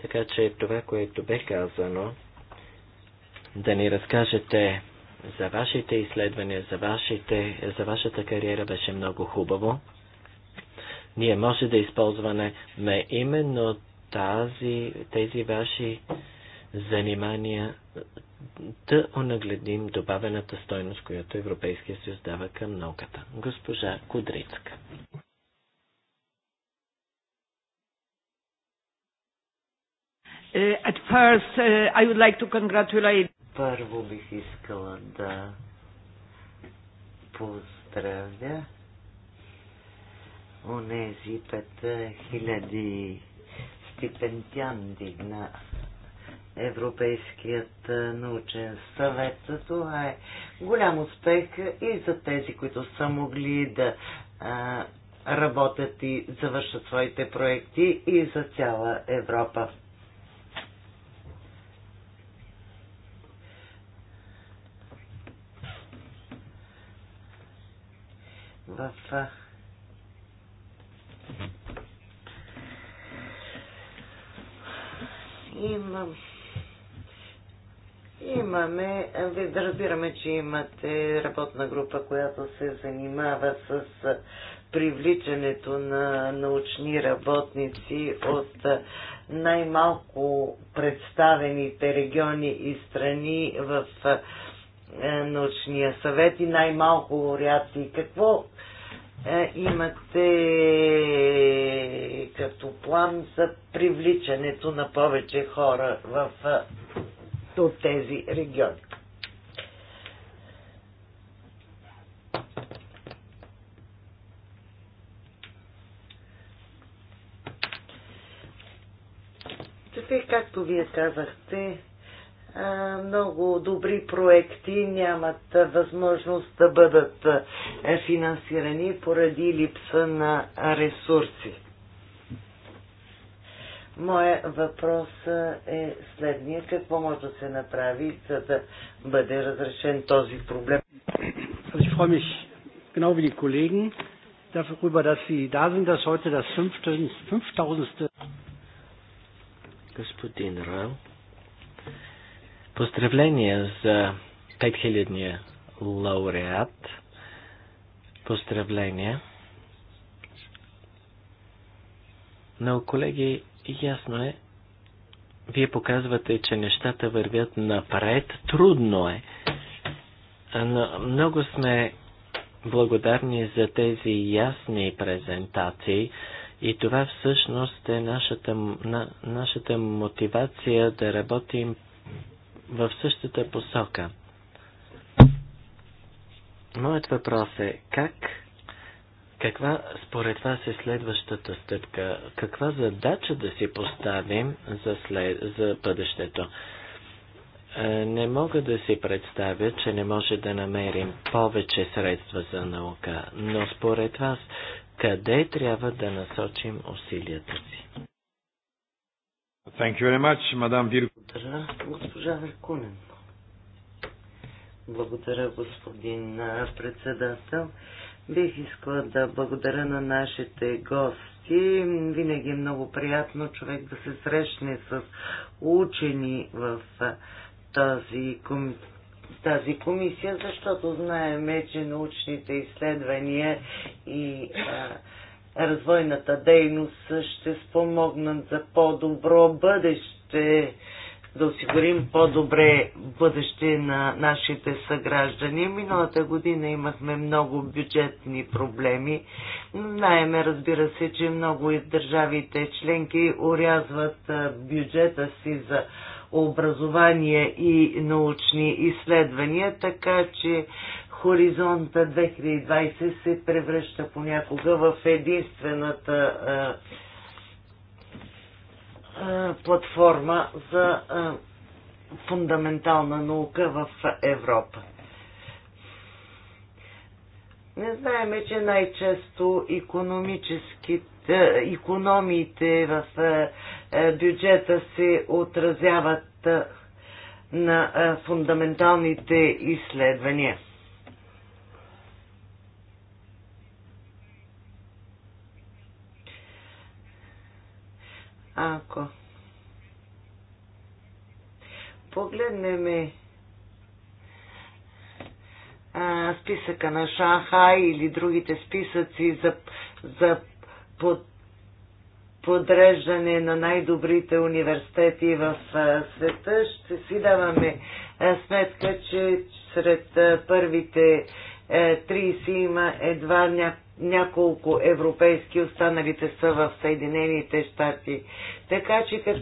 Така че това, което бе казано, да ни разкажете за вашите изследвания, за, вашите, за вашата кариера беше много хубаво. Ние може да използваме именно тази, тези ваши занимания да онагледим добавената стойност, която Европейския съюз дава към науката. Госпожа Кудрицка. Е, at first, е, I would like to congratulate първо бих искала да поздравя онези 5000 стипендианти на Европейският научен съвет. Това е голям успех и за тези, които са могли да а, работят и завършат своите проекти и за цяла Европа. в имам Имаме, да разбираме, че имате работна група, която се занимава с привличането на научни работници от най-малко представените региони и страни в е, научния съвет и най-малко лауреати. Какво е, имате като план за привличането на повече хора в от е, тези региони? както вие казахте, много добри проекти нямат възможност да бъдат финансирани поради липса на ресурси. Моя въпрос е следния. Какво може да се направи, за да бъде разрешен този проблем? Ich freue mich, genau wie die Kollegen, darüber, dass Sie da sind, dass heute das 5000. Господин Рао, Поздравления за 5000-ния лауреат. Поздравления. Но, колеги, ясно е, вие показвате, че нещата вървят напред. Трудно е. Но много сме благодарни за тези ясни презентации и това всъщност е нашата, на, нашата мотивация да работим в същата посока. Моят въпрос е как, каква според вас е следващата стъпка, каква задача да си поставим за, след, за бъдещето? Е, не мога да си представя, че не може да намерим повече средства за наука, но според вас къде трябва да насочим усилията си? Thank you very much, мадам Благодаря, госпожа Веркунен. Благодаря, господин председател. Бих искала да благодаря на нашите гости. Винаги е много приятно човек да се срещне с учени в тази, ком... тази комисия, защото знаеме, че научните изследвания и а, развойната дейност ще спомогнат за по-добро бъдеще, да осигурим по-добре бъдеще на нашите съграждани. Миналата година имахме много бюджетни проблеми. Знаеме, разбира се, че много и държавите членки урязват бюджета си за образование и научни изследвания, така че хоризонта 2020 се превръща понякога в единствената а, а, платформа за а, фундаментална наука в Европа. Не знаеме, че най-често економиите в бюджета се отразяват на фундаменталните изследвания. Ако погледнеме списъка на Шанхай или другите списъци за, за под, подреждане на най-добрите университети в а, света, ще си даваме а, сметка, че сред а, първите 30 е, има едва ня няколко европейски, останалите са в Съединените щати. Така че как...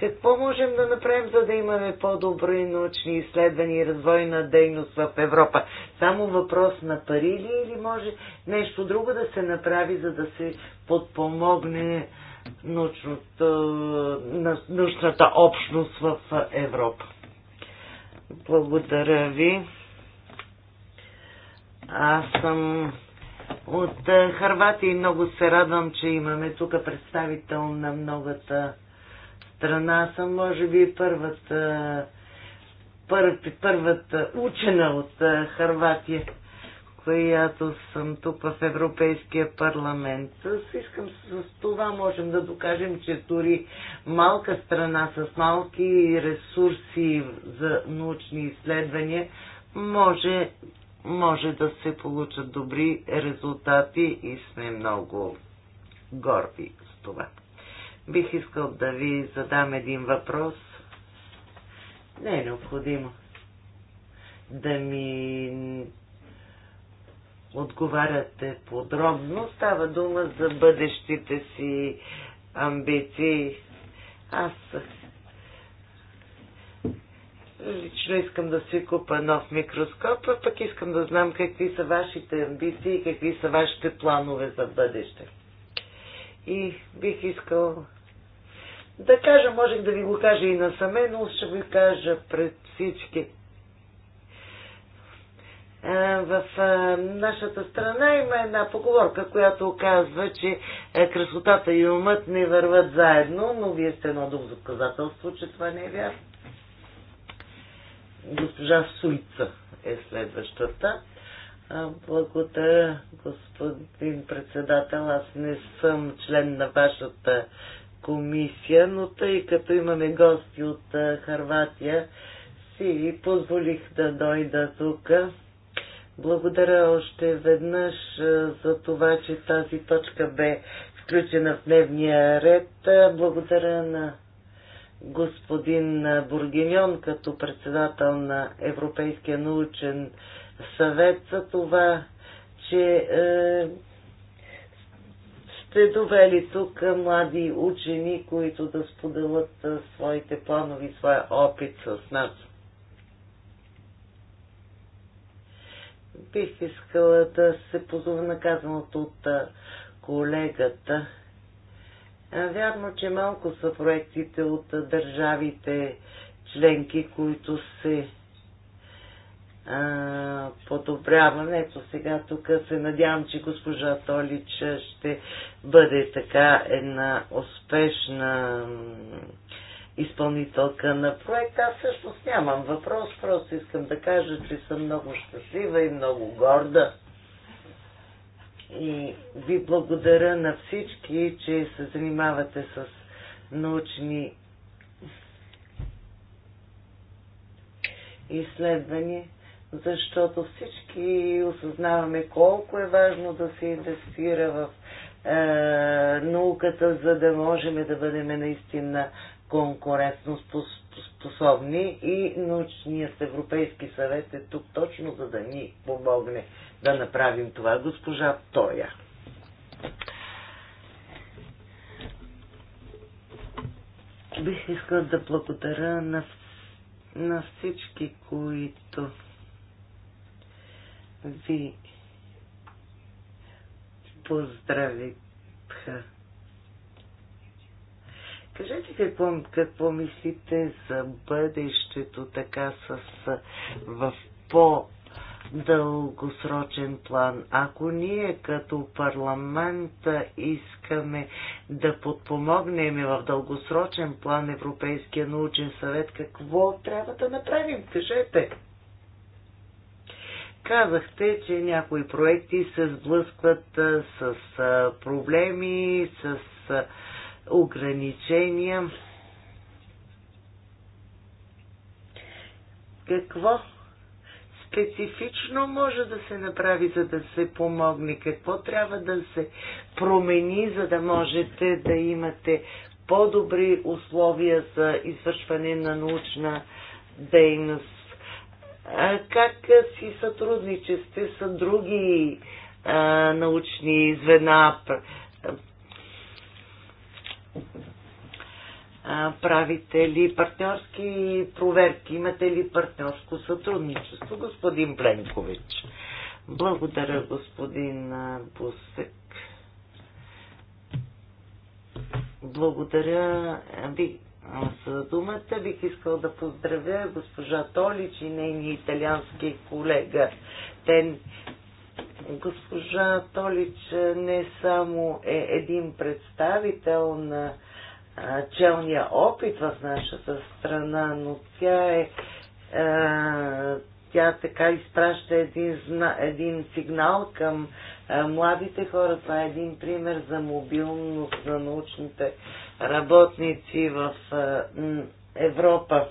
какво можем да направим, за да имаме по-добри научни изследвания и развойна дейност в Европа? Само въпрос на пари ли или може нещо друго да се направи, за да се подпомогне научната, научната общност в Европа? Благодаря ви. Аз съм от е, Харватия и много се радвам, че имаме тук представител на многата страна. Аз съм, може би, първата, пър, първата учена от е, Харватия, която съм тук в Европейския парламент. Аз искам с това можем да докажем, че дори малка страна с малки ресурси за научни изследвания може може да се получат добри резултати и сме много горди с това. Бих искал да ви задам един въпрос. Не е необходимо да ми отговаряте подробно. Става дума за бъдещите си амбиции. Аз Лично искам да си купа нов микроскоп, а пък искам да знам какви са вашите амбиции и какви са вашите планове за бъдеще. И бих искал да кажа, можех да ви го кажа и насаме, но ще ви кажа пред всички. В нашата страна има една поговорка, която казва, че е, красотата и умът не върват заедно, но вие сте едно доказателство, че това не е вярно. Госпожа Суица е следващата. Благодаря, господин председател. Аз не съм член на вашата комисия, но тъй като имаме гости от Харватия, си позволих да дойда тук. Благодаря още веднъж за това, че тази точка бе включена в дневния ред. Благодаря на господин Бургиньон като председател на Европейския научен съвет за това, че е, сте довели тук млади учени, които да споделят е, своите планови, своя опит с нас. Бих искала да се позова на казаното от е, колегата Вярно, че малко са проектите от държавите членки, които се подобряваме Ето сега тук се надявам, че госпожа Толич ще бъде така една успешна изпълнителка на проекта. Аз всъщност нямам въпрос, просто искам да кажа, че съм много щастлива и много горда и ви благодаря на всички, че се занимавате с научни изследвания, защото всички осъзнаваме колко е важно да се инвестира в е, науката, за да можем да бъдем наистина конкурентно способни и научният Европейски съвет е тук точно за да ни помогне да направим това. Госпожа Тоя. Бих искал да благодаря на, на всички, които ви поздравиха. Кажете какво, какво мислите за бъдещето така с в по дългосрочен план. Ако ние като парламент искаме да подпомогнем в дългосрочен план Европейския научен съвет, какво трябва да направим? Кажете! Казахте, че някои проекти се сблъскват с проблеми, с ограничения. Какво специфично може да се направи, за да се помогне? Какво трябва да се промени, за да можете да имате по-добри условия за извършване на научна дейност? Как си сътрудничесте с други а, научни звена? правите ли партньорски проверки, имате ли партньорско сътрудничество, господин Пленкович? Благодаря, господин Бусек. Благодаря ви за думата. Бих искал да поздравя госпожа Толич и нейния италиански колега. Тен. госпожа Толич не само е един представител на челния опит в нашата страна, но тя е тя така изпраща един, зна, един сигнал към а, младите хора. Това е един пример за мобилност на научните работници в а, Европа.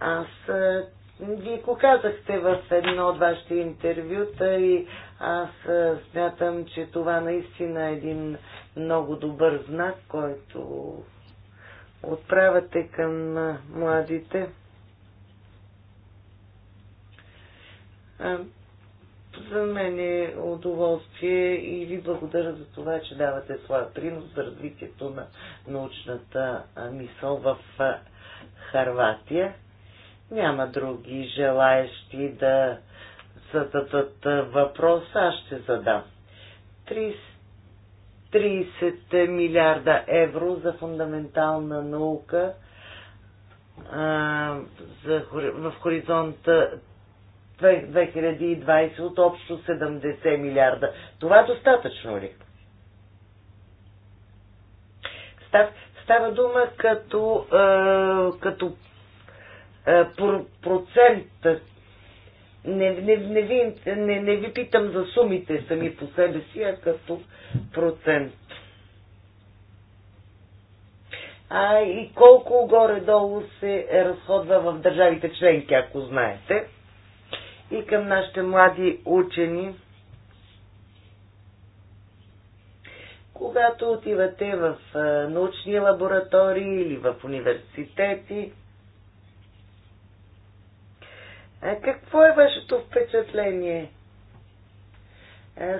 Аз а, вие го казахте в едно от вашите интервюта и аз а, смятам, че това наистина е един много добър знак, който отправяте към младите. За мен е удоволствие и ви благодаря за това, че давате своя принос за развитието на научната мисъл в Харватия. Няма други желаещи да зададат въпрос, аз ще задам. 30 30 милиарда евро за фундаментална наука а, за, в хоризонта 2020 от общо 70 милиарда. Това достатъчно ли? Став, става дума като, а, като а, процент не, не, не, ви, не, не ви питам за сумите сами по себе си, а като процент. А и колко горе-долу се разходва в държавите членки, ако знаете. И към нашите млади учени, когато отивате в научни лаборатории или в университети, е, какво е вашето впечатление? Е,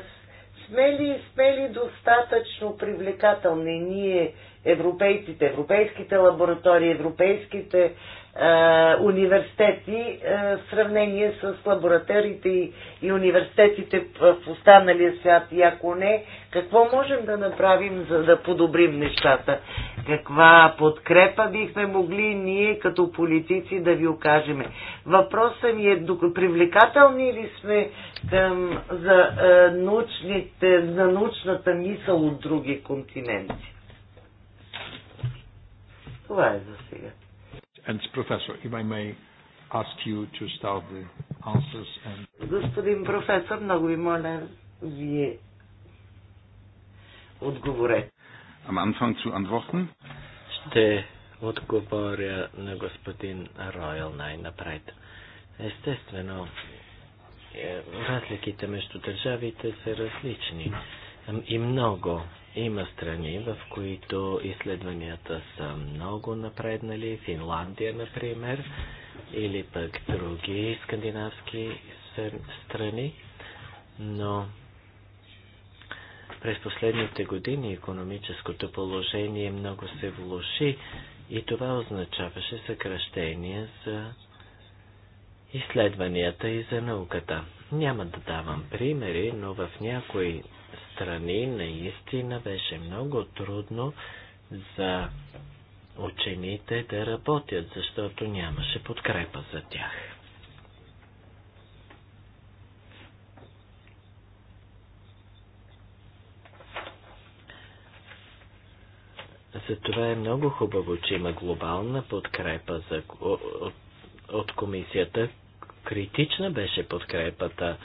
сме ли, достатъчно привлекателни ние, европейците, европейските лаборатории, европейските е, университети е, в сравнение с лабораториите и, университетите в останалия свят. И ако не, какво можем да направим, за да подобрим нещата? Каква подкрепа бихме могли ние като политици да ви окажеме? Въпросът ми е, привлекателни ли сме към, за, е, научните, за научната мисъл от други континенти? Това е за сега. And professor, if I may ask you to start the answers and... Господин професор, много ви моля, вие отговорете. Am Anfang zu antworten. Ще отговоря на господин Ройл най-напред. Естествено, е, разликите между държавите са различни и много. Има страни, в които изследванията са много напреднали, Финландия, например, или пък други скандинавски страни, но през последните години економическото положение много се влуши и това означаваше съкръщение за изследванията и за науката. Няма да давам примери, но в някои страни наистина беше много трудно за учените да работят, защото нямаше подкрепа за тях. Затова е много хубаво, че има глобална подкрепа за, от, от комисията. Критична беше подкрепата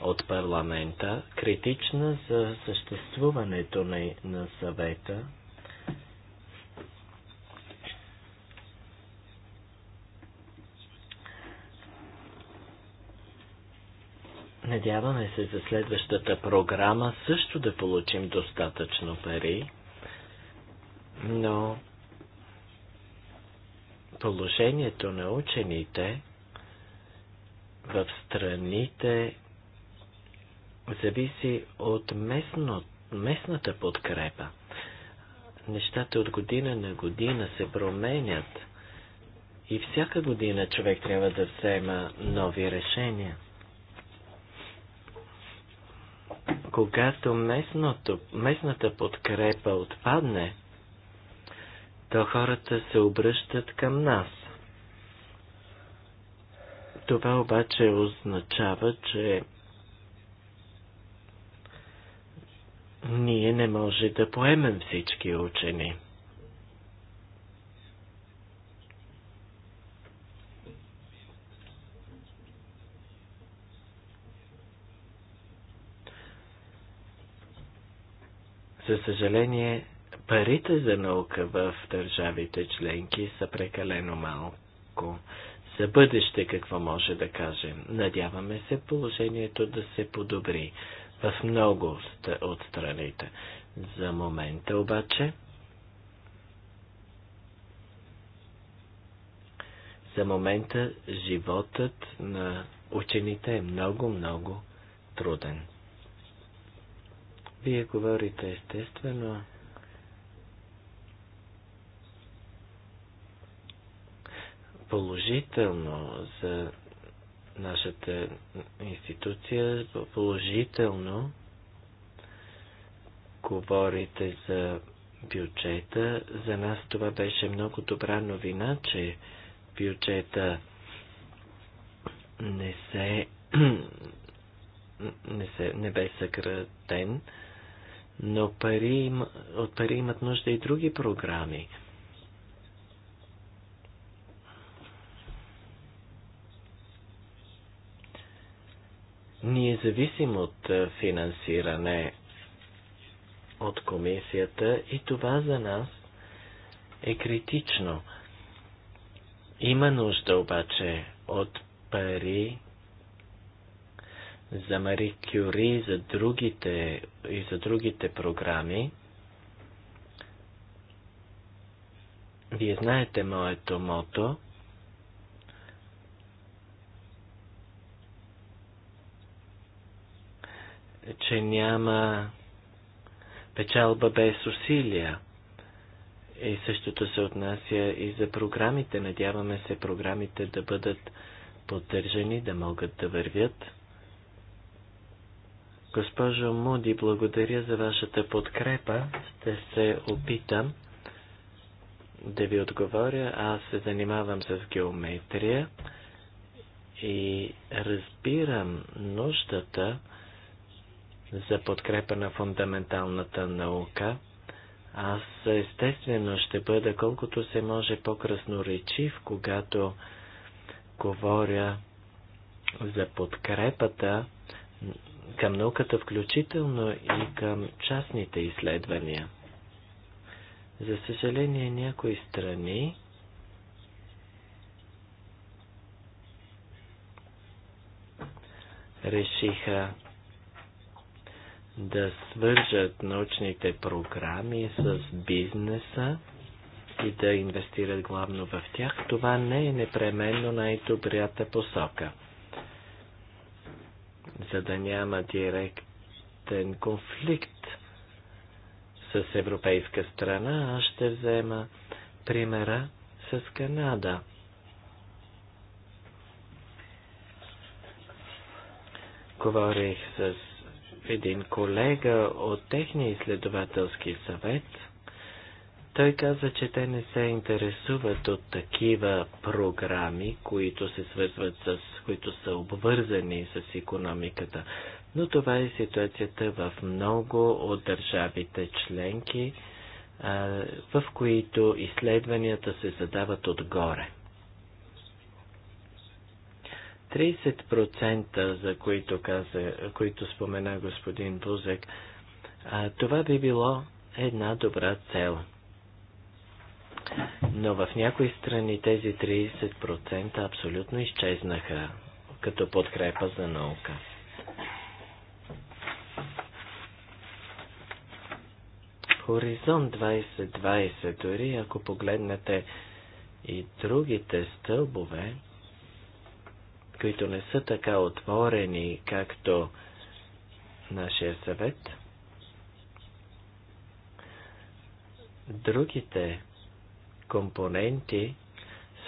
от парламента, критична за съществуването на, на съвета. Надяваме се за следващата програма също да получим достатъчно пари, но положението на учените в страните зависи от местно, местната подкрепа. Нещата от година на година се променят и всяка година човек трябва да взема нови решения. Когато местното, местната подкрепа отпадне, то хората се обръщат към нас. Това обаче означава, че ние не може да поемем всички учени. За съжаление, парите за наука в държавите членки са прекалено малко. За бъдеще какво може да кажем? Надяваме се положението да се подобри в много от страните. За момента обаче за момента животът на учените е много-много труден. Вие говорите естествено положително за нашата институция. Положително говорите за бюджета. За нас това беше много добра новина, че бюджета не се не, се, не бе съкратен, но пари, от пари имат нужда и други програми. Ние зависим от е, финансиране от комисията и това за нас е критично. Има нужда обаче от пари за Мари Кюри за другите, и за другите програми. Вие знаете моето мото. че няма печалба без усилия. И същото се отнася и за програмите. Надяваме се програмите да бъдат поддържани, да могат да вървят. Госпожо Муди, благодаря за вашата подкрепа. Ще се опитам да ви отговоря. Аз се занимавам с геометрия и разбирам нуждата за подкрепа на фундаменталната наука. Аз естествено ще бъда колкото се може по-красноречив, когато говоря за подкрепата към науката, включително и към частните изследвания. За съжаление, някои страни решиха да свържат научните програми с бизнеса и да инвестират главно в тях, това не е непременно най добрята посока. За да няма директен конфликт с европейска страна, аз ще взема примера с Канада. Говорих с един колега от техния изследователски съвет. Той каза, че те не се интересуват от такива програми, които се свързват с, които са обвързани с економиката. Но това е ситуацията в много от държавите членки, в които изследванията се задават отгоре. 30%, за които, каза, които спомена господин Бузек, а, това би било една добра цел. Но в някои страни тези 30% абсолютно изчезнаха като подкрепа за наука. Хоризонт 2020, дори ако погледнете и другите стълбове, които не са така отворени, както нашия съвет. Другите компоненти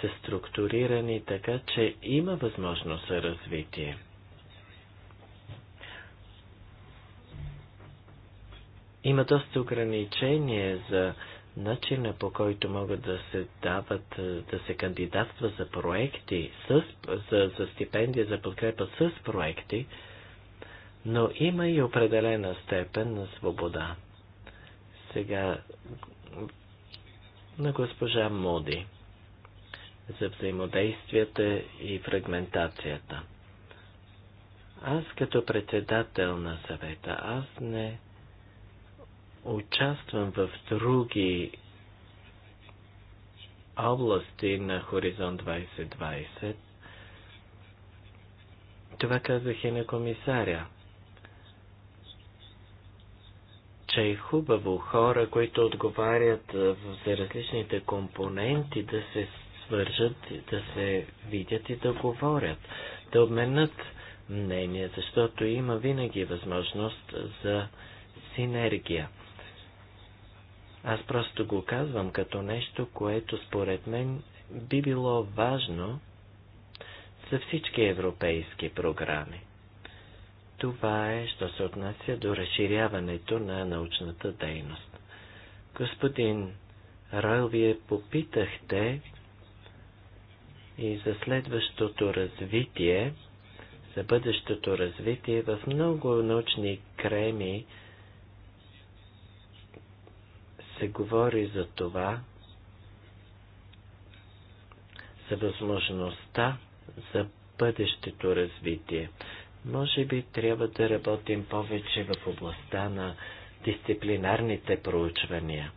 са структурирани така, че има възможност за развитие. Има доста ограничения за начина по който могат да се дават, е, да се кандидатства за проекти, с, за, за стипендия за подкрепа с проекти, но има и определена степен на свобода. Сега на госпожа Моди за взаимодействията и фрагментацията. Аз като председател на съвета, аз не участвам в други области на Хоризонт 2020. Това казах и на комисаря, че е хубаво хора, които отговарят за различните компоненти, да се свържат, да се видят и да говорят, да обменят мнение, защото има винаги възможност за синергия. Аз просто го казвам като нещо, което според мен би било важно за всички европейски програми. Това е, що се отнася до разширяването на научната дейност. Господин Ройл, вие попитахте и за следващото развитие, за бъдещото развитие в много научни креми, се говори за това, за възможността за бъдещето развитие. Може би трябва да работим повече в областта на дисциплинарните проучвания,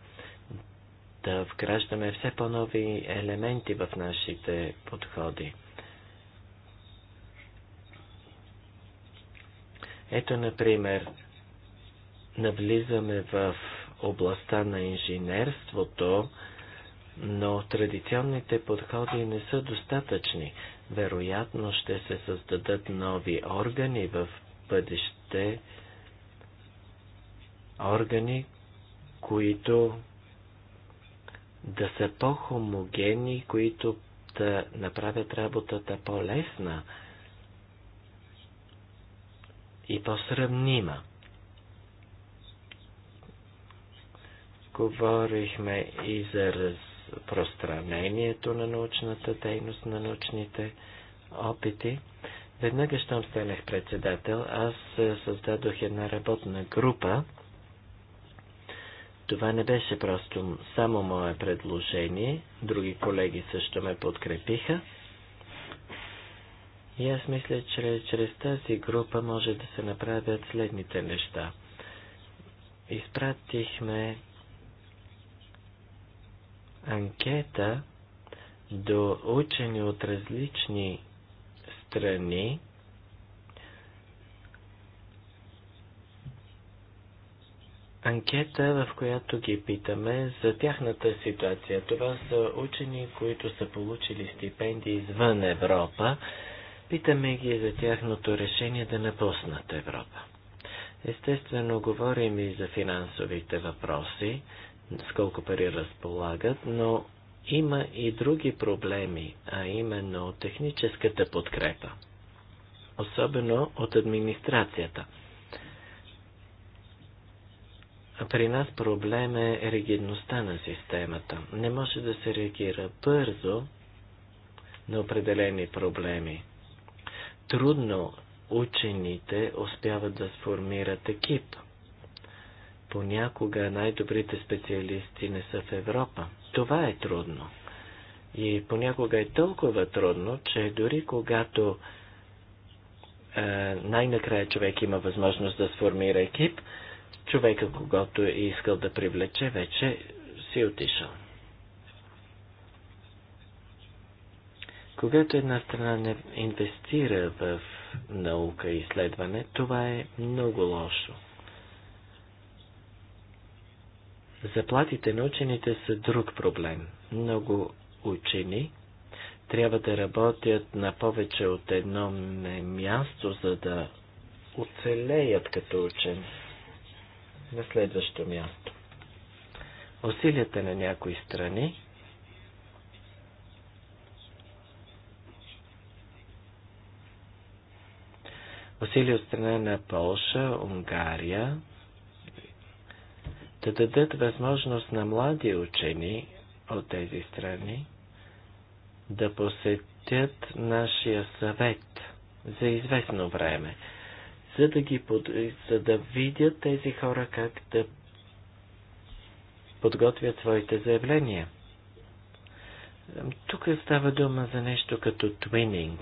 да вграждаме все по-нови елементи в нашите подходи. Ето, например, навлизаме в областта на инженерството, но традиционните подходи не са достатъчни. Вероятно ще се създадат нови органи в бъдеще, органи, които да са по-хомогенни, които да направят работата по-лесна и по-сравнима. Говорихме и за разпространението на научната дейност, на научните опити. Веднага, щом станах председател, аз е, създадох една работна група. Това не беше просто само мое предложение. Други колеги също ме подкрепиха. И аз мисля, че чрез тази група може да се направят следните неща. Изпратихме анкета до учени от различни страни, анкета, в която ги питаме за тяхната ситуация. Това са учени, които са получили стипендии извън Европа. Питаме ги за тяхното решение да напуснат Европа. Естествено, говорим и за финансовите въпроси с колко пари разполагат, но има и други проблеми, а именно техническата подкрепа, особено от администрацията. При нас проблем е ригидността на системата. Не може да се реагира бързо на определени проблеми. Трудно учените успяват да сформират екип – понякога най-добрите специалисти не са в Европа. Това е трудно. И понякога е толкова трудно, че дори когато е, най-накрая човек има възможност да сформира екип, човека, когато е искал да привлече, вече си е отишъл. Когато една страна не инвестира в наука и изследване, това е много лошо. Заплатите на учените са друг проблем. Много учени трябва да работят на повече от едно място, за да оцелеят като учен. На следващо място. Усилията на някои страни Усилия от страна на Полша, Унгария, да дадат възможност на млади учени от тези страни да посетят нашия съвет за известно време, за да, ги под... за да видят тези хора как да подготвят своите заявления. Тук става дума за нещо като твининг.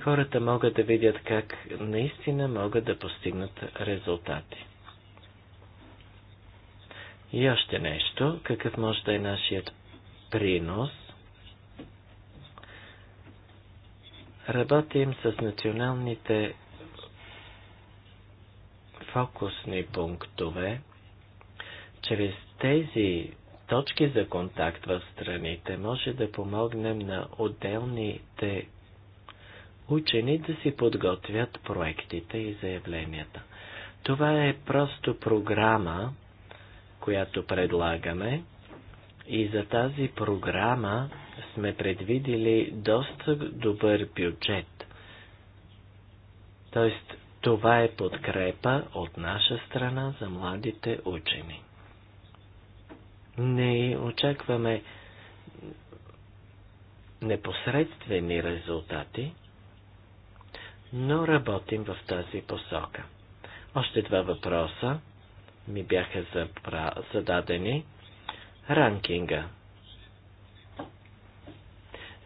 Хората могат да видят как наистина могат да постигнат резултати. И още нещо, какъв може да е нашият принос. Работим с националните фокусни пунктове. Чрез тези точки за контакт в страните може да помогнем на отделните учени да си подготвят проектите и заявленията. Това е просто програма, която предлагаме. И за тази програма сме предвидили доста добър бюджет. Тоест, това е подкрепа от наша страна за младите учени. Не очакваме непосредствени резултати, но работим в тази посока. Още два въпроса ми бяха запра... зададени. Ранкинга.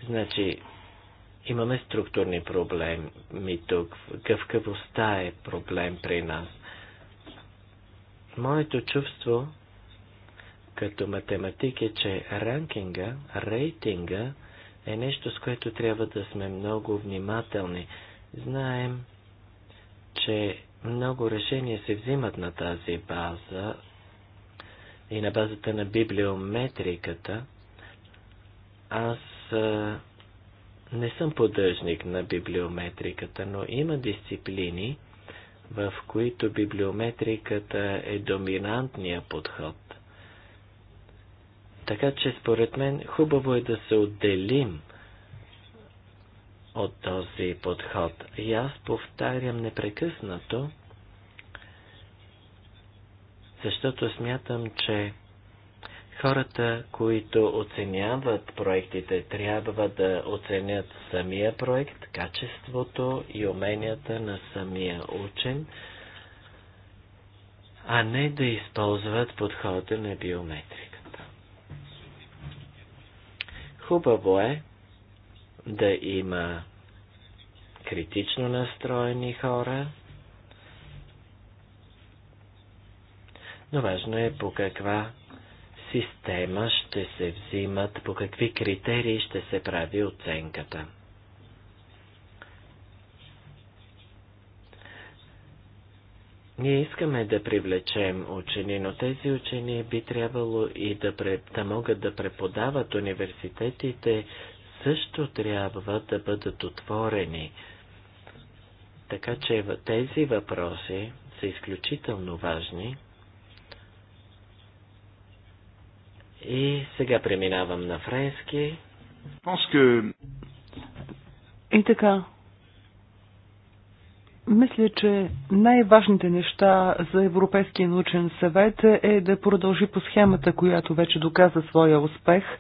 Значи, имаме структурни проблеми тук. Гъвкавостта е проблем при нас. Моето чувство като математик е, че ранкинга, рейтинга е нещо, с което трябва да сме много внимателни. Знаем, че много решения се взимат на тази база и на базата на библиометриката. Аз не съм поддръжник на библиометриката, но има дисциплини, в които библиометриката е доминантния подход. Така че според мен хубаво е да се отделим от този подход. И аз повтарям непрекъснато, защото смятам, че хората, които оценяват проектите, трябва да оценят самия проект, качеството и уменията на самия учен, а не да използват подхода на биометриката. Хубаво е, да има критично настроени хора, но важно е по каква система ще се взимат, по какви критерии ще се прави оценката. Ние искаме да привлечем учени, но тези учени би трябвало и да, да могат да преподават. Университетите също трябва да бъдат отворени. Така че тези въпроси са изключително важни. И сега преминавам на френски. И така. Мисля, че най-важните неща за Европейския научен съвет е да продължи по схемата, която вече доказа своя успех –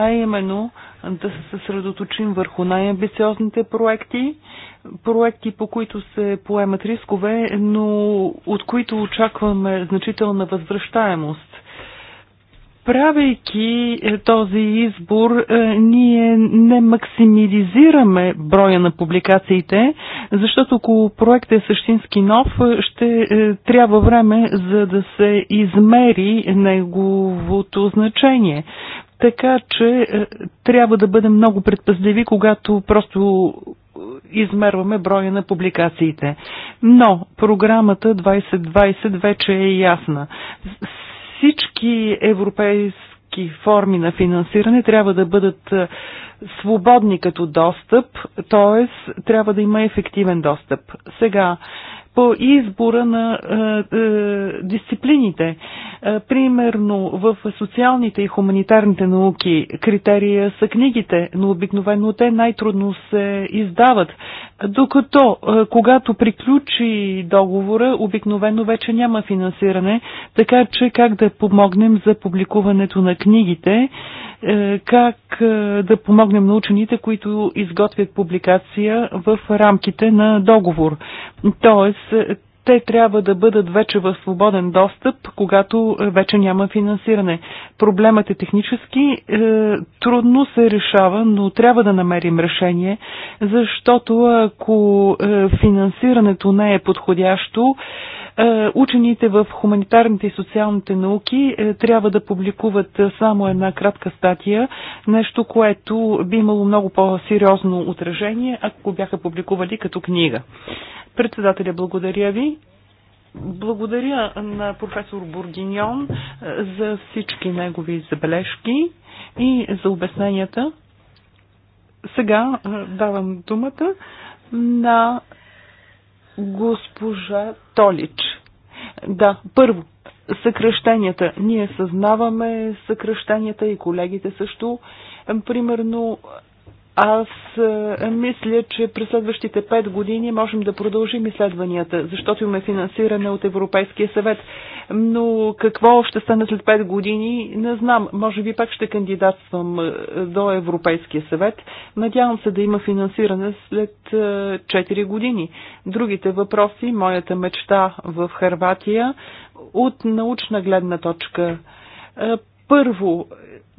а именно да се съсредоточим върху най-амбициозните проекти, проекти по които се поемат рискове, но от които очакваме значителна възвръщаемост. Правейки е, този избор, е, ние не максимализираме броя на публикациите, защото ако проектът е същински нов, е, ще трябва време за да се измери неговото значение. Така че е, трябва да бъдем много предпазливи, когато просто е, измерваме броя на публикациите. Но програмата 2020 вече е ясна. Всички европейски форми на финансиране трябва да бъдат е, свободни като достъп, т.е. трябва да има ефективен достъп. Сега, по избора на е, е, дисциплините. Е, примерно в социалните и хуманитарните науки критерия са книгите, но обикновено те най-трудно се издават. Докато е, когато приключи договора, обикновено вече няма финансиране, така че как да помогнем за публикуването на книгите, е, как е, да помогнем на учените, които изготвят публикация в рамките на договор. Тоест, те трябва да бъдат вече в свободен достъп, когато вече няма финансиране. Проблемът е технически, е, трудно се решава, но трябва да намерим решение, защото ако е, финансирането не е подходящо, е, учените в хуманитарните и социалните науки е, трябва да публикуват само една кратка статия, нещо, което би имало много по-сериозно отражение, ако бяха публикували като книга. Председателя, благодаря ви. Благодаря на професор Бургиньон е, за всички негови забележки и за обясненията. Сега е, давам думата на госпожа Толич. Да, първо, съкръщенията. Ние съзнаваме съкръщенията и колегите също. Примерно аз е, мисля, че през следващите 5 години можем да продължим изследванията, защото имаме финансиране от Европейския съвет. Но какво ще стане след 5 години, не знам. Може би пак ще кандидатствам е, до Европейския съвет. Надявам се да има финансиране след 4 е, години. Другите въпроси, моята мечта в Харватия, от научна гледна точка. Първо,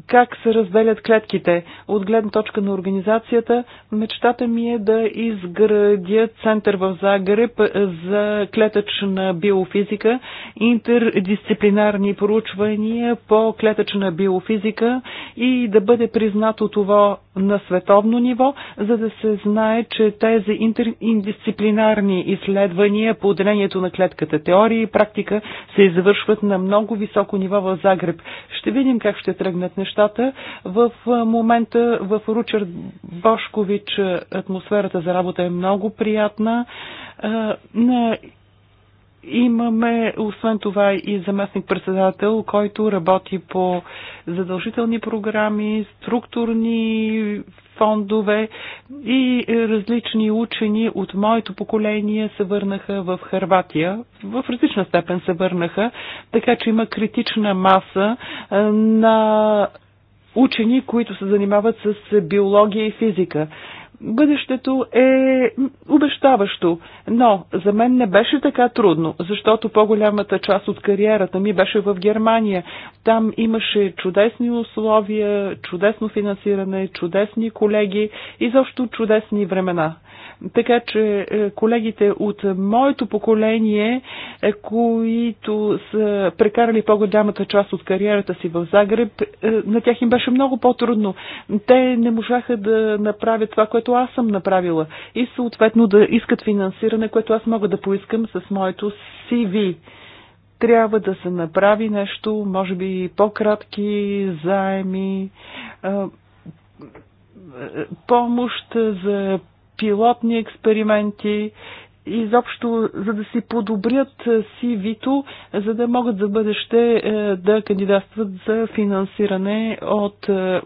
как се разделят клетките. От гледна точка на организацията, мечтата ми е да изградя център в Загреб за клетъчна биофизика, интердисциплинарни проучвания по клетъчна биофизика и да бъде признато това на световно ниво, за да се знае, че тези интердисциплинарни изследвания по отделението на клетката теория и практика се извършват на много високо ниво в Загреб. Ще видим как ще тръгнат нещата. В момента в Ручард Бошкович атмосферата за работа е много приятна. Имаме, освен това, и заместник-председател, който работи по задължителни програми, структурни фондове и различни учени от моето поколение се върнаха в Харватия. В различна степен се върнаха, така че има критична маса на учени, които се занимават с биология и физика. Бъдещето е обещаващо, но за мен не беше така трудно, защото по-голямата част от кариерата ми беше в Германия. Там имаше чудесни условия, чудесно финансиране, чудесни колеги и защо чудесни времена. Така че е, колегите от моето поколение, е, които са прекарали по-голямата част от кариерата си в Загреб, е, на тях им беше много по-трудно. Те не можаха да направят това, което аз съм направила и съответно да искат финансиране, което аз мога да поискам с моето CV трябва да се направи нещо, може би по-кратки заеми, помощ за пилотни експерименти, изобщо за да си подобрят е, си вито, за да могат за бъдеще е, да кандидатстват за финансиране от е,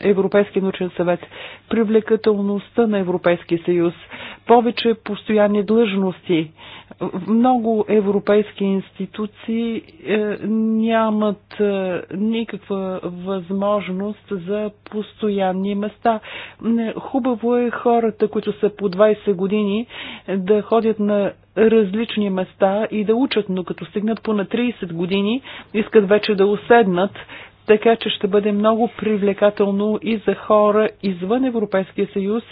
Европейския научен съвет. Привлекателността на Европейския съюз, повече постоянни длъжности, много европейски институции е, нямат е, никаква възможност за постоянни места. Е, хубаво е хората, които са по 20 години, да ходят на различни места и да учат, но като стигнат по на 30 години, искат вече да уседнат, така че ще бъде много привлекателно и за хора извън Европейския съюз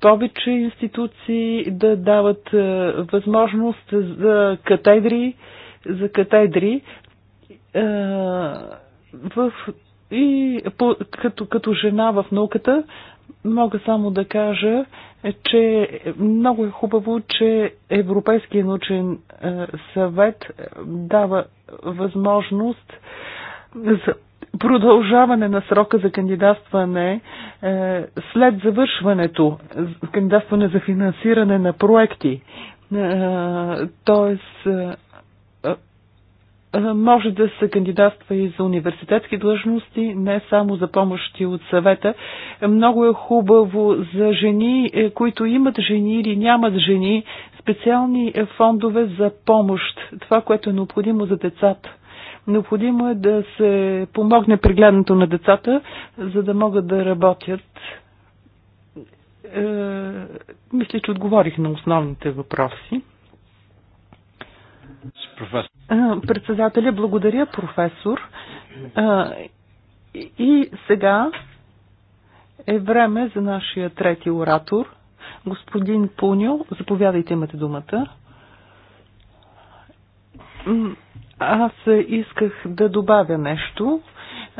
повече институции да дават е, възможност за катедри, за катедри е, в, и по, като, като жена в науката мога само да кажа, е, че много е хубаво, че Европейския научен съвет дава възможност за продължаване на срока за кандидатстване е, след завършването, кандидатстване за финансиране на проекти. Е, тоест, е, е, може да се кандидатства и за университетски длъжности, не само за помощи от съвета. Много е хубаво за жени, е, които имат жени или нямат жени, специални фондове за помощ, това, което е необходимо за децата. Необходимо е да се помогне при гледането на децата, за да могат да работят. Е, мисля, че отговорих на основните въпроси. Е, председателя, благодаря, професор. Е, и сега е време за нашия трети оратор. Господин Пуньо, заповядайте, имате думата. Аз исках да добавя нещо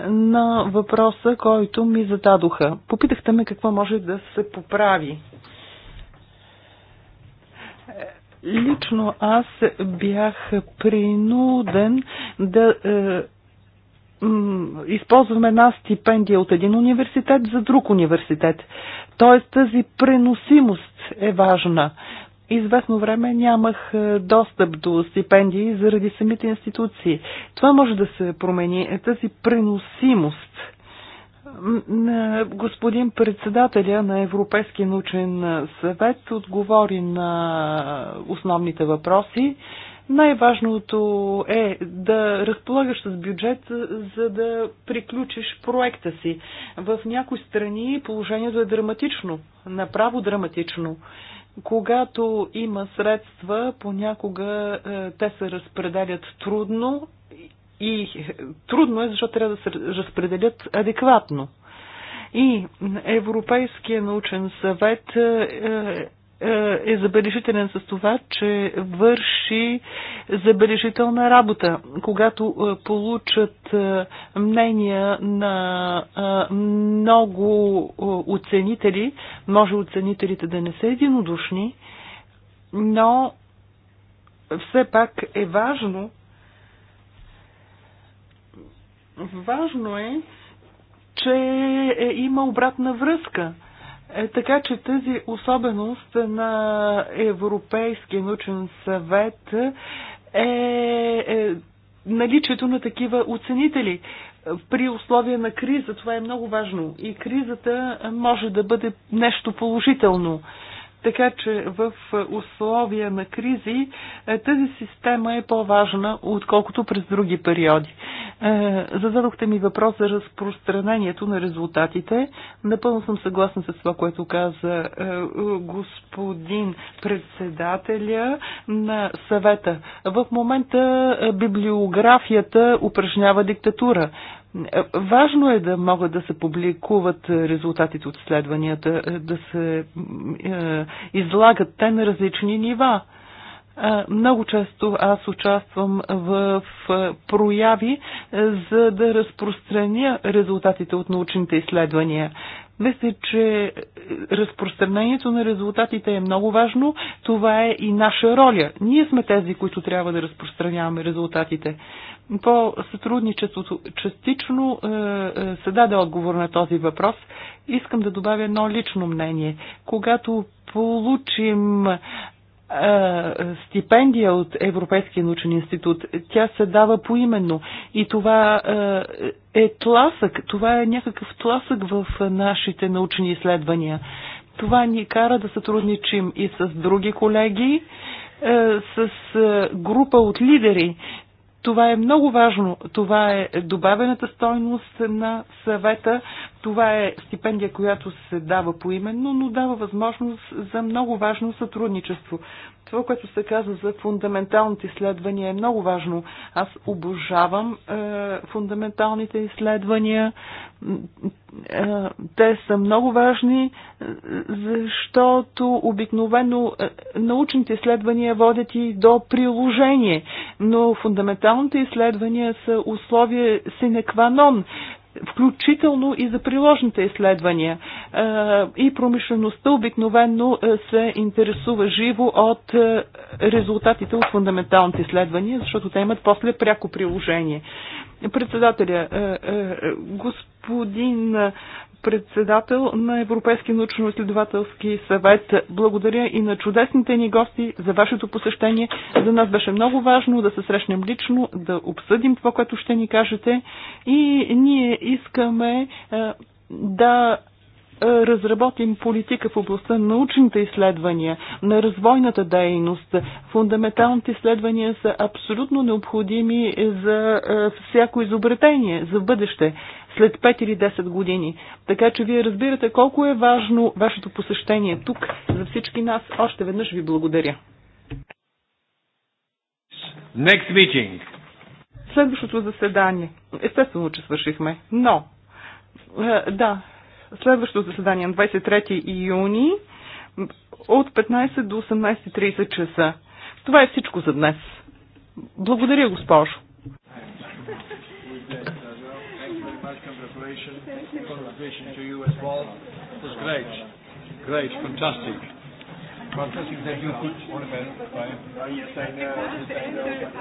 на въпроса, който ми зададоха. Попитахте ме какво може да се поправи. Лично аз бях принуден да е, използвам една стипендия от един университет за друг университет. Тоест тази преносимост е важна известно време нямах е, достъп до стипендии заради самите институции. Това може да се промени, е, тази преносимост на е, господин председателя на Европейския научен съвет отговори на основните въпроси. Най-важното е да разполагаш с бюджет, за да приключиш проекта си. В някои страни положението е драматично, направо драматично. Когато има средства, понякога е, те се разпределят трудно и трудно е, защото трябва да се разпределят адекватно. И Европейския научен съвет е, е, е забележителен с това, че върши забележителна работа. Когато е, получат е, мнения на много оценители, може оценителите да не са единодушни, но все пак е важно, важно е, че има обратна връзка – е, така че тази особеност на Европейския научен съвет е, е наличието на такива оценители при условия на криза. Това е много важно. И кризата може да бъде нещо положително. Така че в е, условия на кризи е, тази система е по-важна, отколкото през други периоди. Е, зададохте ми въпрос за разпространението на резултатите. Напълно съм съгласна с това, което каза господин председателя на съвета. В момента библиографията упражнява диктатура. Важно е да могат да се публикуват резултатите от изследванията, е, да се е, излагат те на различни нива. Е, много често аз участвам в прояви, за да разпространя резултатите от научните изследвания. Мисля, че разпространението на резултатите е много важно. Това е и наша роля. Ние сме тези, които трябва да разпространяваме резултатите. По сътрудничеството частично е, е, се даде отговор на този въпрос. Искам да добавя едно лично мнение. Когато получим е, стипендия от Европейския научен институт. Тя се дава поименно. И това е тласък. Това е някакъв тласък в нашите научни изследвания. Това ни кара да сътрудничим и с други колеги, с група от лидери. Това е много важно. Това е добавената стойност на съвета. Това е стипендия, която се дава по именно, но дава възможност за много важно сътрудничество. Това, което се казва за фундаменталните изследвания е много важно. Аз обожавам е, фундаменталните изследвания. Е, те са много важни, е, защото обикновено е, научните изследвания водят и до приложение, но фундаменталните изследвания са условие синекванон включително и за приложните изследвания. Е, и промишлеността обикновенно е, се интересува живо от е, резултатите от фундаменталните изследвания, защото те имат после пряко приложение. Председателя, господин председател на Европейски научно-изследователски съвет. Благодаря и на чудесните ни гости за вашето посещение. За нас беше много важно да се срещнем лично, да обсъдим това, което ще ни кажете. И ние искаме е, да е, разработим политика в областта на научните изследвания, на развойната дейност. Фундаменталните изследвания са абсолютно необходими за е, всяко изобретение, за бъдеще след 5 или 10 години. Така че вие разбирате колко е важно вашето посещение тук за всички нас. Още веднъж ви благодаря. Next meeting. Следващото заседание. Естествено, че свършихме, но е, да, следващото заседание на 23 июни от 15 до 18.30 часа. Това е всичко за днес. Благодаря, госпожо cooperation, congratulations to you as well. It was great. Great, fantastic. Fantastic that you could.